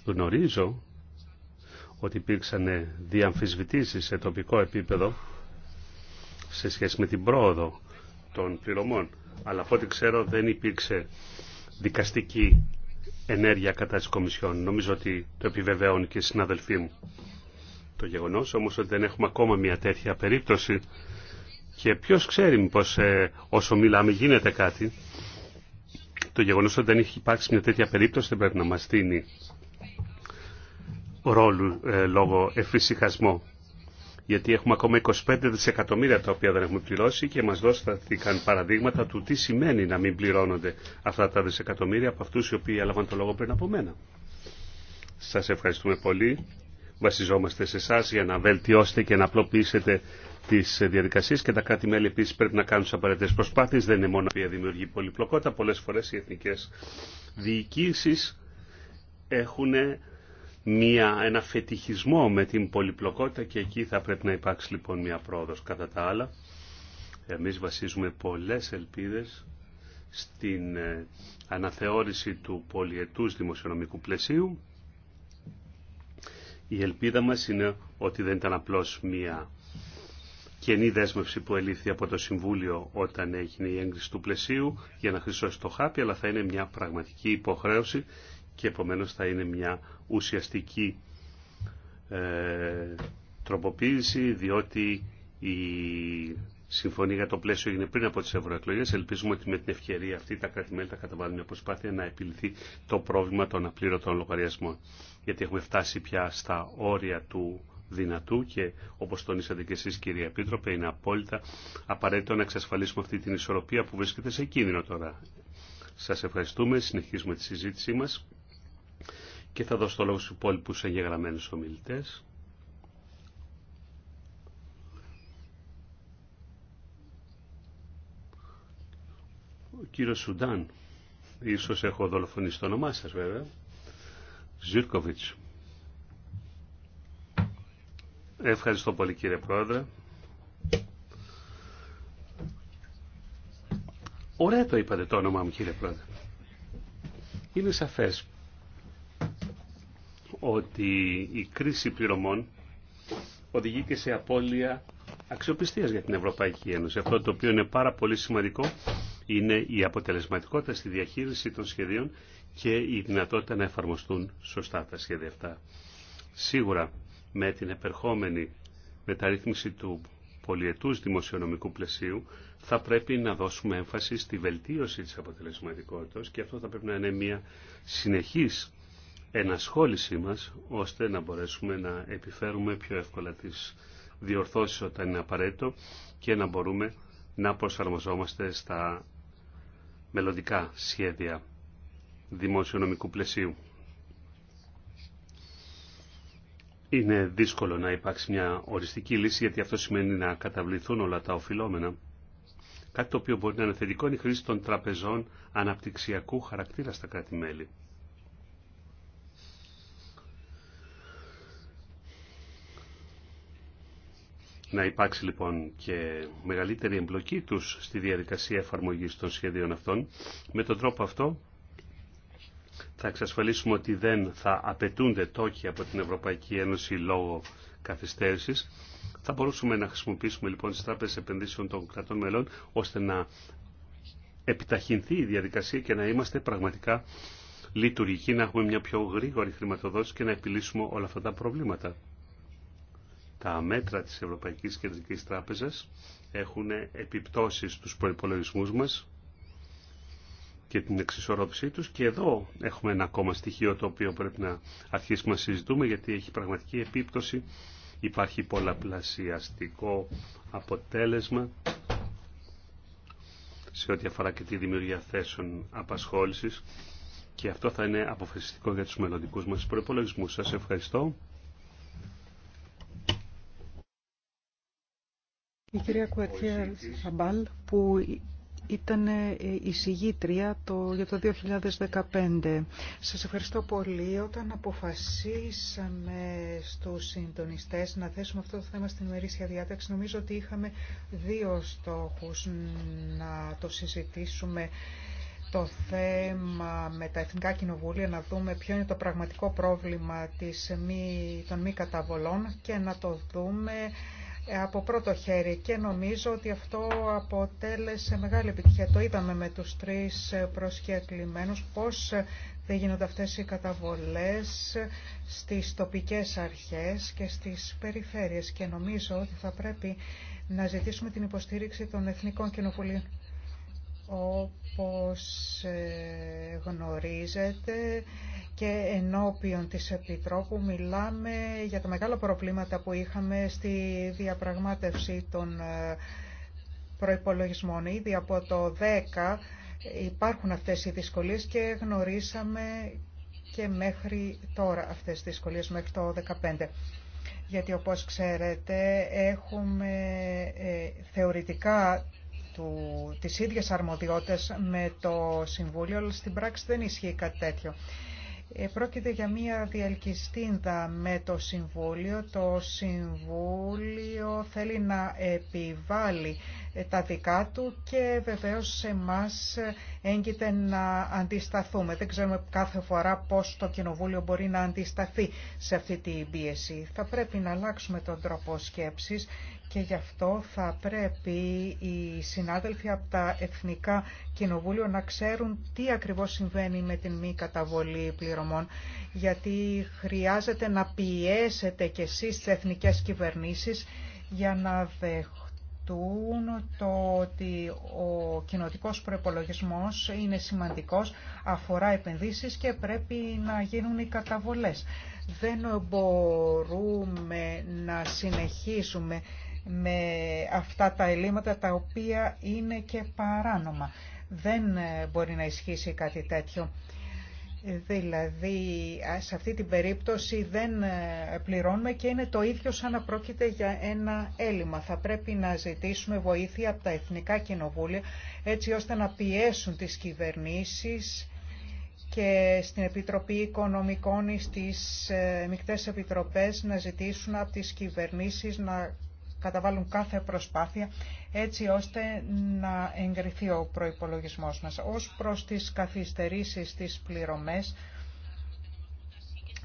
Γνωρίζω ότι υπήρξαν ε, διαμφισβητήσεις σε τοπικό επίπεδο σε σχέση με την πρόοδο των πληρωμών. Αλλά από ό,τι ξέρω δεν υπήρξε δικαστική ενέργεια κατά της Κομισιόν. Νομίζω ότι το επιβεβαιώνει και συναδελφοί μου. Το γεγονός όμως ότι δεν έχουμε ακόμα μια τέτοια περίπτωση και ποιος ξέρει μήπως ε, όσο μιλάμε γίνεται κάτι. Το γεγονός ότι δεν έχει υπάρξει μια τέτοια περίπτωση δεν πρέπει να μας δίνει ρόλου ε, λόγω εφησυχασμό. Γιατί έχουμε ακόμα 25 δισεκατομμύρια τα οποία δεν έχουμε πληρώσει και μας δώστηκαν παραδείγματα του τι σημαίνει να μην πληρώνονται αυτά τα δισεκατομμύρια από αυτούς οι οποίοι έλαβαν το λόγο πριν από μένα. Σας ευχαριστούμε πολύ βασιζόμαστε σε εσά για να βελτιώσετε και να απλοποιήσετε τι διαδικασίε και τα κράτη-μέλη επίση πρέπει να κάνουν τι απαραίτητε προσπάθειε. Δεν είναι μόνο η οποία δημιουργεί πολυπλοκότητα. Πολλέ φορέ οι εθνικέ διοικήσει έχουν μια, ένα φετιχισμό με την πολυπλοκότητα και εκεί θα πρέπει να υπάρξει λοιπόν μια πρόοδο κατά τα άλλα. Εμεί βασίζουμε πολλέ ελπίδε στην ε, αναθεώρηση του πολιετούς δημοσιονομικού πλαισίου η ελπίδα μας είναι ότι δεν ήταν απλώς μία καινή δέσμευση που ελήφθη από το Συμβούλιο όταν έγινε η έγκριση του πλαισίου για να χρυσώσει το χάπι, αλλά θα είναι μια πραγματική υποχρέωση και επομένως θα είναι μια ουσιαστική ε, τροποποίηση, διότι η συμφωνία για το πλαίσιο έγινε πριν από τις ευρωεκλογέ. Ελπίζουμε ότι με την ευκαιρία αυτή τα κράτη-μέλη θα καταβάλουν μια προσπάθεια να επιληθεί το πρόβλημα των απλήρωτων λογαριασμών. Γιατί έχουμε φτάσει πια στα όρια του δυνατού και όπως τονίσατε και εσείς κυρία Επίτροπε είναι απόλυτα απαραίτητο να εξασφαλίσουμε αυτή την ισορροπία που βρίσκεται σε κίνδυνο τώρα. Σας ευχαριστούμε, συνεχίζουμε τη συζήτησή μας και θα δώσω το λόγο στους υπόλοιπους εγγεγραμμένους ομιλητές. ο κύριος Σουντάν, ίσως έχω δολοφονήσει το όνομά σας βέβαια, Ζιρκοβιτς. Ευχαριστώ πολύ κύριε Πρόεδρε. Ωραία το είπατε το όνομά μου κύριε Πρόεδρε. Είναι σαφές ότι η κρίση πληρωμών οδηγεί και σε απώλεια αξιοπιστίας για την Ευρωπαϊκή Ένωση. Αυτό το οποίο είναι πάρα πολύ σημαντικό είναι η αποτελεσματικότητα στη διαχείριση των σχεδίων και η δυνατότητα να εφαρμοστούν σωστά τα σχέδια αυτά. Σίγουρα με την επερχόμενη μεταρρύθμιση του πολιετούς δημοσιονομικού πλαισίου θα πρέπει να δώσουμε έμφαση στη βελτίωση της αποτελεσματικότητας και αυτό θα πρέπει να είναι μια συνεχής ενασχόλησή μας ώστε να μπορέσουμε να επιφέρουμε πιο εύκολα τις διορθώσεις όταν είναι απαραίτητο και να μπορούμε να προσαρμοζόμαστε στα μελλοντικά σχέδια δημοσιονομικού πλαισίου. Είναι δύσκολο να υπάρξει μια οριστική λύση γιατί αυτό σημαίνει να καταβληθούν όλα τα οφειλόμενα. Κάτι το οποίο μπορεί να είναι θετικό είναι η χρήση των τραπεζών αναπτυξιακού χαρακτήρα στα κράτη-μέλη. Να υπάρξει λοιπόν και μεγαλύτερη εμπλοκή τους στη διαδικασία εφαρμογής των σχεδίων αυτών. Με τον τρόπο αυτό θα εξασφαλίσουμε ότι δεν θα απαιτούνται τόκοι από την Ευρωπαϊκή Ένωση λόγω καθυστέρησης. Θα μπορούσαμε να χρησιμοποιήσουμε λοιπόν τις τράπεζες επενδύσεων των κρατών μελών ώστε να επιταχυνθεί η διαδικασία και να είμαστε πραγματικά λειτουργικοί, να έχουμε μια πιο γρήγορη χρηματοδότηση και να επιλύσουμε όλα αυτά τα προβλήματα τα μέτρα της Ευρωπαϊκής Κεντρικής Τράπεζας έχουν επιπτώσεις στους προϋπολογισμούς μας και την εξισορρόπησή τους και εδώ έχουμε ένα ακόμα στοιχείο το οποίο πρέπει να αρχίσουμε να συζητούμε γιατί έχει πραγματική επίπτωση υπάρχει πολλαπλασιαστικό αποτέλεσμα σε ό,τι αφορά και τη δημιουργία θέσεων απασχόλησης και αυτό θα είναι αποφασιστικό για τους μελλοντικούς μας προϋπολογισμούς. Σας ευχαριστώ. Η κυρία Κουατία Σαμπάλ που ήταν ε, η συγγήτρια το, για το 2015. Σας ευχαριστώ πολύ. Όταν αποφασίσαμε στους συντονιστές να θέσουμε αυτό το θέμα στην ημερήσια διάταξη, νομίζω ότι είχαμε δύο στόχους να το συζητήσουμε το θέμα με τα Εθνικά Κοινοβούλια, να δούμε ποιο είναι το πραγματικό πρόβλημα της μη, των μη καταβολών και να το δούμε από πρώτο χέρι και νομίζω ότι αυτό αποτέλεσε μεγάλη επιτυχία. Το είδαμε με τους τρεις προσκεκλημένους πώς δεν γίνονται αυτές οι καταβολές στις τοπικές αρχές και στις περιφέρειες και νομίζω ότι θα πρέπει να ζητήσουμε την υποστήριξη των Εθνικών Κοινοβουλίων όπως ε, γνωρίζετε και ενώπιον της Επιτρόπου μιλάμε για τα μεγάλα προβλήματα που είχαμε στη διαπραγμάτευση των ε, προϋπολογισμών. Ήδη από το 10 υπάρχουν αυτές οι δυσκολίες και γνωρίσαμε και μέχρι τώρα αυτές τις δυσκολίες, μέχρι το 2015. Γιατί όπως ξέρετε έχουμε ε, θεωρητικά του, τις ίδιες αρμοδιότητες με το Συμβούλιο, αλλά στην πράξη δεν ισχύει κάτι τέτοιο. Ε, πρόκειται για μια διαλκυστίνδα με το Συμβούλιο. Το Συμβούλιο θέλει να επιβάλλει ε, τα δικά του και βεβαίως σε μας ε, έγκυται να αντισταθούμε. Δεν ξέρουμε κάθε φορά πώς το Κοινοβούλιο μπορεί να αντισταθεί σε αυτή την πίεση. Θα πρέπει να αλλάξουμε τον τρόπο σκέψης και γι' αυτό θα πρέπει οι συνάδελφοι από τα Εθνικά Κοινοβούλια να ξέρουν τι ακριβώς συμβαίνει με την μη καταβολή πληρωμών, γιατί χρειάζεται να πιέσετε κι εσείς τις εθνικές κυβερνήσεις για να δεχτούν το ότι ο κοινοτικός προϋπολογισμός είναι σημαντικός, αφορά επενδύσεις και πρέπει να γίνουν οι καταβολές. Δεν μπορούμε να συνεχίσουμε με αυτά τα ελλείμματα τα οποία είναι και παράνομα. Δεν ε, μπορεί να ισχύσει κάτι τέτοιο. Ε, δηλαδή, σε αυτή την περίπτωση δεν ε, πληρώνουμε και είναι το ίδιο σαν να πρόκειται για ένα έλλειμμα. Θα πρέπει να ζητήσουμε βοήθεια από τα Εθνικά Κοινοβούλια έτσι ώστε να πιέσουν τις κυβερνήσεις και στην Επιτροπή Οικονομικών ή στις μικτές επιτροπές να ζητήσουν από τις κυβερνήσεις να καταβάλουν κάθε προσπάθεια έτσι ώστε να εγκριθεί ο προϋπολογισμός μας. Ως προς τις καθυστερήσεις της πληρωμές,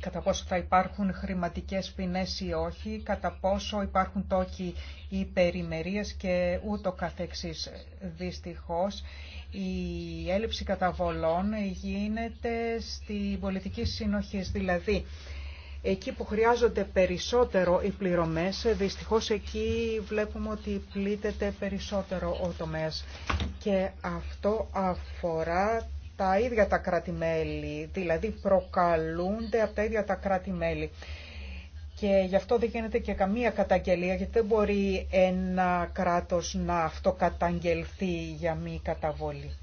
κατά πόσο θα υπάρχουν χρηματικές ποινές ή όχι, κατά πόσο υπάρχουν τόκοι υπερημερίες και ούτω καθεξής. Δυστυχώς, η έλλειψη περιμεριες και ουτω καθεξης δυστυχως γίνεται στην πολιτική συνοχή, δηλαδή Εκεί που χρειάζονται περισσότερο οι πληρωμές, δυστυχώς εκεί βλέπουμε ότι πλήττεται περισσότερο ο τομέας. Και αυτό αφορά τα ίδια τα κράτη-μέλη, δηλαδή προκαλούνται από τα ίδια τα κράτη-μέλη. Και γι' αυτό δεν γίνεται και καμία καταγγελία, γιατί δεν μπορεί ένα κράτος να αυτοκαταγγελθεί για μη καταβολή.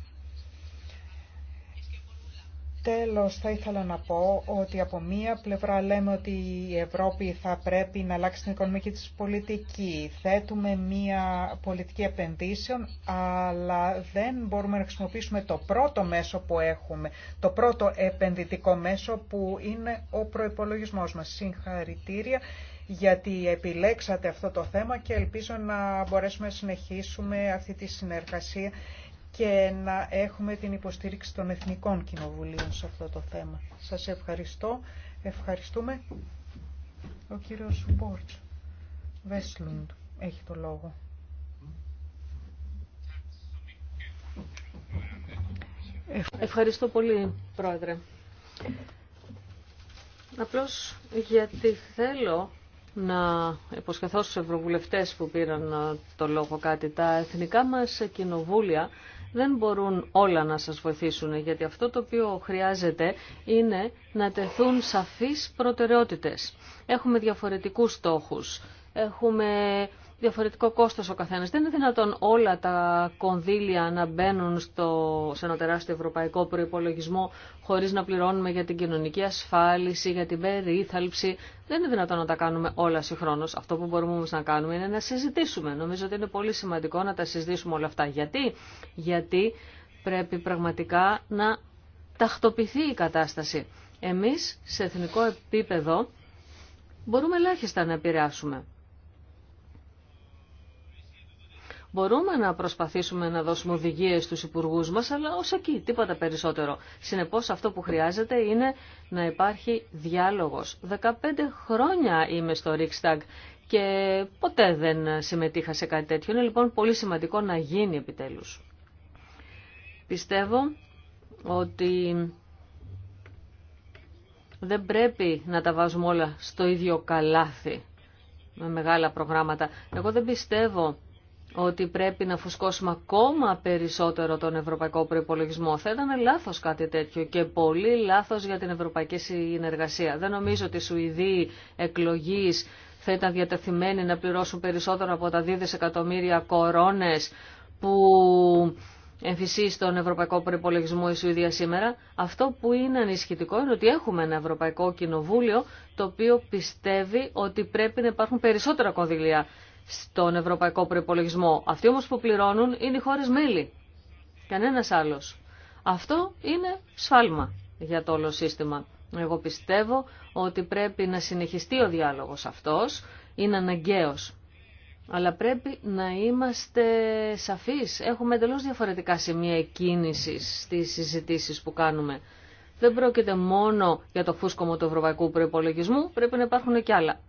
Τέλος, θα ήθελα να πω ότι από μία πλευρά λέμε ότι η Ευρώπη θα πρέπει να αλλάξει την οικονομική της πολιτική. Θέτουμε μία πολιτική επενδύσεων, αλλά δεν μπορούμε να χρησιμοποιήσουμε το πρώτο μέσο που έχουμε, το πρώτο επενδυτικό μέσο που είναι ο προϋπολογισμός μας. Συγχαρητήρια γιατί επιλέξατε αυτό το θέμα και ελπίζω να μπορέσουμε να συνεχίσουμε αυτή τη συνεργασία και να έχουμε την υποστήριξη των Εθνικών Κοινοβουλίων σε αυτό το θέμα. Σας ευχαριστώ. Ευχαριστούμε. Ο κύριος Μπόρτς Βέσλουντ έχει το λόγο. Ευχαριστώ πολύ, Πρόεδρε. Απλώς γιατί θέλω να υποσχεθώ στους ευρωβουλευτές που πήραν το λόγο κάτι. Τα εθνικά μας κοινοβούλια δεν μπορούν όλα να σας βοηθήσουν, γιατί αυτό το οποίο χρειάζεται είναι να τεθούν σαφείς προτεραιότητες. Έχουμε διαφορετικούς στόχους, έχουμε διαφορετικό κόστος ο καθένας. Δεν είναι δυνατόν όλα τα κονδύλια να μπαίνουν στο, σε ένα τεράστιο ευρωπαϊκό προϋπολογισμό χωρίς να πληρώνουμε για την κοινωνική ασφάλιση, για την περίθαλψη. Δεν είναι δυνατόν να τα κάνουμε όλα συγχρόνως. Αυτό που μπορούμε όμως να κάνουμε είναι να συζητήσουμε. Νομίζω ότι είναι πολύ σημαντικό να τα συζητήσουμε όλα αυτά. Γιατί, Γιατί πρέπει πραγματικά να τακτοποιηθεί η κατάσταση. Εμείς σε εθνικό επίπεδο μπορούμε ελάχιστα να επηρεάσουμε. Μπορούμε να προσπαθήσουμε να δώσουμε οδηγίε στους υπουργού μας, αλλά ω εκεί, τίποτα περισσότερο. Συνεπώ αυτό που χρειάζεται είναι να υπάρχει διάλογος. 15 χρόνια είμαι στο Ρίξταγκ και ποτέ δεν συμμετείχα σε κάτι τέτοιο. Είναι λοιπόν πολύ σημαντικό να γίνει επιτέλους. Πιστεύω ότι δεν πρέπει να τα βάζουμε όλα στο ίδιο καλάθι με μεγάλα προγράμματα. Εγώ δεν πιστεύω ότι πρέπει να φουσκώσουμε ακόμα περισσότερο τον ευρωπαϊκό προπολογισμό. Θα ήταν λάθος κάτι τέτοιο και πολύ λάθος για την ευρωπαϊκή συνεργασία. Δεν νομίζω ότι οι Σουηδοί εκλογής θα ήταν διατεθειμένοι να πληρώσουν περισσότερο από τα 2 δισεκατομμύρια κορώνες που εμφυσεί στον ευρωπαϊκό προπολογισμό η Σουηδία σήμερα. Αυτό που είναι ανησυχητικό είναι ότι έχουμε ένα Ευρωπαϊκό Κοινοβούλιο το οποίο πιστεύει ότι πρέπει να υπάρχουν περισσότερα κονδυλία στον ευρωπαϊκό προπολογισμό. Αυτοί όμως που πληρώνουν είναι οι χώρες μέλη. Κανένας άλλος. Αυτό είναι σφάλμα για το όλο σύστημα. Εγώ πιστεύω ότι πρέπει να συνεχιστεί ο διάλογος αυτός, είναι αναγκαίος. Αλλά πρέπει να είμαστε σαφείς. Έχουμε εντελώ διαφορετικά σημεία κίνηση στις συζητήσεις που κάνουμε. Δεν πρόκειται μόνο για το φούσκωμα του ευρωπαϊκού προπολογισμού, πρέπει να υπάρχουν και άλλα.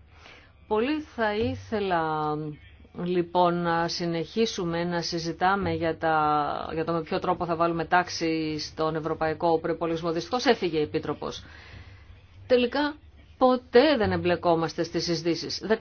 Πολύ θα ήθελα λοιπόν να συνεχίσουμε να συζητάμε για, τα, για το με ποιο τρόπο θα βάλουμε τάξη στον ευρωπαϊκό προπολογισμό. Δυστυχώς έφυγε η Επίτροπος. Τελικά ποτέ δεν εμπλεκόμαστε στις συζητήσεις. 15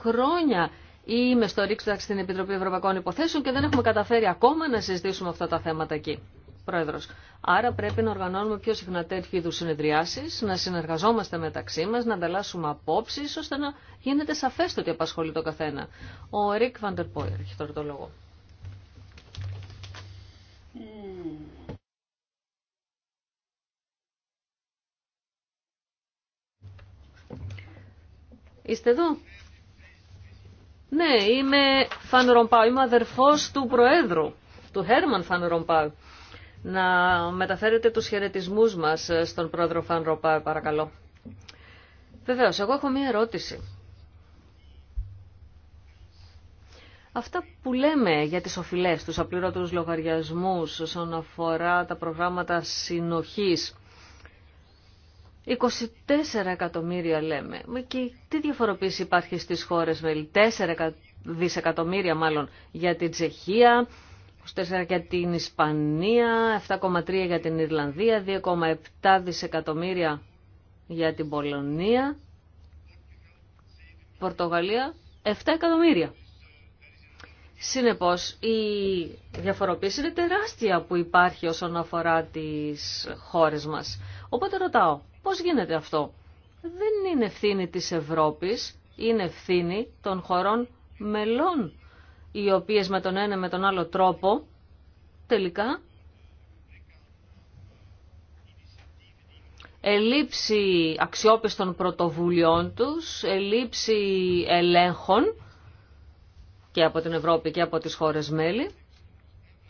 χρόνια είμαι στο ρίξο στην Επιτροπή Ευρωπαϊκών Υποθέσεων και δεν έχουμε καταφέρει ακόμα να συζητήσουμε αυτά τα θέματα εκεί. Πρόεδρος. Άρα πρέπει να οργανώνουμε πιο συχνά τέτοιου είδου συνεδριάσει, να συνεργαζόμαστε μεταξύ μα, να ανταλλάσσουμε απόψει, ώστε να γίνεται σαφέ το ότι απασχολεί το καθένα. Ο ρίκ Βαντερπόιερ έχει τώρα το λόγο. Είστε εδώ. Ναι, είμαι Φαν Ρομπάου, είμαι αδερφός του Προέδρου, του Χέρμαν Φαν Ρομπάου να μεταφέρετε τους χαιρετισμού μας στον πρόεδρο Φαν Ροπά, παρακαλώ. Βεβαίως, εγώ έχω μία ερώτηση. Αυτά που λέμε για τις οφειλές, τους απλήρωτους λογαριασμούς όσον αφορά τα προγράμματα συνοχής, 24 εκατομμύρια λέμε. Και τι διαφοροποίηση υπάρχει στις χώρες με 4 δισεκατομμύρια μάλλον για την Τσεχία, 24 για την Ισπανία, 7,3 για την Ιρλανδία, 2,7 δισεκατομμύρια για την Πολωνία, Πορτογαλία 7 εκατομμύρια. Συνεπώς η διαφοροποίηση είναι τεράστια που υπάρχει όσον αφορά τις χώρες μας. Οπότε ρωτάω, πώς γίνεται αυτό. Δεν είναι ευθύνη της Ευρώπης, είναι ευθύνη των χωρών μελών οι οποίες με τον ένα με τον άλλο τρόπο τελικά ελείψει αξιόπιστων πρωτοβουλειών τους, ελείψει ελέγχων και από την Ευρώπη και από τις χώρες μέλη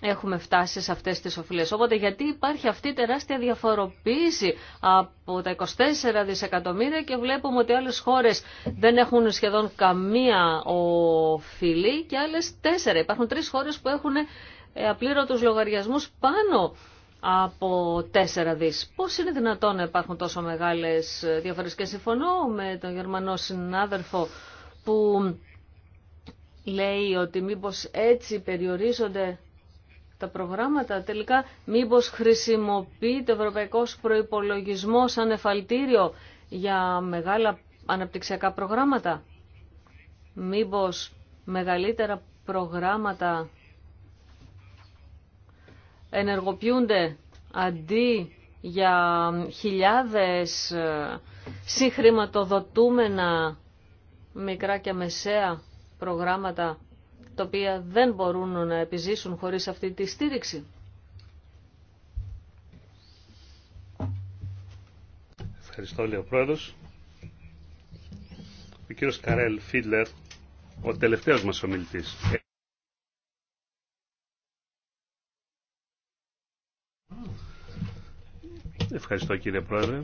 έχουμε φτάσει σε αυτές τις οφειλές. Οπότε γιατί υπάρχει αυτή η τεράστια διαφοροποίηση από τα 24 δισεκατομμύρια και βλέπουμε ότι άλλες χώρες δεν έχουν σχεδόν καμία οφειλή και άλλες τέσσερα. Υπάρχουν τρεις χώρες που έχουν ε, απλήρωτους λογαριασμούς πάνω από τέσσερα δις. Πώς είναι δυνατόν να υπάρχουν τόσο μεγάλες ε, διαφορές και συμφωνώ με τον Γερμανό συνάδελφο που λέει ότι μήπως έτσι περιορίζονται τα προγράμματα. Τελικά μήπως χρησιμοποιείται το ευρωπαϊκός Προϋπολογισμός σαν εφαλτήριο για μεγάλα αναπτυξιακά προγράμματα. Μήπως μεγαλύτερα προγράμματα ενεργοποιούνται αντί για χιλιάδες ε, συγχρηματοδοτούμενα μικρά και μεσαία προγράμματα τα οποία δεν μπορούν να επιζήσουν χωρίς αυτή τη στήριξη. Ευχαριστώ, λέει ο Πρόεδρος. Ο κύριος Καρέλ Φίτλερ, ο τελευταίος μας ομιλητής. Ευχαριστώ κύριε Πρόεδρε.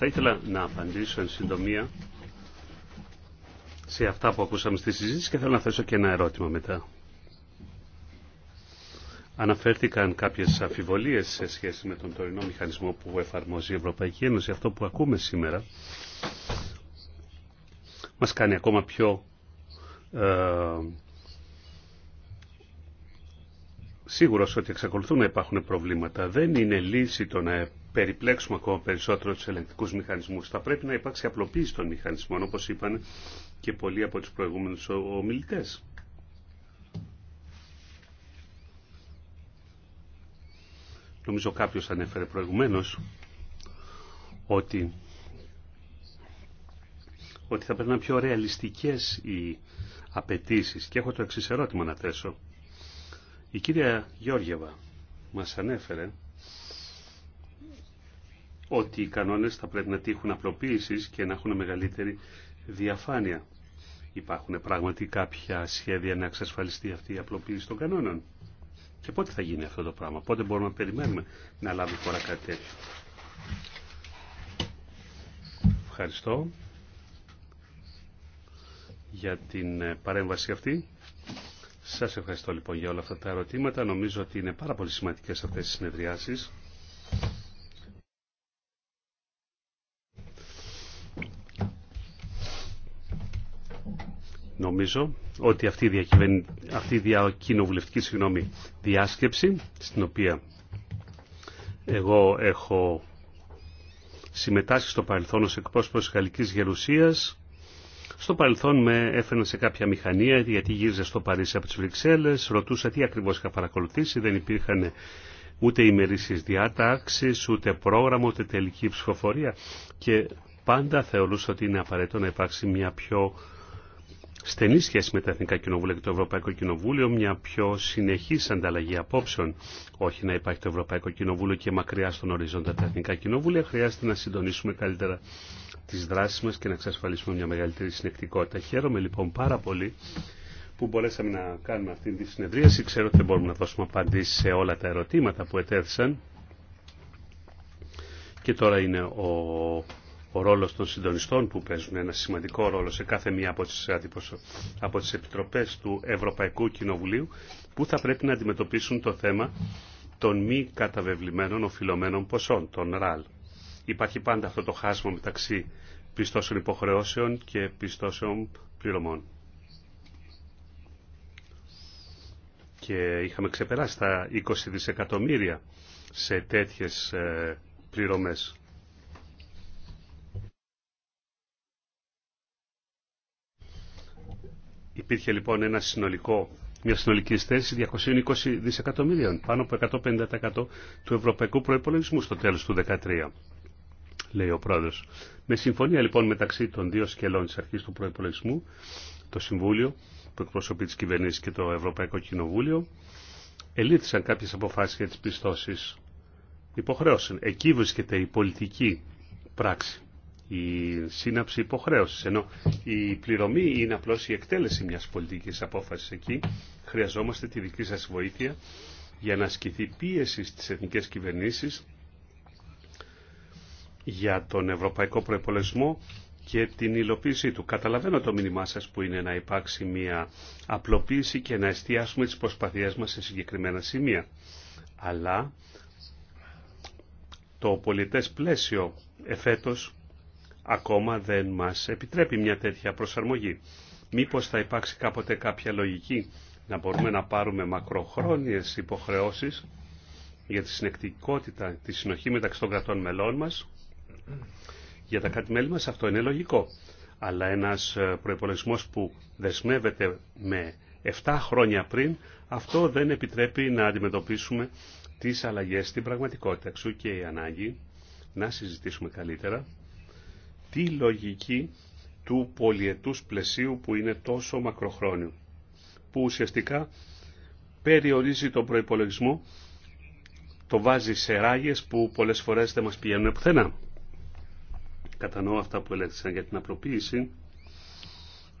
Θα ήθελα να απαντήσω εν συντομία σε αυτά που ακούσαμε στη συζήτηση και θέλω να θέσω και ένα ερώτημα μετά. Αναφέρθηκαν κάποιες αφιβολίες σε σχέση με τον τωρινό μηχανισμό που εφαρμόζει η Ευρωπαϊκή Ένωση. Αυτό που ακούμε σήμερα μας κάνει ακόμα πιο ε, σίγουρος ότι εξακολουθούν να υπάρχουν προβλήματα. Δεν είναι λύση το να περιπλέξουμε ακόμα περισσότερο τους ελεγκτικούς μηχανισμούς. Θα πρέπει να υπάρξει απλοποίηση των μηχανισμών, όπω είπαν και πολλοί από τους προηγούμενους ομιλητές. Νομίζω κάποιος ανέφερε προηγουμένως ότι, ότι θα πρέπει να πιο ρεαλιστικές οι απαιτήσει. Και έχω το εξής ερώτημα να θέσω. Η κυρία Γιώργεβα μας ανέφερε ότι οι κανόνες θα πρέπει να τύχουν απλοποίησης και να έχουν μεγαλύτερη διαφάνεια. Υπάρχουν πράγματι κάποια σχέδια να εξασφαλιστεί αυτή η απλοποίηση των κανόνων. Και πότε θα γίνει αυτό το πράγμα, πότε μπορούμε να περιμένουμε να λάβει χώρα κάτι τέτοιο. Ευχαριστώ για την ε, παρέμβαση αυτή. Σας ευχαριστώ λοιπόν για όλα αυτά τα ερωτήματα. Νομίζω ότι είναι πάρα πολύ σημαντικές αυτές οι συνεδριάσεις. Νομίζω ότι αυτή η, διακυβεν... αυτή συγγνώμη, διάσκεψη, στην οποία εγώ έχω συμμετάσχει στο παρελθόν ως εκπρόσωπος της Γαλλικής Γερουσίας, στο παρελθόν με έφεραν σε κάποια μηχανία γιατί γύριζε στο Παρίσι από τις Βρυξέλλες, ρωτούσα τι ακριβώς είχα παρακολουθήσει, δεν υπήρχαν ούτε ημερήσεις διάταξης, ούτε πρόγραμμα, ούτε τελική ψηφοφορία και πάντα θεωρούσα ότι είναι απαραίτητο να υπάρξει μια πιο στενή σχέση με τα Εθνικά Κοινοβούλια και το Ευρωπαϊκό Κοινοβούλιο, μια πιο συνεχή ανταλλαγή απόψεων. Όχι να υπάρχει το Ευρωπαϊκό Κοινοβούλιο και μακριά στον οριζόντα τα Εθνικά Κοινοβούλια, χρειάζεται να συντονίσουμε καλύτερα τις δράσεις μα και να εξασφαλίσουμε μια μεγαλύτερη συνεκτικότητα. Χαίρομαι λοιπόν πάρα πολύ που μπορέσαμε να κάνουμε αυτή τη συνεδρίαση. Ξέρω ότι δεν μπορούμε να δώσουμε απαντήσει σε όλα τα ερωτήματα που ετέθησαν. Και τώρα είναι ο ο ρόλος των συντονιστών που παίζουν ένα σημαντικό ρόλο σε κάθε μία από τις, από τις επιτροπές του Ευρωπαϊκού Κοινοβουλίου που θα πρέπει να αντιμετωπίσουν το θέμα των μη καταβεβλημένων οφειλωμένων ποσών, των ΡΑΛ. Υπάρχει πάντα αυτό το χάσμα μεταξύ πιστώσεων υποχρεώσεων και πιστώσεων πληρωμών. Και είχαμε ξεπεράσει τα 20 δισεκατομμύρια σε τέτοιες ε, πληρωμές. Υπήρχε λοιπόν ένα συνολικό, μια συνολική θέση 220 δισεκατομμύριων, πάνω από 150% του ευρωπαϊκού προϋπολογισμού στο τέλος του 2013, λέει ο πρόεδρος. Με συμφωνία λοιπόν μεταξύ των δύο σκελών της αρχής του προϋπολογισμού, το Συμβούλιο που εκπροσωπεί τις κυβερνήσεις και το Ευρωπαϊκό Κοινοβούλιο, ελήφθησαν κάποιες αποφάσεις για τις πιστώσεις υποχρεώσεων. Εκεί βρίσκεται η πολιτική πράξη η σύναψη υποχρέωσης, ενώ η πληρωμή είναι απλώς η εκτέλεση μιας πολιτικής απόφασης εκεί. Χρειαζόμαστε τη δική σας βοήθεια για να ασκηθεί πίεση στις εθνικές κυβερνήσεις για τον ευρωπαϊκό προπολογισμό και την υλοποίησή του. Καταλαβαίνω το μήνυμά σας που είναι να υπάρξει μια απλοποίηση και να εστιάσουμε τις προσπαθίες μας σε συγκεκριμένα σημεία. Αλλά το πολιτές πλαίσιο εφέτος ακόμα δεν μας επιτρέπει μια τέτοια προσαρμογή. Μήπως θα υπάρξει κάποτε κάποια λογική να μπορούμε να πάρουμε μακροχρόνιες υποχρεώσεις για τη συνεκτικότητα, τη συνοχή μεταξύ των κρατών μελών μας. Για τα κάτι μελη μας αυτό είναι λογικό. Αλλά ένας ε, προϋπολογισμός που δεσμεύεται με 7 χρόνια πριν, αυτό δεν επιτρέπει να αντιμετωπίσουμε τις αλλαγές στην πραγματικότητα. Εξού και η ανάγκη να συζητήσουμε καλύτερα τη λογική του πολιετούς πλαισίου που είναι τόσο μακροχρόνιο, που ουσιαστικά περιορίζει τον προϋπολογισμό, το βάζει σε ράγες που πολλές φορές δεν μας πηγαίνουν πουθενά. Κατανοώ αυτά που έλεγχαν για την απλοποίηση.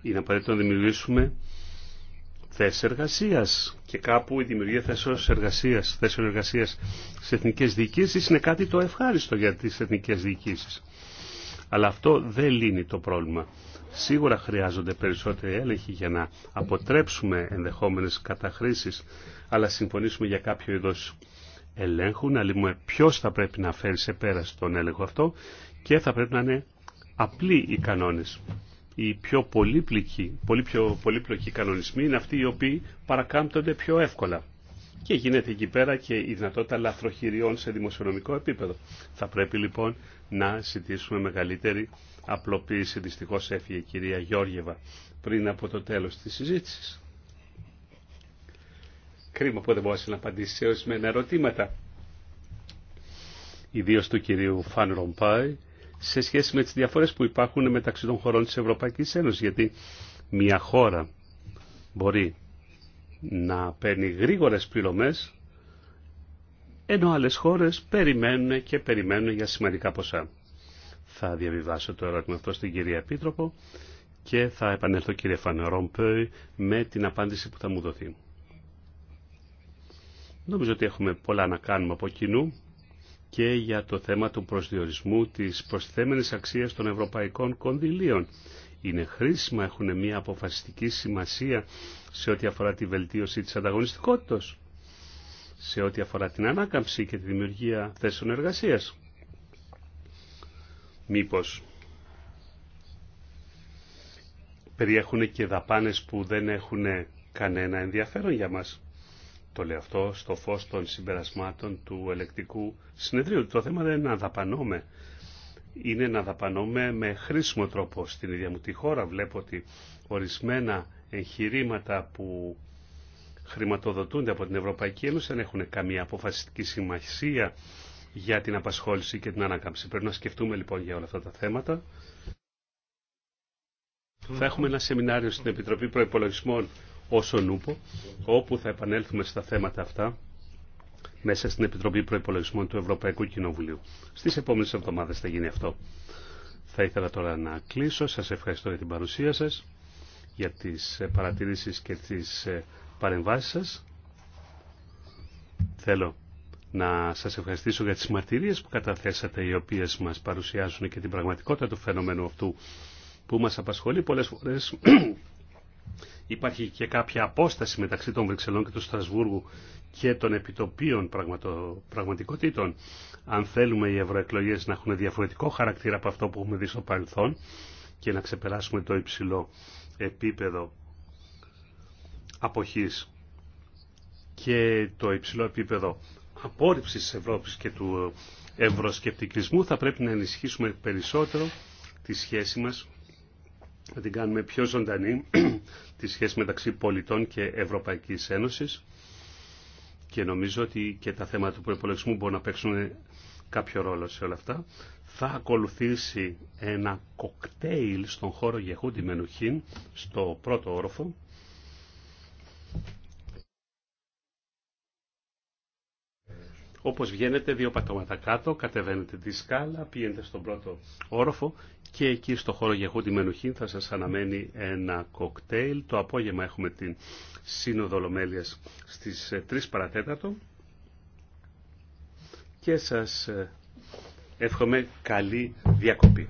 Είναι απαραίτητο να δημιουργήσουμε θέσει εργασία. Και κάπου η δημιουργία θέσεων εργασία, θέσεων εργασία εθνικέ διοικήσει είναι κάτι το ευχάριστο για τι εθνικέ διοικήσει. Αλλά αυτό δεν λύνει το πρόβλημα. Σίγουρα χρειάζονται περισσότεροι έλεγχοι για να αποτρέψουμε ενδεχόμενες καταχρήσεις, αλλά συμφωνήσουμε για κάποιο είδος ελέγχου, να λύνουμε ποιος θα πρέπει να φέρει σε πέρα τον έλεγχο αυτό και θα πρέπει να είναι απλοί οι κανόνες. Οι πιο πολύπλοκοι, πολύ πιο πολύπλοκοι κανονισμοί είναι αυτοί οι οποίοι παρακάμπτονται πιο εύκολα και γίνεται εκεί πέρα και η δυνατότητα λαθροχειριών σε δημοσιονομικό επίπεδο. Θα πρέπει λοιπόν να ζητήσουμε μεγαλύτερη απλοποίηση. Δυστυχώ έφυγε η κυρία Γιώργεβα πριν από το τέλος της συζήτησης. Κρίμα που δεν μπορούσε να απαντήσει σε ορισμένα ερωτήματα. Ιδίω του κυρίου Φαν Ρομπάι σε σχέση με τις διαφορές που υπάρχουν μεταξύ των χωρών τη Ευρωπαϊκή Ένωση, γιατί μια χώρα μπορεί να παίρνει γρήγορες πληρωμές, ενώ άλλες χώρες περιμένουν και περιμένουν για σημαντικά ποσά. Θα διαβιβάσω το ερώτημα αυτό στην κυρία Επίτροπο και θα επανέλθω κύριε Φανερόμπεϊ με την απάντηση που θα μου δοθεί. Νομίζω ότι έχουμε πολλά να κάνουμε από κοινού και για το θέμα του προσδιορισμού της προσθέμενης αξίας των ευρωπαϊκών κονδυλίων είναι χρήσιμα, έχουν μια αποφασιστική σημασία σε ό,τι αφορά τη βελτίωση της ανταγωνιστικότητας, σε ό,τι αφορά την ανάκαμψη και τη δημιουργία θέσεων εργασίας. Μήπως περιέχουν και δαπάνες που δεν έχουν κανένα ενδιαφέρον για μας. Το λέω αυτό στο φως των συμπερασμάτων του ελεκτικού συνεδρίου. Το θέμα δεν είναι να δαπανώμε είναι να δαπανούμε με χρήσιμο τρόπο στην ίδια μου τη χώρα. Βλέπω ότι ορισμένα εγχειρήματα που χρηματοδοτούνται από την Ευρωπαϊκή Ένωση δεν έχουν καμία αποφασιστική σημασία για την απασχόληση και την ανάκαμψη. Πρέπει να σκεφτούμε λοιπόν για όλα αυτά τα θέματα. Θα έχουμε ένα σεμινάριο στην Επιτροπή Προϋπολογισμών όσον ούπο, όπου θα επανέλθουμε στα θέματα αυτά μέσα στην Επιτροπή Προπολογισμών του Ευρωπαϊκού Κοινοβουλίου. Στις επόμενες εβδομάδες θα γίνει αυτό. Θα ήθελα τώρα να κλείσω. Σας ευχαριστώ για την παρουσία σας, για τις ε, παρατήρησει και τις ε, παρεμβάσει σα. Θέλω να σας ευχαριστήσω για τις μαρτυρίες που καταθέσατε, οι οποίες μας παρουσιάζουν και την πραγματικότητα του φαινομένου αυτού που μας απασχολεί πολλές φορές Υπάρχει και κάποια απόσταση μεταξύ των Βρυξελών και του Στρασβούργου και των επιτοπίων πραγματο, πραγματικότητων. Αν θέλουμε οι ευρωεκλογέ να έχουν διαφορετικό χαρακτήρα από αυτό που έχουμε δει στο παρελθόν και να ξεπεράσουμε το υψηλό επίπεδο αποχής και το υψηλό επίπεδο απόρριψης της Ευρώπης και του ευρωσκεπτικισμού θα πρέπει να ενισχύσουμε περισσότερο τη σχέση μας να την κάνουμε πιο ζωντανή τη σχέση μεταξύ πολιτών και Ευρωπαϊκής Ένωσης και νομίζω ότι και τα θέματα του προπολογισμού μπορούν να παίξουν κάποιο ρόλο σε όλα αυτά. Θα ακολουθήσει ένα κοκτέιλ στον χώρο Γεχούντι Μενουχίν, στο πρώτο όροφο, όπως βγαίνετε δύο πατώματα κάτω, κατεβαίνετε τη σκάλα, πηγαίνετε στον πρώτο όροφο και εκεί στο χώρο για χούντι Μενουχίν θα σας αναμένει ένα κοκτέιλ. Το απόγευμα έχουμε την Σύνοδο Ολομέλειας στις 3 ε, παρατέτατο και σας ε, εύχομαι καλή διακοπή.